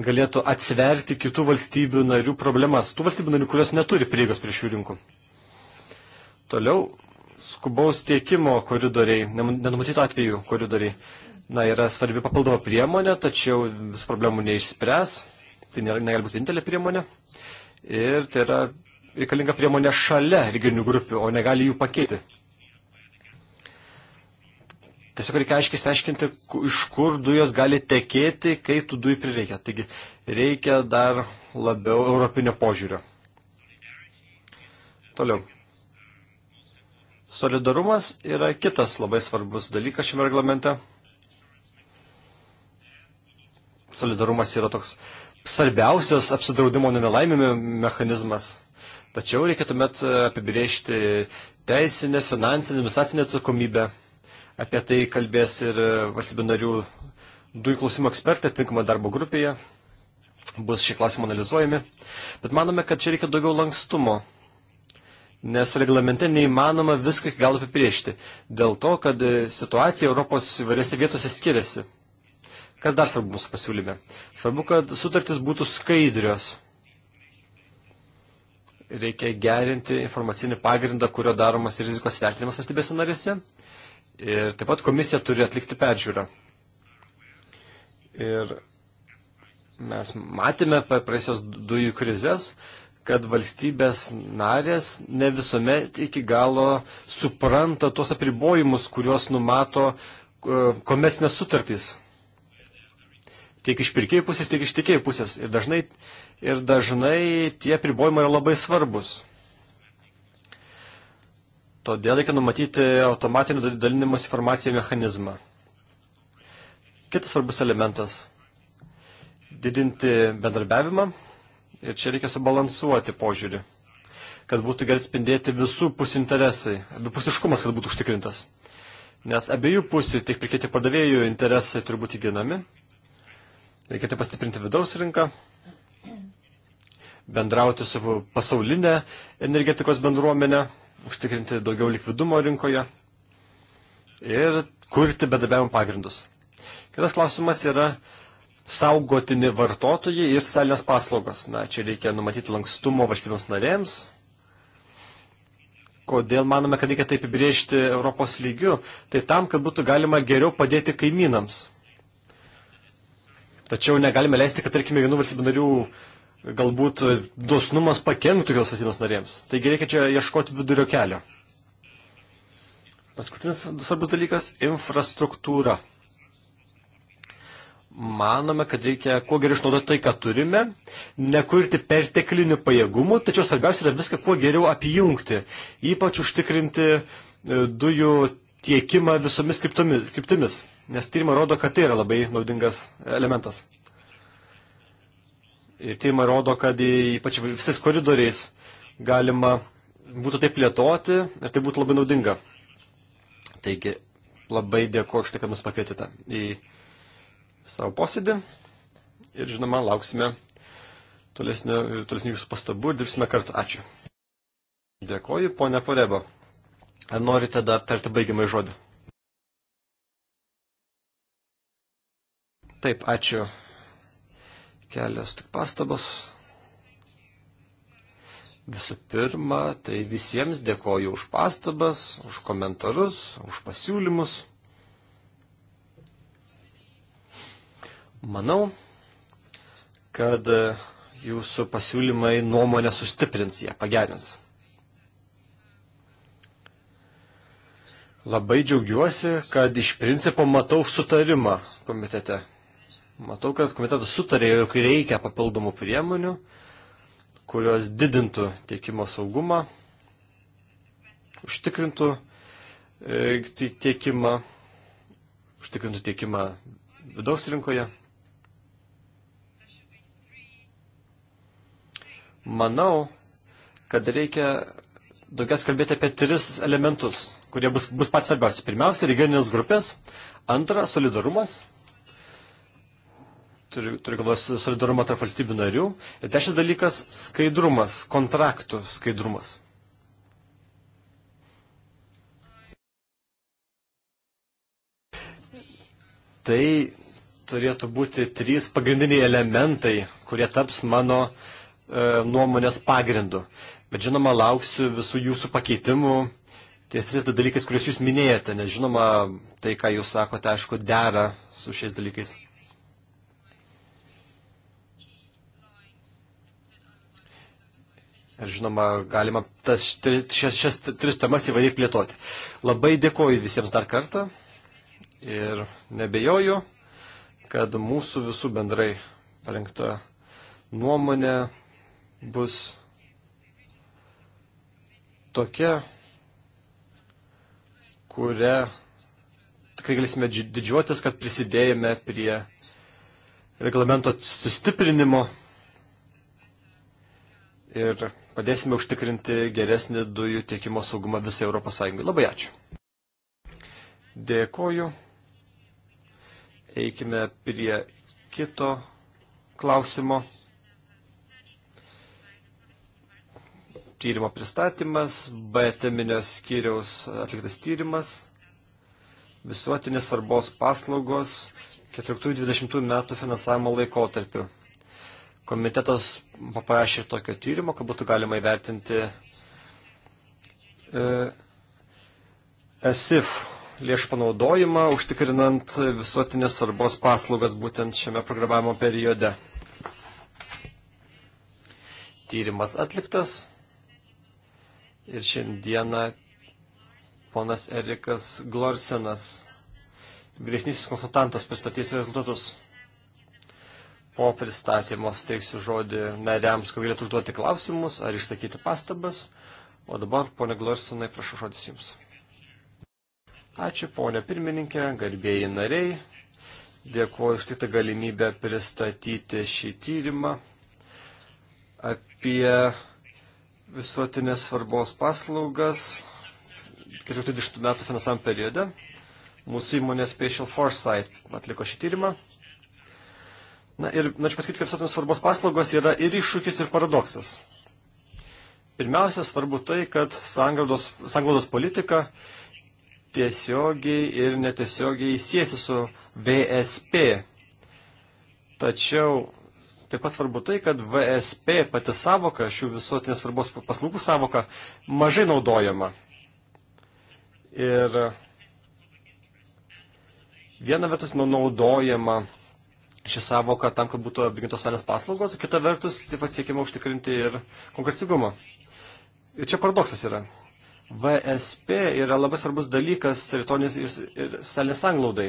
galėtų atsverti kitų valstybių narių problemas, tų valstybių narių, kurios neturi prieigos prie šių rinkų. Toliau, skubaus tiekimo koridoriai, nenumatyto atveju koridoriai, na, yra svarbi papildoma priemonė, tačiau visų problemų neišspręs, tai negali būti vienintelė priemonė. Ir tai yra reikalinga priemonė šalia regioninių grupių, o negali jų pakeiti. Tiesiog reikia aiškiai seiškinti, iš kur dujos gali tekėti, kai tų dujų prireikia. Taigi reikia dar labiau europinio požiūrio. Toliau. Solidarumas yra kitas labai svarbus dalykas šiame reglamente. Solidarumas yra toks svarbiausias apsidraudimo nelaimimi mechanizmas. Tačiau reikėtumėt e, apibriežti teisinę, finansinę, administracinę atsakomybę Apie tai kalbės ir e, valstybių narių dujų klausimų ekspertai tinkamo darbo grupėje. Bus šie klausimai analizuojami. Bet manome, kad čia reikia daugiau lankstumo. Nes reglamente neįmanoma viską iki galo apipriešti. Dėl to, kad e, situacija Europos įvairiose vietose skiriasi. Kas dar svarbu mūsų pasiūlyme? Svarbu, kad sutartis būtų skaidrios. Reikia gerinti informacinį pagrindą, kurio daromas rizikos vertinimas valstybėse narėse Ir taip pat komisija turi atlikti peržiūrą. Ir mes matėme per praėjusios dujų krizės, kad valstybės narės ne visuomet iki galo supranta tuos apribojimus, kuriuos numato e, komercinės sutartys. Tiek iš pirkėjų pusės, tiek iš tikėjų pusės. Ir dažnai, ir dažnai tie apribojimai yra labai svarbus. Todėl reikia numatyti automatinį dalinimos informaciją mechanizmą. Kitas svarbus elementas – didinti bendarbiavimą ir čia reikia subalansuoti požiūrį, kad būtų gerai spindėti visų pusių interesai, abipusiškumas, kad būtų užtikrintas. Nes abiejų pusių, tiek prikėti pardavėjų interesai turi būti ginami, reikėtų pastiprinti vidaus rinką, bendrauti su pasaulinė energetikos bendruomenė, užtikrinti daugiau likvidumo rinkoje ir kurti bedarbiavimo pagrindus. Kitas klausimas yra saugotini vartotojai ir socialinės paslaugos. Na, čia reikia numatyti lankstumo valstybėms narėms. Kodėl manome, kad reikia taip įbrėžti Europos lygių? Tai tam, kad būtų galima geriau padėti kaimynams. Tačiau negalime leisti, kad, tarkime, vienų valstybių narių galbūt dosnumas pakenktų jos valstybės narėms. Taigi reikia čia ieškoti vidurio kelio. Paskutinis svarbus dalykas - infrastruktūra. Manome, kad reikia kuo geriau išnaudoti tai, ką turime, nekurti perteklinių pajėgumų, tačiau svarbiausia yra viską kuo geriau apjungti, ypač užtikrinti e, dujų tiekimą visomis kryptomis, kryptimis, nes tyrimai rodo, kad tai yra labai naudingas elementas. Ir tyrimai rodo, kad ypač visais koridoriais galima būtų taip plėtoti ir tai būtų labai naudinga. Taigi, labai dėkuoju štai, kad mus pakvietėte į savo posėdį. Ir žinoma, lauksime tolesnių jūsų pastabų ir dirbsime kartu. Ačiū. Dėkoju, ponia Poreba. Ar norite dar tarti baigiamai žodį? Taip, ačiū kelias tik pastabos. Visų pirma, tai visiems dėkoju už pastabas, už komentarus, už pasiūlymus. Manau, kad jūsų pasiūlymai nuomonę sustiprins, ją pagerins. Labai džiaugiuosi, kad iš principo matau sutarimą komitete. Matau, kad komitetas sutarė, jog reikia papildomų priemonių, kurios didintų tiekimo saugumą, užtikrintų e, tiekimą, užtikrintų tiekimą vidaus rinkoje. Manau, kad reikia daugiausia kalbėti apie tris elementus, kurie bus, bus pats svarbiausi. Pirmiausia, regioninės grupės. Antra, solidarumas turiu, turiu kalbas solidarumą tarp valstybių narių. Ir trečias dalykas - skaidrumas, kontraktų skaidrumas. Tai turėtų būti trys pagrindiniai elementai, kurie taps mano e, nuomonės pagrindu. Bet žinoma, lauksiu visų jūsų pakeitimų, tiesiais dalykais, kuriuos jūs minėjote, nes žinoma, tai, ką jūs sakote, aišku, dera su šiais dalykais. Ir žinoma, galima tas, šias, šias tris temas įvairiai plėtoti. Labai dėkoju visiems dar kartą ir nebejoju, kad mūsų visų bendrai parengta nuomonė bus tokia, kurią tikrai galėsime didžiuotis, kad prisidėjome prie reglamento sustiprinimo ir padėsime užtikrinti geresnį dujų tiekimo saugumą visai ES. Labai ačiū. Dėkoju. Eikime prie kito klausimo. Tyrimo pristatymas, B teminio skyriaus atliktas tyrimas, visuotinės svarbos paslaugos 14-20 metų finansavimo laikotarpiu komitetas paprašė tokio tyrimo, kad būtų galima įvertinti ESIF lėšų panaudojimą, užtikrinant visuotinės svarbos paslaugas būtent šiame programavimo periode. Tyrimas atliktas ir šiandieną ponas Erikas Glorsenas, vyresnysis konsultantas, pristatys rezultatus. Po pristatymo steiksiu žodį nariams, kad galėtų užduoti klausimus ar išsakyti pastabas. O dabar, ponė Glorsonai, prašau žodis jums. Ačiū, ponė pirmininkė, garbėjai nariai. Dėkuoju už kitą galimybę pristatyti šį tyrimą apie visuotinės svarbos paslaugas 40 metų finansavimo periode. Mūsų įmonė Special Foresight atliko šį tyrimą Na ir norėčiau pasakyti, kad visuotinės svarbos paslaugos yra ir iššūkis, ir paradoksas. Pirmiausia, svarbu tai, kad sanglaudos politika tiesiogiai ir netiesiogiai siesi su VSP. Tačiau taip pat svarbu tai, kad VSP pati savoka, šių visuotinės svarbos paslaugų savoka, mažai naudojama. Ir viena vertus nu, naudojama šį savoką tam, kad būtų apgintos socialinės paslaugos, kita vertus taip pat siekiama užtikrinti ir konkurencingumą. Ir čia paradoksas yra. VSP yra labai svarbus dalykas teritorinės ir, ir socialinės sanglaudai.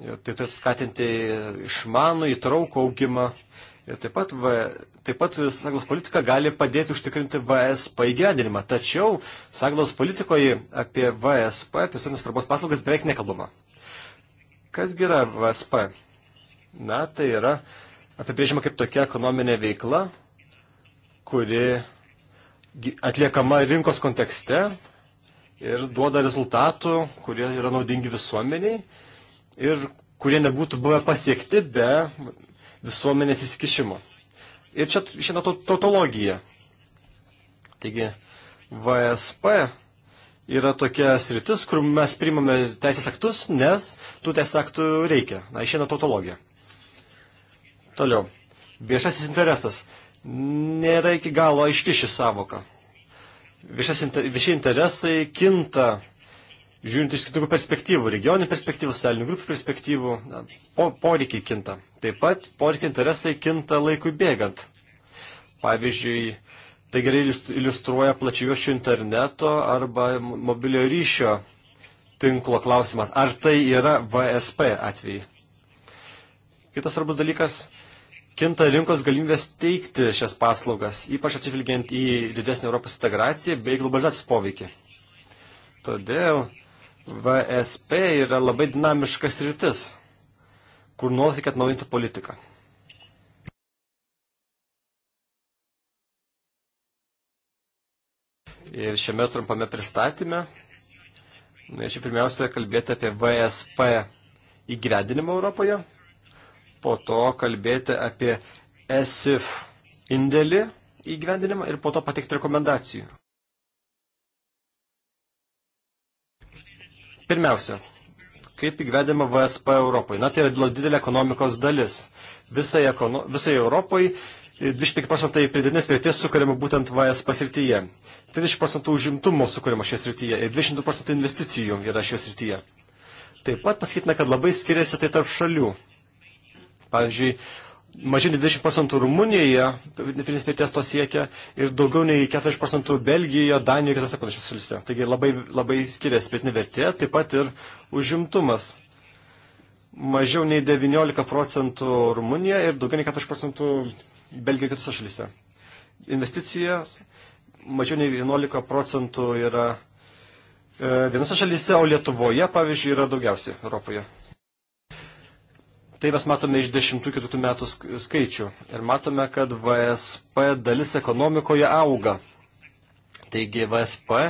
Tai turėtų skatinti išmanų, įtraukų augimą. Ir taip pat, v, taip pat sanglos politika gali padėti užtikrinti VSP įgyvendinimą. Tačiau sanglos politikoje apie VSP, apie socialinės svarbos paslaugas beveik nekalbama. Kasgi yra VSP? Na, tai yra apibrėžima kaip tokia ekonominė veikla, kuri atliekama rinkos kontekste ir duoda rezultatų, kurie yra naudingi visuomeniai ir kurie nebūtų buvę pasiekti be visuomenės įsikišimo. Ir čia išėna tautologija. Taigi, VSP yra tokia sritis, kur mes primame teisės aktus, nes tų teisės aktų reikia. Na, išėna tautologija. Toliau. Viešasis interesas. Nėra iki galo aiški ši savoka. Viešas, vieši interesai kinta, žiūrint iš skirtingų perspektyvų, regionių perspektyvų, socialinių grupių perspektyvų, na, po, poreikiai kinta. Taip pat poreikiai interesai kinta laikui bėgant. Pavyzdžiui, tai gerai iliustruoja plačiuošių interneto arba mobilio ryšio tinklo klausimas. Ar tai yra VSP atvejai? Kitas svarbus dalykas kinta rinkos galimybės teikti šias paslaugas, ypač atsižvelgiant į didesnį Europos integraciją bei globalizacijos poveikį. Todėl VSP yra labai dinamiškas rytis, kur nuolat reikia atnaujinti politiką. Ir šiame trumpame pristatyme norėčiau pirmiausia kalbėti apie VSP įgyvendinimą Europoje po to kalbėti apie ESIF indėlį įgyvendinimą ir po to pateikti rekomendacijų. Pirmiausia, kaip įgyvendinama VSP Europai? Na, tai yra didelė ekonomikos dalis. Visai, ekono, visai Europai 25 procentai pridėtinės vertės sukūrėme būtent VSP srityje. 30 procentų užimtumo sukūrėme šioje srityje ir 200 procentų investicijų yra šioje srityje. Taip pat pasakytina, kad labai skiriasi tai tarp šalių. Pavyzdžiui, mažiau 20 procentų Rumunijoje pilietinis mirties to siekia ir daugiau nei 40 procentų Belgijoje, Danijoje ir kitose panašiose šalise. Taigi labai, labai skiriasi pilietinė vertė, taip pat ir užimtumas. Mažiau nei 19 procentų Rumunijoje ir daugiau nei 40 procentų Belgijoje ir kitose šalise. Investicijas mažiau nei 11 procentų yra e, vienose šalyse, o Lietuvoje, pavyzdžiui, yra daugiausiai Europoje. Tai mes matome iš 10-14 metų skaičių ir matome, kad VSP dalis ekonomikoje auga. Taigi VSP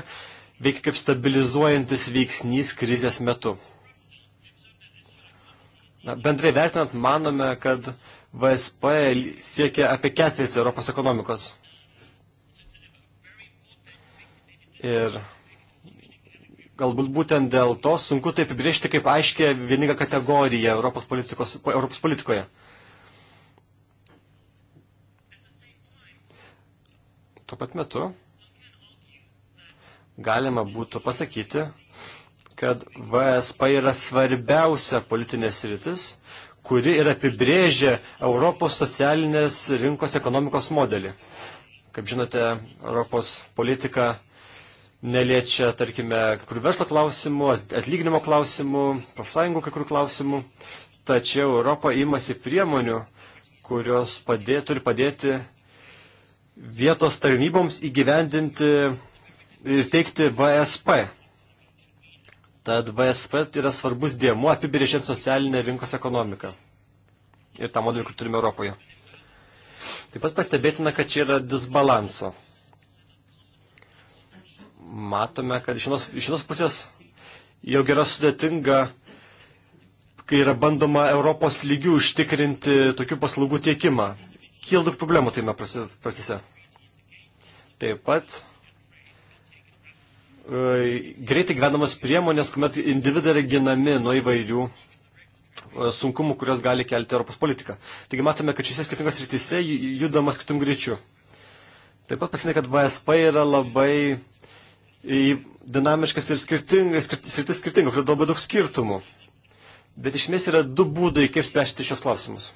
veikia kaip stabilizuojantis veiksnys krizės metu. Na, bendrai vertinant, manome, kad VSP siekia apie ketvirtį Europos ekonomikos. Ir Galbūt būtent dėl to sunku tai apibriežti kaip aiškia vieninga kategorija Europos, Europos politikoje. Tuo pat metu galima būtų pasakyti, kad VSP yra svarbiausia politinės rytis, kuri ir apibrėžia Europos socialinės rinkos ekonomikos modelį. Kaip žinote, Europos politika neliečia, tarkime, kai kurių verslo klausimų, atlyginimo klausimų, profsąjungų kai kurių klausimų, tačiau Europa imasi priemonių, kurios padė, turi padėti vietos tarnyboms įgyvendinti ir teikti VSP. Tad VSP yra svarbus dėmuo apibrėžiant socialinę rinkos ekonomiką. Ir tą modelį, kur turime Europoje. Taip pat pastebėtina, kad čia yra disbalanso matome, kad iš vienos, iš vienos pusės jau yra sudėtinga, kai yra bandoma Europos lygių užtikrinti tokių paslaugų tiekimą. Kyla daug problemų tame procese. Taip pat e, greitai gyvenamos priemonės, kuomet individai yra ginami nuo įvairių e, sunkumų, kurios gali kelti Europos politiką. Taigi matome, kad šiose skirtingose rytise judamas kitum greičiu. Taip pat pasinė, kad VSP yra labai dinamiškas ir skirtingas, sritis skirtingas, todėl labai daug skirtumų. Bet iš esmės yra du būdai, kaip spręsti šios klausimus.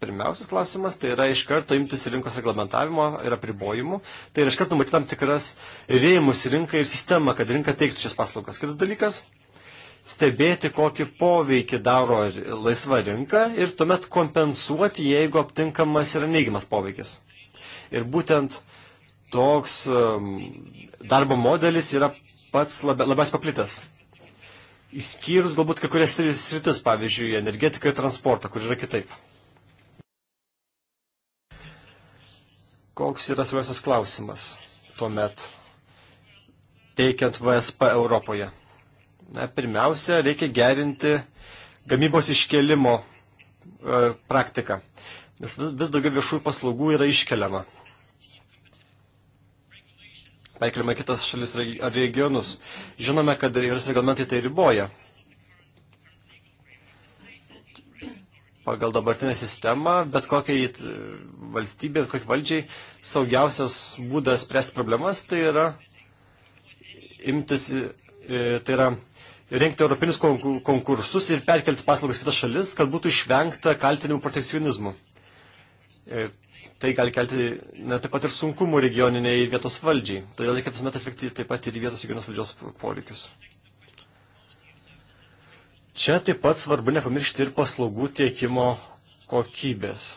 Pirmiausias klausimas tai yra iš karto imtis rinkos reglamentavimo ir apribojimų. Tai yra iš karto matyti tam tikras rėmus rinkai ir sistemą, kad rinka teiktų šias paslaugas. Kitas dalykas - stebėti, kokį poveikį daro laisva rinka ir tuomet kompensuoti, jeigu aptinkamas yra neigiamas poveikis. Ir būtent uh, toks darbo modelis yra pats labiausiai paplitęs. Įskyrus galbūt kai kurias sritis, pavyzdžiui, energetiką ir transportą, kur yra kitaip. Koks yra svarbiausias klausimas tuomet teikiant VSP Europoje? Na, pirmiausia, reikia gerinti gamybos iškelimo e, praktiką, nes vis, vis daugiau viešųjų paslaugų yra iškeliama perkeliama į kitas šalis ar regionus. Žinome, kad įvairius reglamentai tai riboja. Pagal dabartinę sistemą, bet kokiai e, valstybė, bet kokiai valdžiai, saugiausias būdas spręsti problemas tai yra imtis, e, e, tai yra rengti europinius konkursus ir perkelti paslaugas kitas šalis, kad būtų išvengta kaltinimų protekcionizmu. Ir tai gali kelti na, taip pat ir sunkumų regioniniai vietos valdžiai. Todėl reikia visuomet atvykti taip pat ir vietos regionos valdžios poreikius. Čia taip pat svarbu nepamiršti ir paslaugų tiekimo kokybės.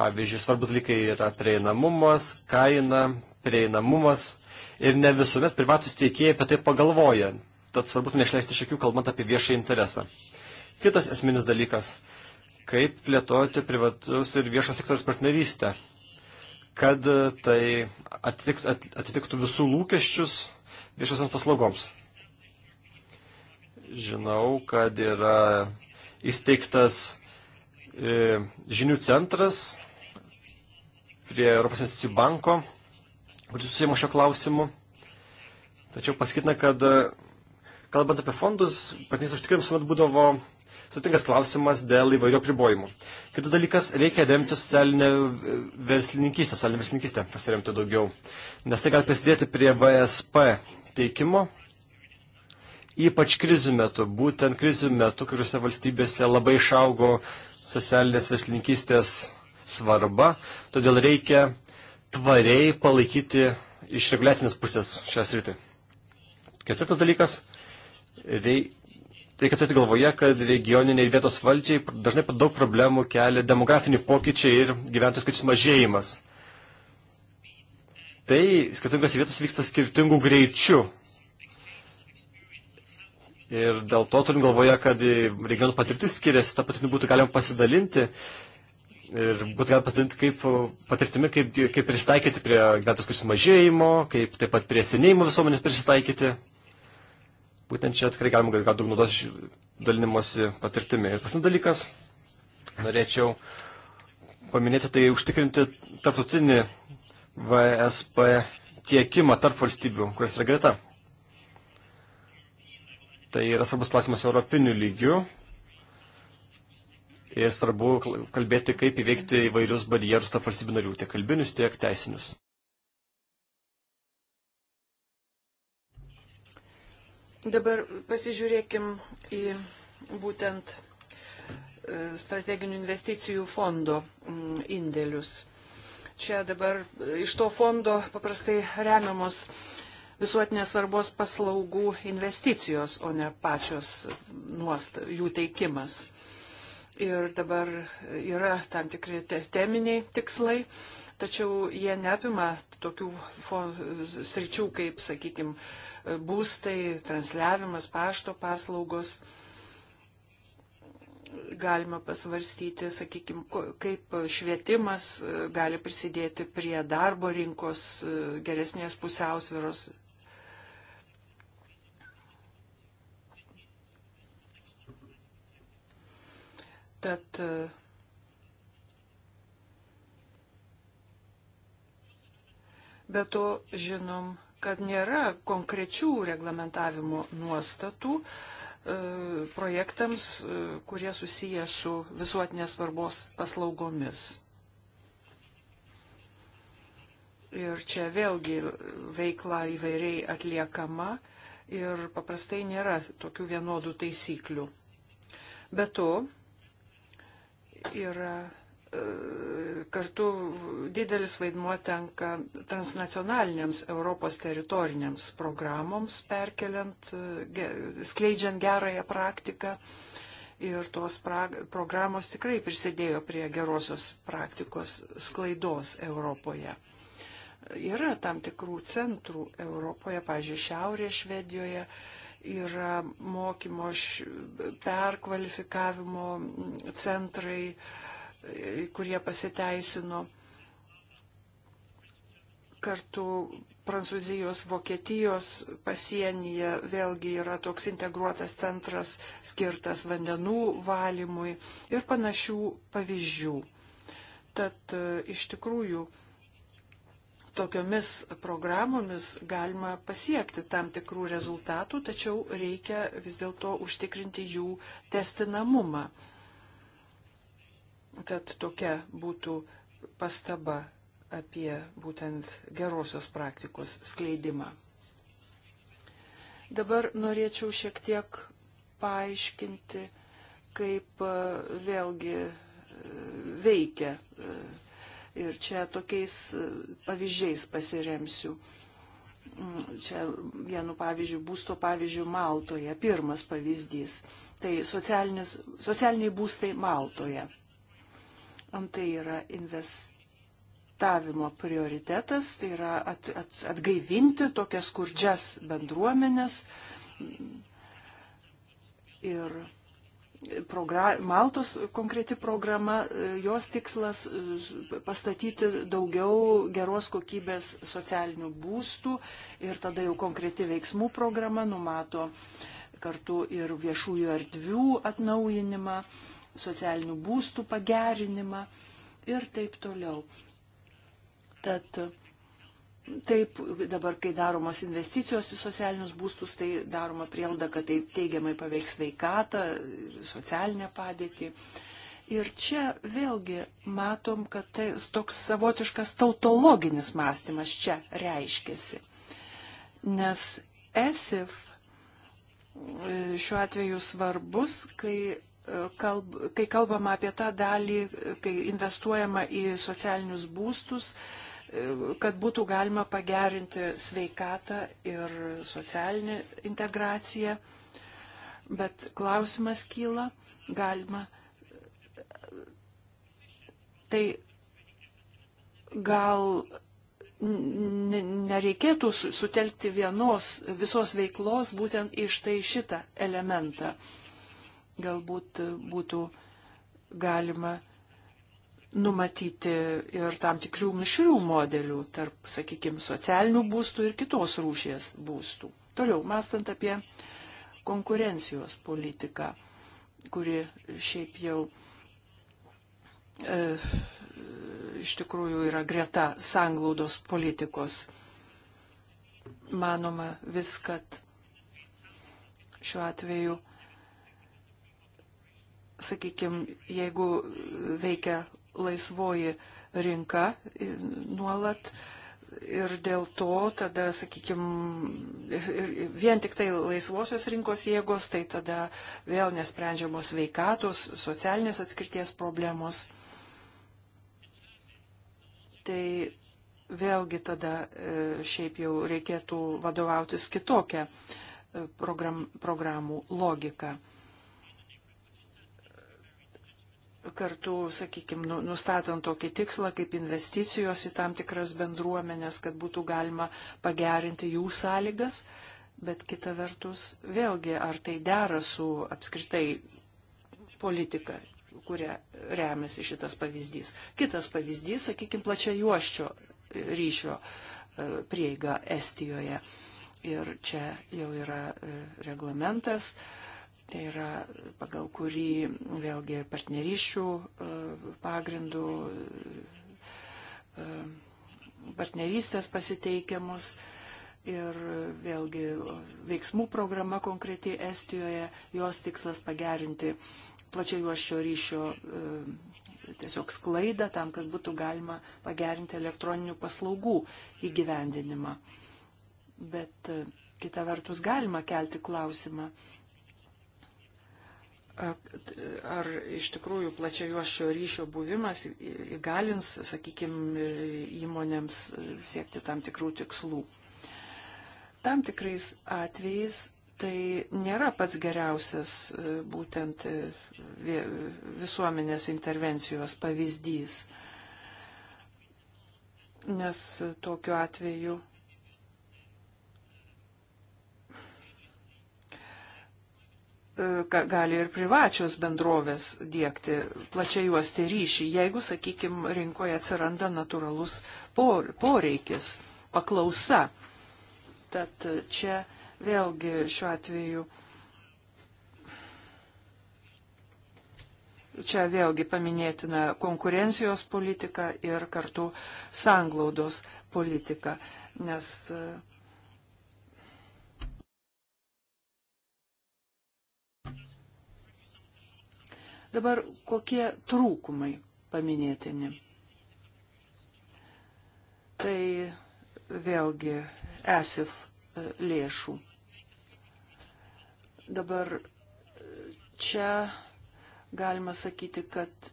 Pavyzdžiui, svarbus dalykai yra prieinamumas, kaina, prieinamumas ir ne visuomet privatus tiekėjai apie tai pagalvoja. Tad svarbu neišleisti iš akių, kalbant apie viešą interesą. Kitas esminis dalykas kaip plėtoti privatus ir viešo sektoriaus partnerystę, kad tai atitiktų, atitiktų visų lūkesčius viešosiams paslaugoms. Žinau, kad yra įsteigtas e, žinių centras prie Europos investicijų banko, kuris susijimo šio klausimu. Tačiau pasakytina, kad e, kalbant apie fondus, partnerystės užtikrinimas visuomet būdavo sutinkas klausimas dėl įvairių pribojimų. Kitas dalykas, reikia remti socialinę e, verslininkystę, socialinę verslininkystę pasiremti daugiau, nes tai gali prisidėti prie VSP teikimo, ypač krizių metu. Būtent krizių metu, kuriuose valstybėse labai išaugo socialinės verslininkystės svarba, todėl reikia tvariai palaikyti iš reguliacinės pusės šią sritį. Ketvirtas dalykas, rei, Tai reikia turėti galvoje, kad regioniniai vietos valdžiai dažnai daug problemų kelia demografiniai pokyčiai ir gyventojų skaičius mažėjimas. Tai skirtingose vietos vyksta skirtingų greičių. Ir dėl to turim galvoje, kad regionų patirtis skiriasi, tą patirtį būtų galima pasidalinti. Ir būtų galima pasidalinti kaip patirtimi, kaip, kaip pristaikyti prie gyventojų skaičius mažėjimo, kaip taip pat prie senėjimo visuomenės pristaikyti. Būtent čia tikrai galima gal daug naudos dalinimuose patirtimi. Ir pasis dalykas, norėčiau paminėti, tai užtikrinti tarptautinį VSP tiekimą tarp valstybių, kuris yra greta. Tai yra svarbus klausimas europinių lygių. Ir svarbu kalbėti, kaip įveikti įvairius barjerus tarp valstybių narių, tiek kalbinius, tiek teisinius.
Dabar pasižiūrėkim į būtent e, strateginių investicijų fondo mm, indėlius. Čia dabar e, iš to fondo paprastai remiamos visuotinės svarbos paslaugų investicijos, o ne pačios nuosta, jų teikimas. Ir dabar yra tam tikri teminiai tikslai, tačiau jie neapima tokių sričių kaip, sakykime, būstai, transliavimas, pašto paslaugos. Galima pasvarstyti, sakykime, kaip švietimas e, gali prisidėti prie darbo rinkos e, geresnės pusiausviros Tad e, be to žinom, kad nėra konkrečių reglamentavimo nuostatų e, projektams, e, kurie susiję su visuotinės svarbos paslaugomis. Ir čia vėlgi veikla įvairiai atliekama ir paprastai nėra tokių vienodų taisyklių. Be to, yra kartu didelis vaidmuo tenka transnacionaliniams Europos teritoriniams programoms, perkeliant, skleidžiant gerąją praktiką. Ir tos programos tikrai prisidėjo prie gerosios praktikos sklaidos Europoje. Yra tam tikrų centrų Europoje, pažiūrėjau, Šiaurės Švedijoje, yra mokymo perkvalifikavimo centrai, uh, kurie pasiteisino. Kartu Prancūzijos, Vokietijos pasienyje vėlgi yra toks integruotas centras skirtas vandenų valymui ir panašių pavyzdžių. Tad e, iš tikrųjų tokiomis programomis galima pasiekti tam tikrų rezultatų, tačiau reikia vis dėlto užtikrinti jų testinamumą. Tad tokia būtų pastaba apie būtent gerosios praktikos skleidimą. Dabar norėčiau šiek tiek paaiškinti, kaip e, vėlgi e, veikia. E, ir čia tokiais pavyzdžiais pasiremsiu. Mm, čia vienu pavyzdžiu, būsto pavyzdžiu Maltoje, pirmas pavyzdys. Tai socialiniai būstai Maltoje. Antai yra investavimo prioritetas, tai yra at, at, atgaivinti tokias skurdžias bendruomenės. Ir progra, Maltos konkreti programa, jos tikslas e, pastatyti daugiau geros kokybės socialinių būstų ir tada jau konkreti veiksmų programa numato kartu ir viešųjų erdvių atnaujinimą socialinių būstų pagerinimą ir taip toliau. Tad Taip, dabar, kai daromos investicijos į socialinius būstus, tai daroma prielda, kad tai teigiamai paveiks veikatą, socialinę padėtį. Ir čia vėlgi matom, kad tai toks savotiškas tautologinis mąstymas čia reiškėsi. Nes ESIF e, šiuo atveju svarbus, kai kalb, kai kalbama apie tą dalį, kai investuojama į socialinius būstus, e, kad būtų galima pagerinti sveikatą ir socialinę integraciją. Bet klausimas kyla, galima. Tai gal nereikėtų sutelkti vienos visos veiklos būtent iš tai šitą elementą. Uh, galbūt būtų galima numatyti ir tam tikrių mišrių modelių tarp, sakykime, socialinių būstų ir kitos rūšies būstų. Toliau, mąstant apie konkurencijos politiką, kuri šiaip jau e, iš tikrųjų yra greta sanglaudos politikos. Manoma vis, kad šiuo atveju sakykime, jeigu veikia laisvoji rinka nuolat ir dėl to tada, sakykime, vien tik tai laisvosios rinkos jėgos, tai tada vėl nesprendžiamos veikatos, socialinės atskirties problemos. Tai vėlgi tada e, šiaip jau reikėtų vadovautis kitokią e, program, programų logiką kartu, sakykime, nu, nustatant tokį tikslą kaip investicijos į tam tikras bendruomenės, kad būtų galima pagerinti jų sąlygas, bet kita vertus, vėlgi, ar tai dera su apskritai politika, kuria remiasi šitas pavyzdys. Kitas pavyzdys, sakykime, plačia juoščio ryšio e, prieiga Estijoje. Ir čia jau yra e, reglamentas, Tai yra pagal kurį vėlgi partnerysčių e, pagrindų, e, partnerystės pasiteikiamus ir vėlgi veiksmų programa konkreti Estijoje, jos tikslas pagerinti plačiajuoščio ryšio e, tiesiog sklaidą tam, kad būtų galima pagerinti elektroninių paslaugų įgyvendinimą. Bet kita vertus galima kelti klausimą, ar iš tikrųjų plačiajuoščio ryšio buvimas įgalins, sakykime, įmonėms siekti tam tikrų tikslų. Tam tikrais atvejais tai nėra pats geriausias e, būtent e, visuomenės intervencijos pavyzdys, nes tokiu atveju gali ir privačios bendrovės dėkti plačiai juosti ryšį, jeigu, sakykime, rinkoje atsiranda natūralus poreikis, paklausa. Tad čia vėlgi šiuo atveju. Čia vėlgi paminėtina konkurencijos politika ir kartu sanglaudos politika, nes uh, Dabar kokie trūkumai paminėtini? Tai vėlgi ESIF e, lėšų. Dabar e, čia galima sakyti, kad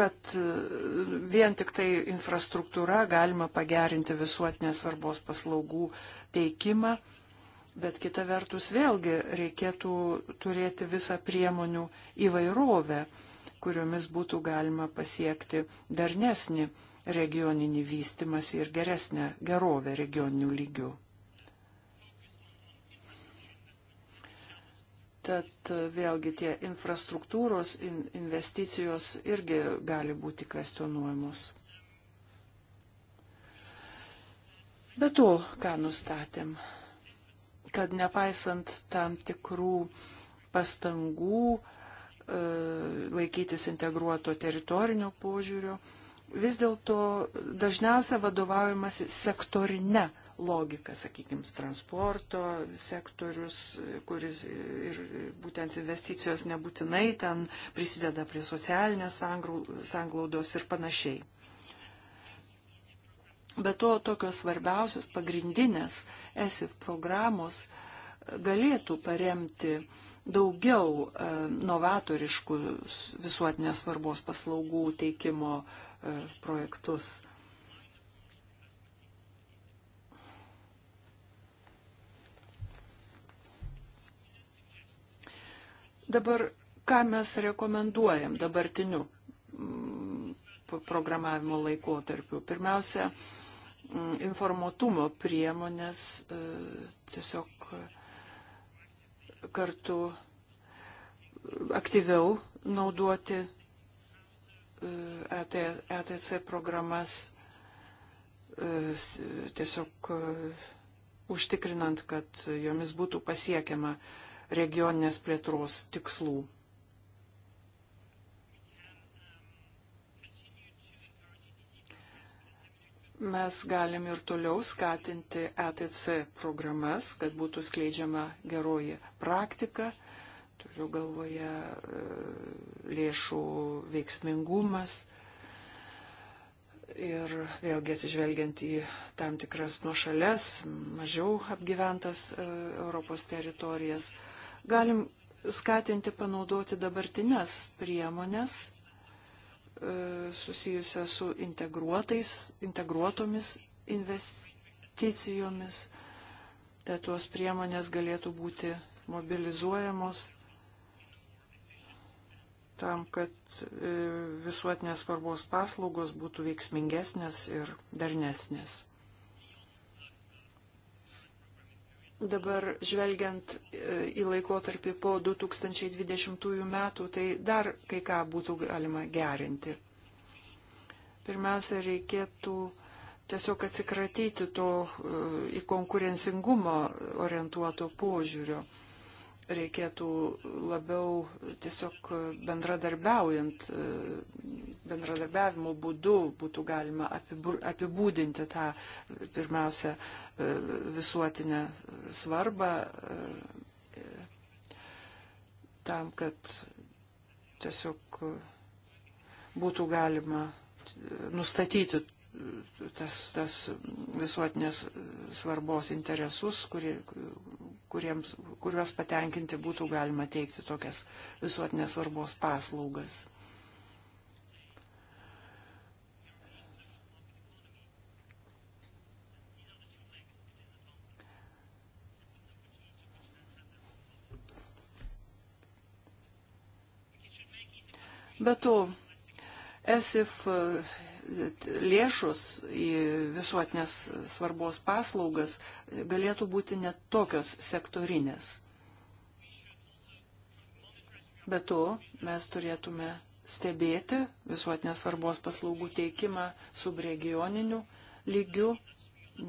kad e, vien tik tai infrastruktūra galima pagerinti visuotinės svarbos paslaugų teikimą Bet kita vertus vėlgi reikėtų turėti visą priemonių įvairovę, kuriomis būtų galima pasiekti darnesnį regioninį vystimąsi ir geresnę gerovę regioninių lygių. Tad vėlgi tie infrastruktūros in, investicijos irgi gali būti kvestionuojamos. Be to, ką nustatėm, kad nepaisant tam tikrų pastangų e, laikytis integruoto teritorinio požiūrio, vis dėlto dažniausia vadovaujamasi sektorine logika, sakykime, transporto sektorius, kuris ir būtent investicijos nebūtinai ten prisideda prie socialinės sanglaudos ir panašiai. Be to, tokios svarbiausios pagrindinės ESIF programos galėtų paremti daugiau e, novatoriškų visuotinės svarbos paslaugų teikimo e, projektus. Dabar, ką mes rekomenduojam dabartiniu programavimo laikotarpiu? Pirmiausia, Mm, informuotumo priemonės e, tiesiog kartu aktyviau naudoti ETC e e programas, tiesiog užtikrinant, kad jomis būtų pasiekiama regioninės plėtros tikslų. mes galim ir toliau skatinti ETC programas, kad būtų skleidžiama geroji praktika, turiu galvoje e, lėšų veiksmingumas ir vėlgi atsižvelgiant į tam tikras nuošalės, mažiau apgyventas e, Europos teritorijas, galim skatinti panaudoti dabartinės priemonės E, susijusią su integruotomis investicijomis, tai tuos priemonės galėtų būti mobilizuojamos tam, kad e, visuotinės svarbos paslaugos būtų veiksmingesnės ir darnesnės. Dabar žvelgiant e, į laikotarpį po 2020 metų, tai dar kai ką būtų galima gerinti. Pirmiausia, reikėtų tiesiog atsikratyti to e, į konkurencingumą orientuoto požiūrio reikėtų labiau tiesiog bendradarbiaujant, bendradarbiavimo būdu būtų galima apibūdinti tą pirmiausia visuotinę svarbą tam, kad tiesiog būtų galima nustatyti tas, tas visuotinės svarbos interesus, kurie, kuriems, kuriuos patenkinti būtų galima teikti tokias visuotinės svarbos paslaugas. Be to, ESIF lėšos į visuotinės svarbos paslaugas galėtų būti net tokios sektorinės. Be to, mes turėtume stebėti visuotinės svarbos paslaugų teikimą subregioniniu lygiu,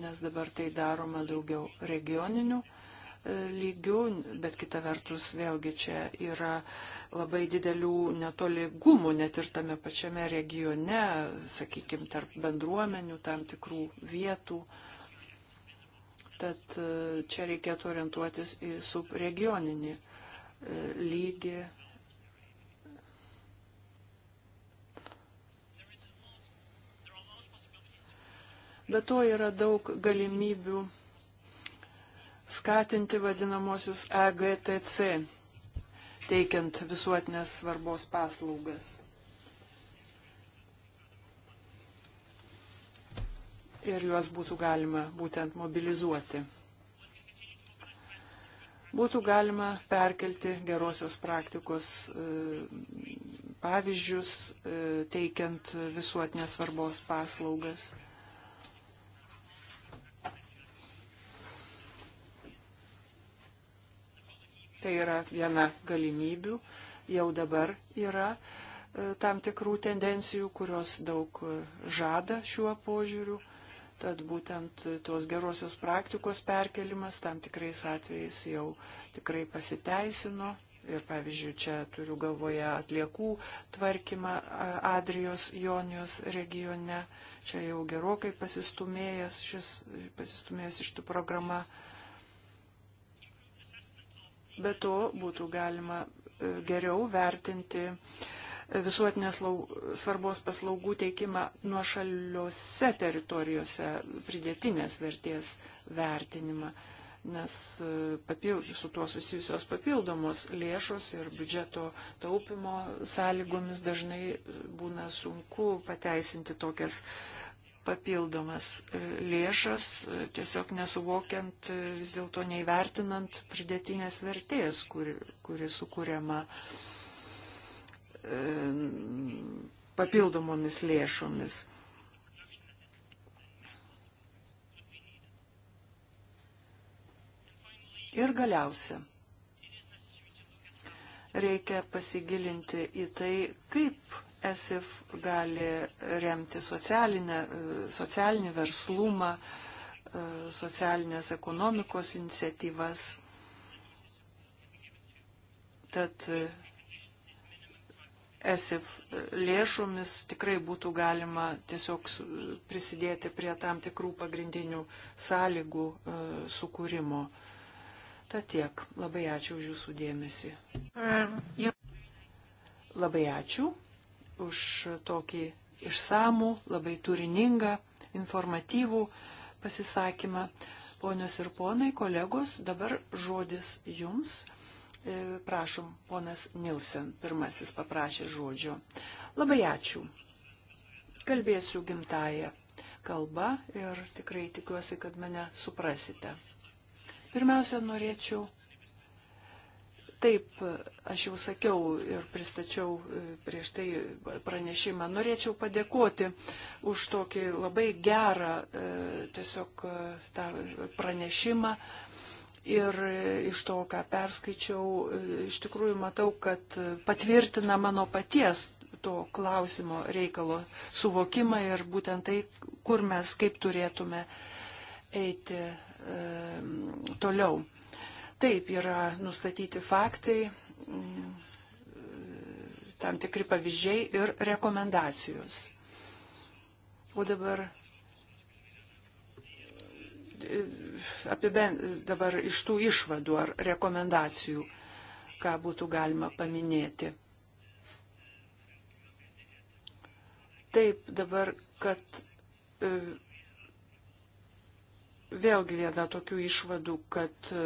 nes dabar tai daroma daugiau regioniniu lygiu lygių, bet kita vertus vėlgi čia yra labai didelių netolygumų net ir tame pačiame regione, sakykime, tarp bendruomenių tam tikrų vietų. Tad e, čia reikėtų orientuotis į subregioninį e, lygį. Bet to yra daug galimybių skatinti vadinamosius EGTC, teikiant visuotinės svarbos paslaugas. Ir juos būtų galima būtent mobilizuoti. Būtų galima perkelti gerosios praktikos e, pavyzdžius, e, teikiant visuotinės svarbos paslaugas tai yra viena galimybių, jau dabar yra e, tam tikrų tendencijų, kurios daug e, žada šiuo požiūriu. Tad būtent tos gerosios praktikos perkelimas tam tikrais atvejais jau tikrai pasiteisino. Ir pavyzdžiui, čia turiu galvoje atliekų tvarkymą Adrijos Jonijos regione. Čia jau gerokai pasistumėjęs, šis, pasistumėjęs iš tų programą. Uh, Be to būtų galima e, geriau vertinti e, visuotinės svarbos paslaugų teikimą nuo šaliuose teritorijose pridėtinės vertės vertinimą, nes e, papild, su tuo susijusios papildomos lėšos ir biudžeto taupimo sąlygomis dažnai būna sunku pateisinti tokias uh, papildomas e, lėšas, e, tiesiog nesuvokiant, e, vis dėlto neįvertinant pridėtinės vertės, kuri, kuri sukūriama papildomomis lėšomis. Ir galiausia, reikia pasigilinti į tai, kaip ESIF gali remti e, socialinį verslumą, e, socialinės ekonomikos iniciatyvas. Tad e, ESIF lėšomis tikrai būtų galima tiesiog prisidėti prie tam tikrų pagrindinių sąlygų sukūrimo. Ta tiek. Labai ačiū už Jūsų dėmesį. Um, Labai ačiū už tokį išsamų, labai turiningą, informatyvų pasisakymą. Ponios ir ponai, kolegos, dabar žodis jums. E, prašom, ponas Nilsen, pirmasis paprašė žodžio. Labai ačiū. Kalbėsiu gimtają kalbą ir tikrai tikiuosi, kad mane suprasite. Pirmiausia, norėčiau Taip, aš jau sakiau ir pristačiau e, prieš tai pranešimą. Norėčiau padėkoti už tokį labai gerą e, tiesiog e, tą pranešimą. Ir iš to, ką perskaičiau, iš tikrųjų matau, kad patvirtina mano paties to klausimo reikalo suvokimą ir būtent tai, kur mes kaip turėtume eiti e, toliau. Taip yra nustatyti faktai, tam tikri pavyzdžiai ir rekomendacijos. O dabar, apiben, dabar iš tų išvadų ar rekomendacijų, ką būtų galima paminėti. Taip, dabar, kad e, vėlgi viena tokių išvadų, kad e,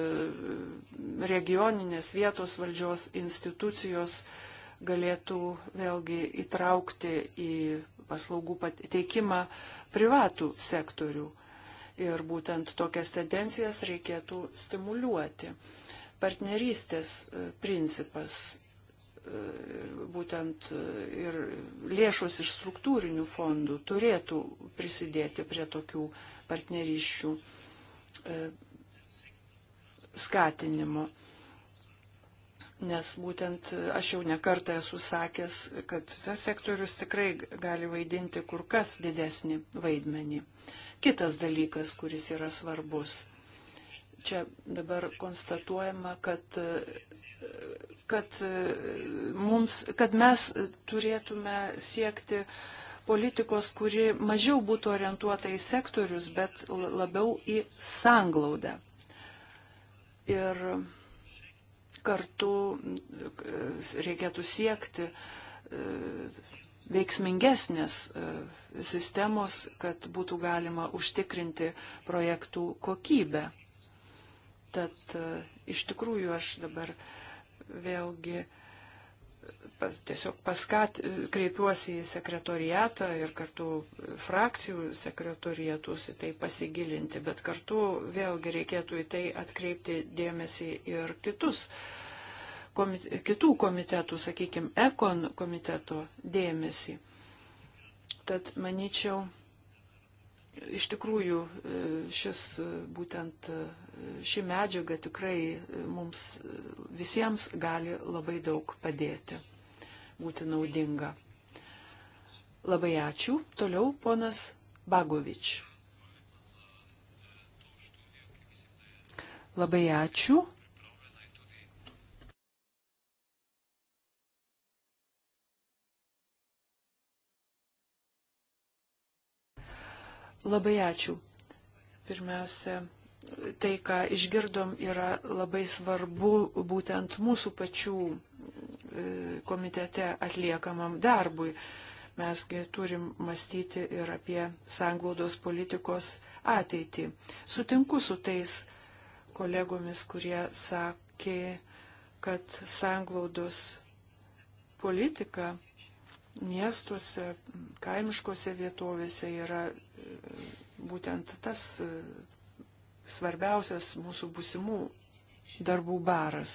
regioninės vietos valdžios institucijos galėtų vėlgi įtraukti į paslaugų teikimą privatų sektorių. Ir būtent tokias tendencijas reikėtų stimuliuoti. Partnerystės e, principas e, būtent ir lėšos iš struktūrinių fondų turėtų prisidėti prie tokių partnerysčių. E, skatinimo. Nes būtent aš jau nekartą esu sakęs, kad tas sektorius tikrai gali vaidinti kur kas didesnį vaidmenį. Kitas dalykas, kuris yra svarbus. Čia dabar konstatuojama, kad kad, mums, kad mes turėtume siekti politikos, kuri mažiau būtų orientuota į sektorius, bet labiau į sanglaudą. Ir kartu reikėtų siekti e, veiksmingesnės e, sistemos, kad būtų galima užtikrinti projektų kokybę. Tad e, iš tikrųjų aš dabar vėlgi tiesiog paskat, kreipiuosi į sekretoriatą ir kartu frakcijų sekretoriatus į tai pasigilinti, bet kartu vėlgi reikėtų į tai atkreipti dėmesį ir kitus, komit, kitų komitetų, sakykime, ekon komiteto dėmesį. Tad manyčiau, iš tikrųjų šis būtent ši medžiaga tikrai mums visiems gali labai daug padėti būti naudinga. Labai ačiū. Toliau ponas Bagovič. Labai ačiū. Labai ačiū. Pirmiausia, tai, ką išgirdom, yra labai svarbu būtent mūsų pačių e, komitete atliekamam darbui. Mesgi turim mąstyti ir apie sanglaudos politikos ateitį. Sutinku su tais kolegomis, kurie sakė, kad sanglaudos politika miestuose, kaimiškose vietovėse yra e, būtent tas svarbiausias mūsų busimų darbų baras.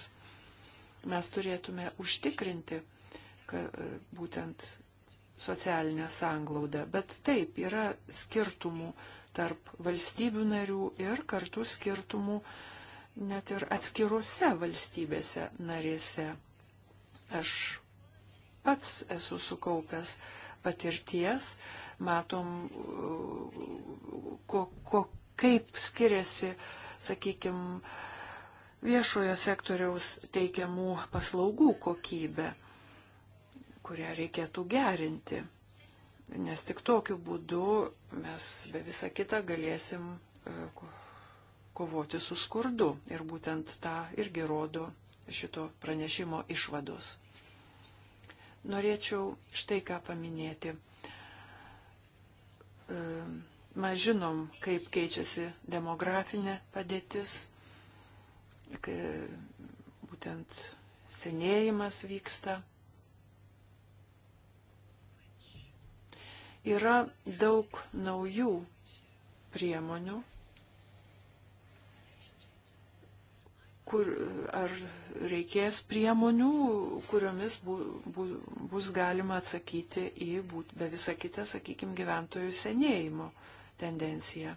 Mes turėtume užtikrinti kad, e, būtent socialinę sanglaudą. Bet taip, yra skirtumų tarp valstybių narių ir kartu skirtumų net ir atskirose valstybėse narėse. Aš pats esu sukaupęs patirties, matom, e, ko, ko, kaip skiriasi, sakykime, viešojo sektoriaus teikiamų paslaugų kokybė, kurią reikėtų gerinti. Nes tik tokiu būdu mes be visą kitą galėsim e, kovoti su skurdu. Ir būtent tą irgi rodo šito pranešimo išvados. Norėčiau štai ką paminėti. Um Mes žinom, kaip keičiasi demografinė padėtis, būtent senėjimas vyksta. Yra daug naujų priemonių, kur, ar reikės priemonių, kuriomis bu, bu, bus galima atsakyti į, būt, be visą kitą, sakykime, gyventojų senėjimo tendencija.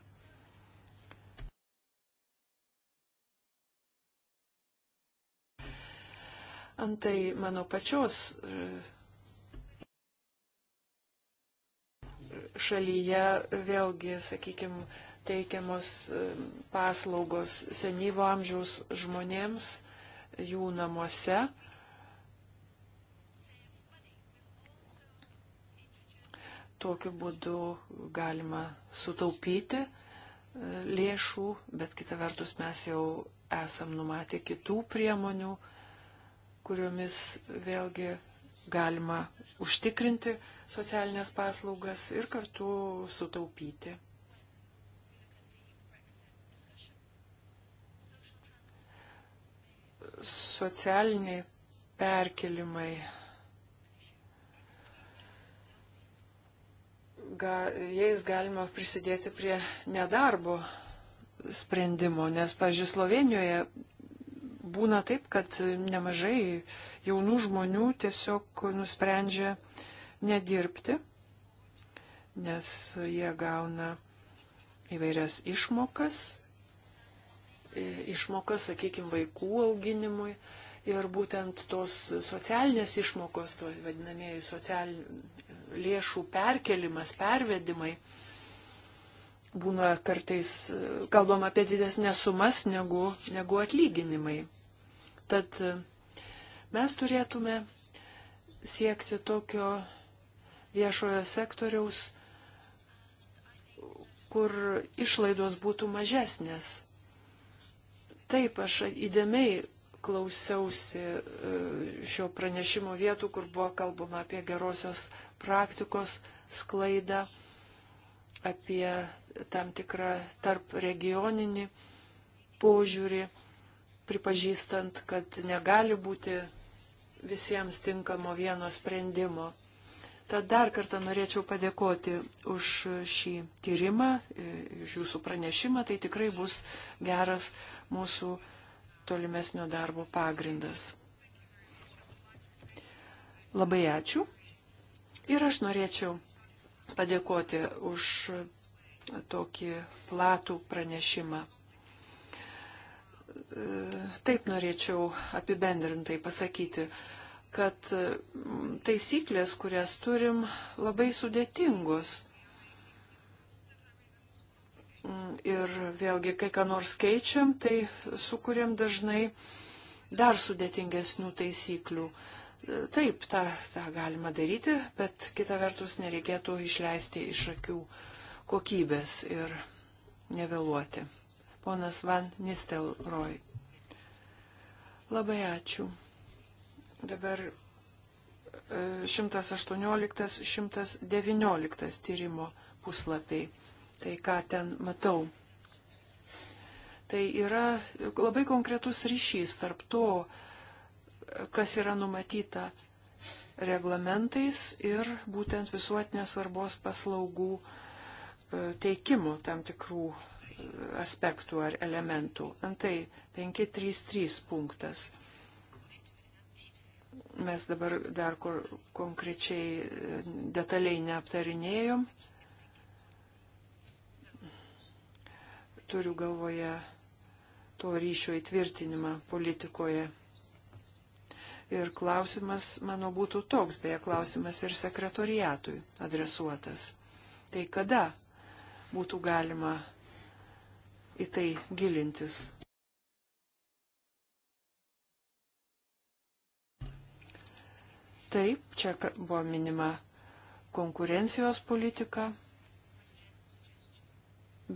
Antai mano pačios e, šalyje vėlgi, sakykime, teikiamos e, paslaugos senyvo amžiaus žmonėms jų namuose Tokiu būdu galima sutaupyti e, lėšų, bet kita vertus mes jau esam numatę kitų priemonių, kuriomis vėlgi galima užtikrinti socialinės paslaugas ir kartu sutaupyti. Socialiniai perkelimai ga, jais galima prisidėti prie nedarbo sprendimo, nes, pažiūrėjau, Slovenijoje būna taip, kad nemažai jaunų žmonių tiesiog nusprendžia nedirbti, nes jie gauna įvairias išmokas, išmokas, sakykime, vaikų auginimui. Ir būtent tos socialinės išmokos, to vadinamieji social, lėšų perkelimas, pervedimai. Būna kartais kalbam apie didesnės sumas negu, negu atlyginimai. Tad e, mes turėtume siekti tokio viešojo sektoriaus, kur išlaidos būtų mažesnės. Taip, aš įdėmiai klausiausi e, šio pranešimo vietų, kur buvo kalbama apie gerosios praktikos sklaidą, apie tam tikrą tarp regioninį požiūrį, pripažįstant, kad negali būti visiems tinkamo vieno sprendimo. Tad dar kartą norėčiau padėkoti už šį tyrimą, už jūsų pranešimą, tai tikrai bus geras mūsų tolimesnio darbo pagrindas. Labai ačiū. Ir aš norėčiau padėkoti už tokį platų pranešimą. Taip norėčiau apibendrintai pasakyti, kad taisyklės, kurias turim, labai sudėtingos. Ir vėlgi, kai ką nors keičiam, tai sukūrėm dažnai dar sudėtingesnių taisyklių. Uh, Taip, tą, tą galima daryti, bet kita vertus nereikėtų išleisti iš akių kokybės ir nevėluoti. Ponas Van Nistelroj. Labai ačiū. Dabar 118-119 e, tyrimo puslapiai. Tai ką ten matau. Tai yra labai konkretus ryšys tarp to, kas yra numatyta reglamentais ir būtent visuotinės svarbos paslaugų e, teikimų tam tikrų e, aspektų ar elementų. Antai 533 punktas. Mes dabar dar kur konkrečiai e, detaliai neaptarinėjom. Turiu galvoje to ryšio įtvirtinimą politikoje. Ir klausimas, mano, būtų toks, beje, klausimas ir sekretoriatui adresuotas. Tai kada būtų galima į tai gilintis? Taip, čia buvo minima konkurencijos politika,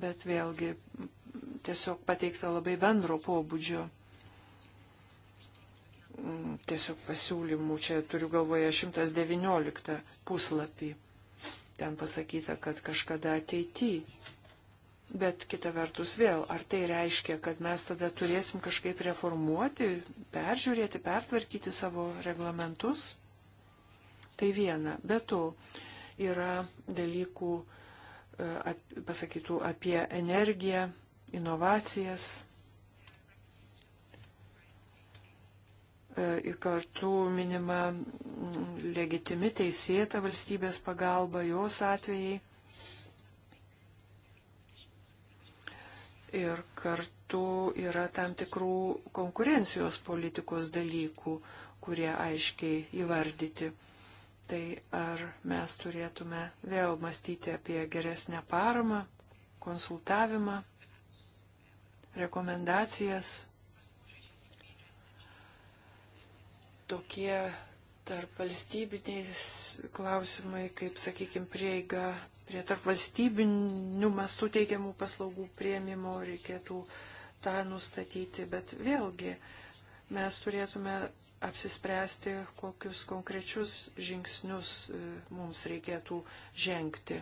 bet vėlgi tiesiog pateikta labai bendro pobūdžio Mm, tiesiog pasiūlymų. Čia turiu galvoje 119 puslapį. Ten pasakyta, kad kažkada ateityje. Bet kita vertus vėl, ar tai reiškia, kad mes tada turėsim kažkaip reformuoti, peržiūrėti, pertvarkyti savo reglamentus? Tai viena. Be to, yra dalykų e, pasakytų apie energiją, inovacijas, ir e, kartu minima legitimi teisėta valstybės pagalba jos atvejai. Ir kartu yra tam tikrų konkurencijos politikos dalykų, kurie aiškiai įvardyti. Tai ar mes turėtume vėl mąstyti apie geresnę paramą, konsultavimą, rekomendacijas tokie tarp valstybiniais klausimai, kaip, sakykime, prieiga prie tarp valstybinių mastų teikiamų paslaugų prieimimo reikėtų tą nustatyti, bet vėlgi mes turėtume apsispręsti, kokius konkrečius žingsnius e, mums reikėtų žengti.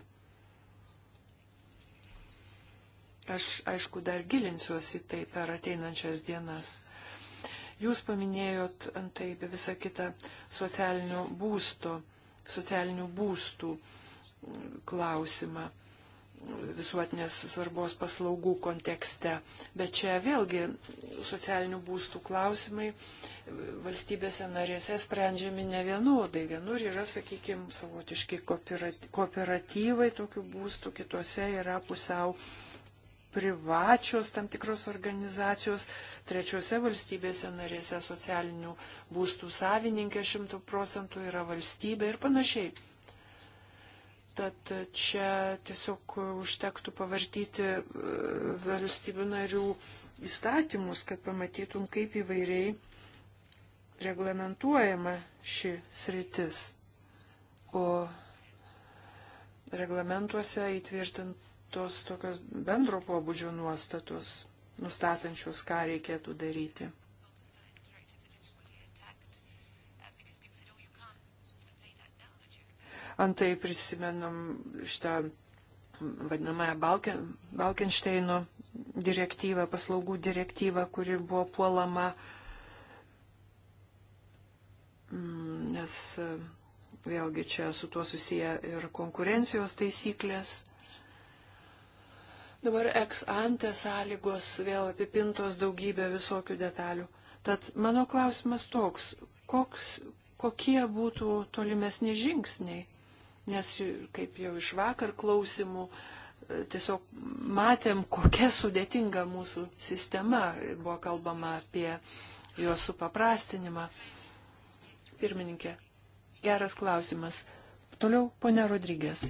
Aš, aišku, dar gilinsiuosi tai per ateinančias dienas. Jūs paminėjot antai be visą kitą socialinio būsto, socialinių būstų klausimą visuotinės svarbos paslaugų kontekste. Bet čia vėlgi socialinių būstų klausimai valstybėse narėse sprendžiami ne vienodai. Vienur yra, sakykime, savotiški kooperatyvai tokių būstų, kitose yra pusiau privačios tam tikros organizacijos, trečiose valstybėse narėse socialinių būstų savininkė šimtų procentų yra valstybė ir panašiai. Tad čia tiesiog užtektų pavartyti e, valstybių narių įstatymus, kad pamatytum, kaip įvairiai reglamentuojama ši sritis. O reglamentuose įtvirtint tos tokios bendro pobūdžio nuostatos, nustatančios, ką reikėtų daryti. Antai prisimenam šitą vadinamąją Balken, Balkensteino direktyvą, paslaugų direktyvą, kuri buvo puolama, mm, nes e, vėlgi čia su tuo susiję ir konkurencijos taisyklės. Dabar eks ante sąlygos vėl apipintos daugybė visokių detalių. Tad mano klausimas toks, koks, kokie būtų tolimesni žingsniai? Nes kaip jau iš vakar klausimų, e, tiesiog matėm, kokia sudėtinga mūsų sistema. Buvo kalbama apie jos supaprastinimą. Pirmininkė, geras klausimas. Toliau, ponia Rodrygės.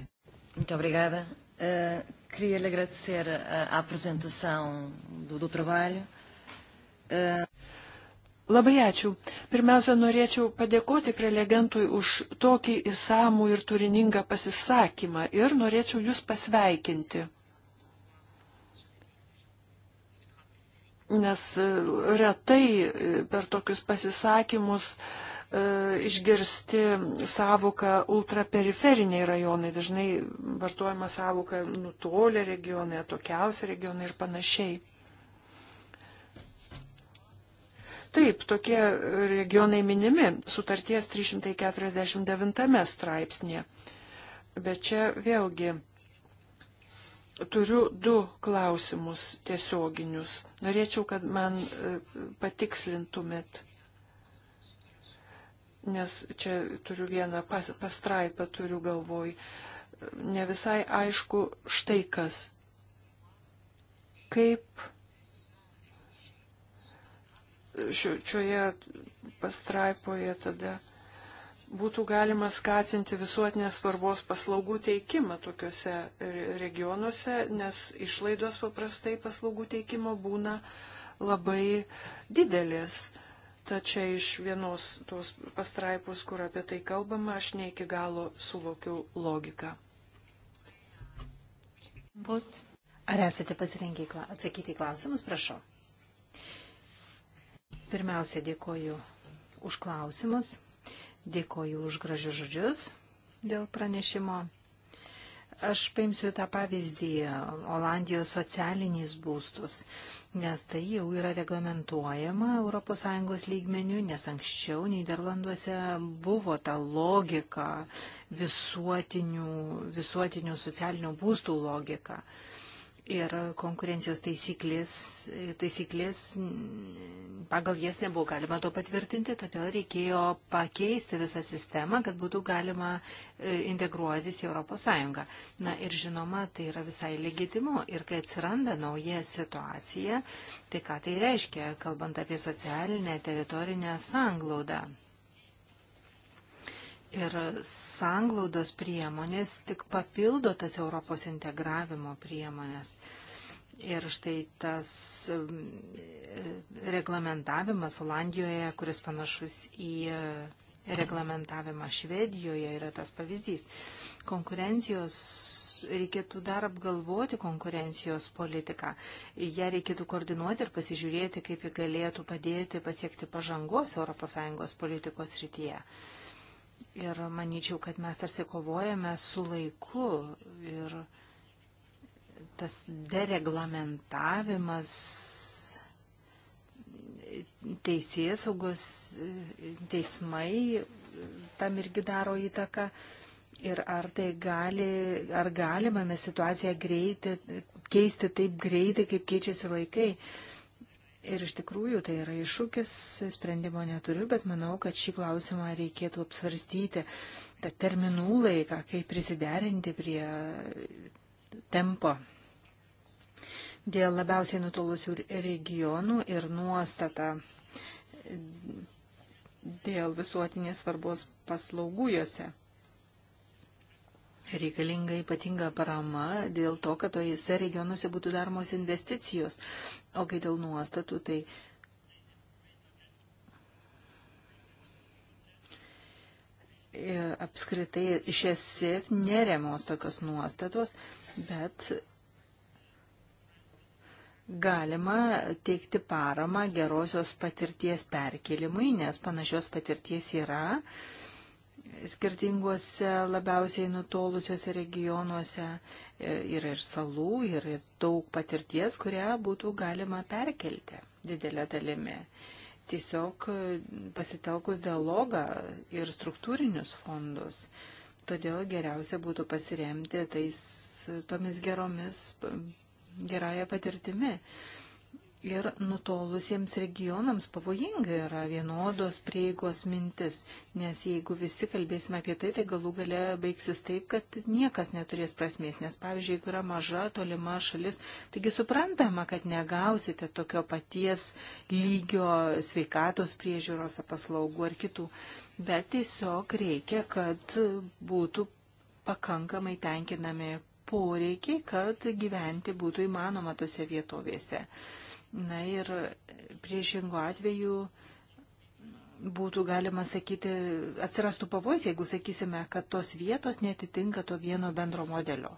Muito obrigada. Uh, Queria lhe agradecer a, a apresentação do, do trabalho. Uh... Labai ačiū. Pirmiausia, norėčiau
padėkoti prelegentui už tokį įsamų ir turiningą pasisakymą ir norėčiau jūs pasveikinti. Nes uh, retai uh, per tokius pasisakymus uh, E, išgirsti savoką ultraperiferiniai rajonai, dažnai vartojama savoka nutolę regionai, atokiausi regionai ir panašiai. Taip, tokie regionai minimi sutarties 349 straipsnėje. Bet čia vėlgi turiu du klausimus tiesioginius. Norėčiau, kad man e, patikslintumėt nes čia turiu vieną pas, pastraipą, turiu galvoj, ne visai aišku štai kas. Kaip šioje pastraipoje tada būtų galima skatinti visuotinės svarbos paslaugų teikimą tokiuose regionuose, nes išlaidos paprastai paslaugų teikimo būna labai didelės. Tačiau iš vienos tos pastraipos, kur apie tai kalbama, aš ne iki galo suvokiu logiką.
Būt. Ar esate pasirengę atsakyti į klausimus, prašau? Pirmiausia, dėkoju už klausimus, dėkoju už gražius žodžius dėl pranešimo. Aš paimsiu tą pavyzdį Olandijos socialiniais būstus nes tai jau yra reglamentuojama ES lygmenių, nes anksčiau Niderlanduose buvo ta logika visuotinių, visuotinių socialinių būstų logika ir konkurencijos taisyklės, taisyklės, pagal jas nebuvo galima to patvirtinti, todėl reikėjo pakeisti visą sistemą, kad būtų galima e, integruotis į ES. Na ir žinoma, tai yra visai legitimu. Ir kai atsiranda nauja situacija, tai ką tai reiškia, kalbant apie socialinę teritorinę sanglaudą. Ir sanglaudos priemonės tik papildo tas Europos integravimo priemonės. Ir štai tas um, reglamentavimas Olandijoje, kuris panašus į e, reglamentavimą Švedijoje, yra tas pavyzdys. Konkurencijos reikėtų dar apgalvoti konkurencijos politiką. Ja reikėtų koordinuoti ir pasižiūrėti, kaip ji galėtų padėti pasiekti pažangos ES politikos rytyje. Ir manyčiau, kad mes tarsi kovojame su laiku ir tas dereglamentavimas teisės saugos teismai tam irgi daro įtaką. Ir ar tai gali, ar galima mes situaciją greitai, keisti taip greitai, kaip keičiasi laikai. Uh, Ir iš tikrųjų tai yra iššūkis, sprendimo neturiu, bet manau, kad šį klausimą reikėtų apsvarstyti. Ta terminų laiką, kaip prisiderinti prie tempo. Dėl labiausiai nutolusių regionų ir nuostata dėl visuotinės svarbos paslaugų juose reikalinga ypatinga parama dėl to, kad tojose regionuose būtų daromos investicijos. O kai dėl nuostatų, tai e, apskritai iš esif neremos tokios nuostatos, bet galima teikti paramą gerosios patirties perkelimui, nes panašios patirties yra. Uh, skirtinguose labiausiai nutolusiuose regionuose yra e, ir salų, ir daug patirties, kurią būtų galima perkelti didelę dalimi. Tiesiog e, pasitelkus dialogą ir struktūrinius fondus. Todėl geriausia būtų pasiremti tais, tomis geromis, gerąją patirtimi. Ir nutolusiems regionams pavojinga yra vienodos prieigos mintis, nes jeigu visi kalbėsime apie tai, tai galų gale baigsis taip, kad niekas neturės prasmės, nes pavyzdžiui, jeigu yra maža, tolima šalis, taigi suprantama, kad negausite tokio paties lygio sveikatos priežiūros paslaugų ar kitų, bet tiesiog reikia, kad būtų pakankamai tenkinami poreikiai, kad gyventi būtų įmanoma tose vietovėse. Na ir priešingo atveju būtų galima sakyti, atsirastų pavojus, jeigu sakysime, kad tos vietos netitinka to vieno bendro modelio.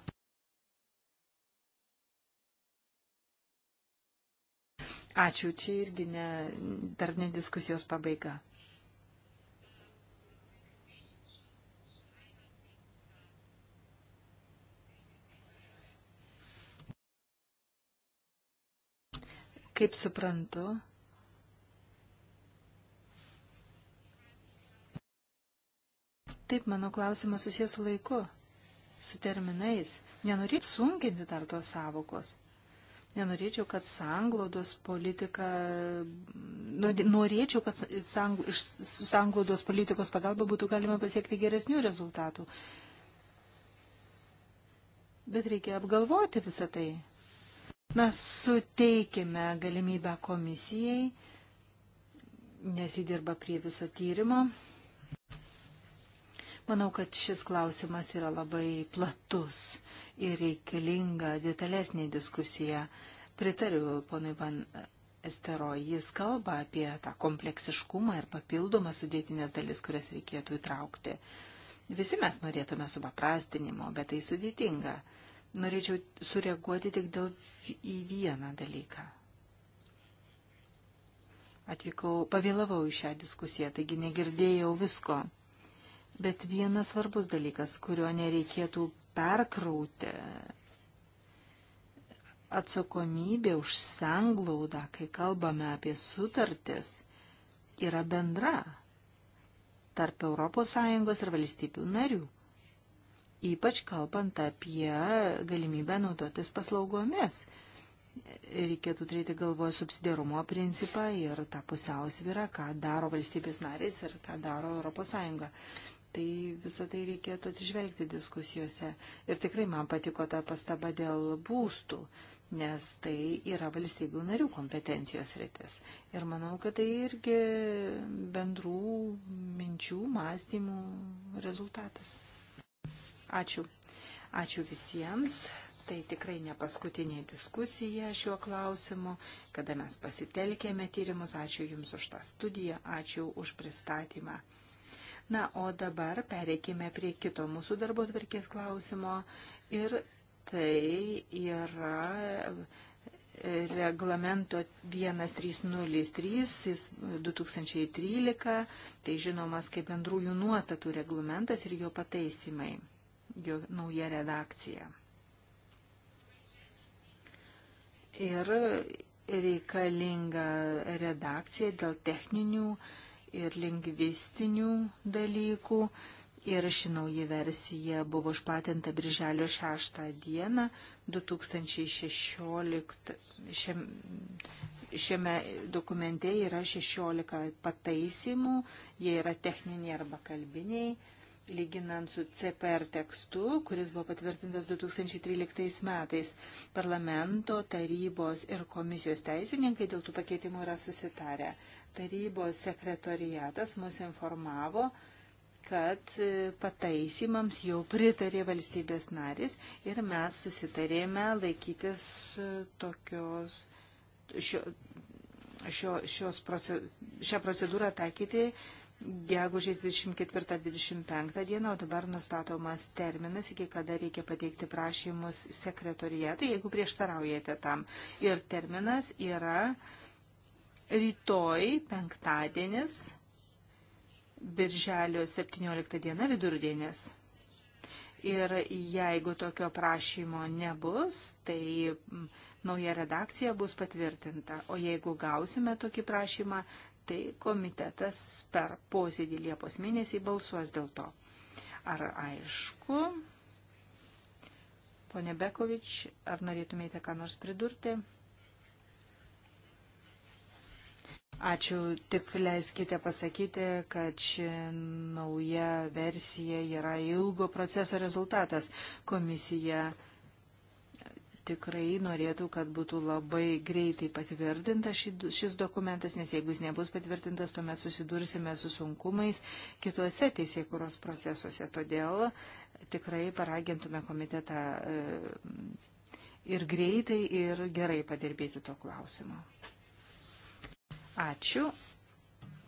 Ačiū, čia irgi ne, dar ne diskusijos pabaiga. Kaip suprantu, Taip, mano klausimas susijęs su laiku, su terminais. Nenorėčiau sunkinti dar tos savokos. Nenorėčiau, kad sanglaudos politika, norėčiau, kad sang, iš, su sanglaudos politikos pagalba būtų galima pasiekti geresnių rezultatų. Bet reikia apgalvoti visą tai. Mes suteikime galimybę komisijai, nes jį dirba prie viso tyrimo. Manau, kad šis klausimas yra labai platus ir reikalinga detalesnė diskusija. Pritariu ponui Van Estero, jis kalba apie tą kompleksiškumą ir papildomą sudėtinės dalis, kurias reikėtų įtraukti. Visi mes norėtume supaprastinimo, bet tai sudėtinga. Norėčiau sureaguoti tik dėl į vieną dalyką. Atvykau, pavėlavau į šią diskusiją, taigi negirdėjau visko. Bet vienas svarbus dalykas, kurio nereikėtų perkrauti, atsakomybė už sanglaudą, kai kalbame apie sutartis, yra bendra tarp ES ir valstybių narių ypač kalbant apie galimybę naudotis paslaugomis. Reikėtų turėti galvoje subsidiarumo principą ir tą pusiausvyrą, ką daro valstybės narės ir ką daro ES. Tai visą tai reikėtų atsižvelgti diskusijose. Ir tikrai man patiko ta pastaba dėl būstų, nes tai yra valstybių narių kompetencijos rytis. Ir manau, kad tai irgi bendrų minčių, mąstymų rezultatas. Ačiū. Ačiū visiems. Tai tikrai ne paskutinė diskusija šiuo klausimu, kada mes pasitelkėme tyrimus. Ačiū Jums už tą studiją, ačiū už pristatymą. Na, o dabar pereikime prie kito mūsų darbo tvarkės klausimo. Ir tai yra e, reglamento 1303 2013, tai žinomas kaip bendrųjų nuostatų reglamentas ir jo pataisimai jo nauja redakcija. Ir reikalinga redakcija dėl techninių ir lingvistinių dalykų. Ir ši nauja versija buvo išplatinta birželio 6 dieną 2016. Šiame, šiame dokumente yra 16 pataisimų, jie yra techniniai arba kalbiniai lyginant su CPR tekstu, kuris buvo patvirtintas 2013 metais. Parlamento, tarybos ir komisijos teisininkai dėl tų pakeitimų yra susitarę. Tarybos sekretoriatas mus informavo, kad e, pataisimams jau pritarė valstybės narys ir mes susitarėme laikytis e, tokios šio, šio, šios, šią procedūrą taikyti gegužės 24-25 dieną, o dabar nustatomas terminas, iki kada reikia pateikti prašymus sekretorijatai, jeigu prieštaraujate tam. Ir terminas yra rytoj, penktadienis, birželio 17 diena, vidurdienis. Ir jeigu tokio prašymo nebus, tai nauja redakcija bus patvirtinta. O jeigu gausime tokį prašymą, tai komitetas per posėdį Liepos mėnesį balsuos dėl to. Ar aišku? Pone Bekovič, ar norėtumėte ką nors pridurti? Ačiū, tik leiskite pasakyti, kad ši nauja versija yra ilgo proceso rezultatas. Komisija tikrai norėtų, kad būtų labai greitai patvirtintas šis dokumentas, nes jeigu jis nebus patvirtintas, tuomet susidursime su sunkumais kituose teisėkuros procesuose. Todėl tikrai paragintume komitetą e, ir greitai, ir gerai padirbėti to klausimo. Ačiū.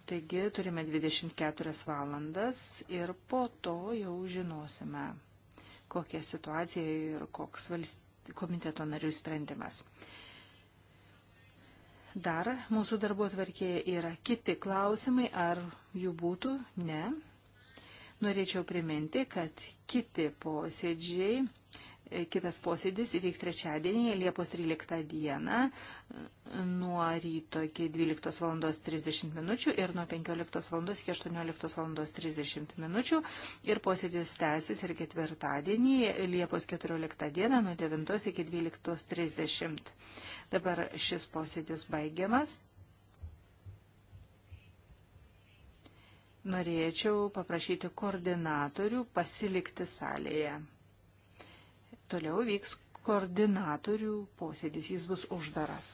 Taigi turime 24 valandas ir po to jau žinosime kokia situacija ir koks valst komiteto narių sprendimas. Dar mūsų darbo tvarkėje yra kiti klausimai, ar jų būtų? Ne. Norėčiau priminti, kad kiti posėdžiai kitas posėdis įvyks trečiadienį, Liepos 13 dieną, nuo ryto iki 12 val. 30 minučių ir nuo 15 val. iki 18 val. 30 minučių. Ir posėdis tęsis ir ketvirtadienį, Liepos 14 dieną, nuo 9 iki 12.30. Dabar šis posėdis baigiamas. norėčiau paprašyti koordinatorių pasilikti salėje Toliau vyks koordinatorių posėdis, jis bus uždaras.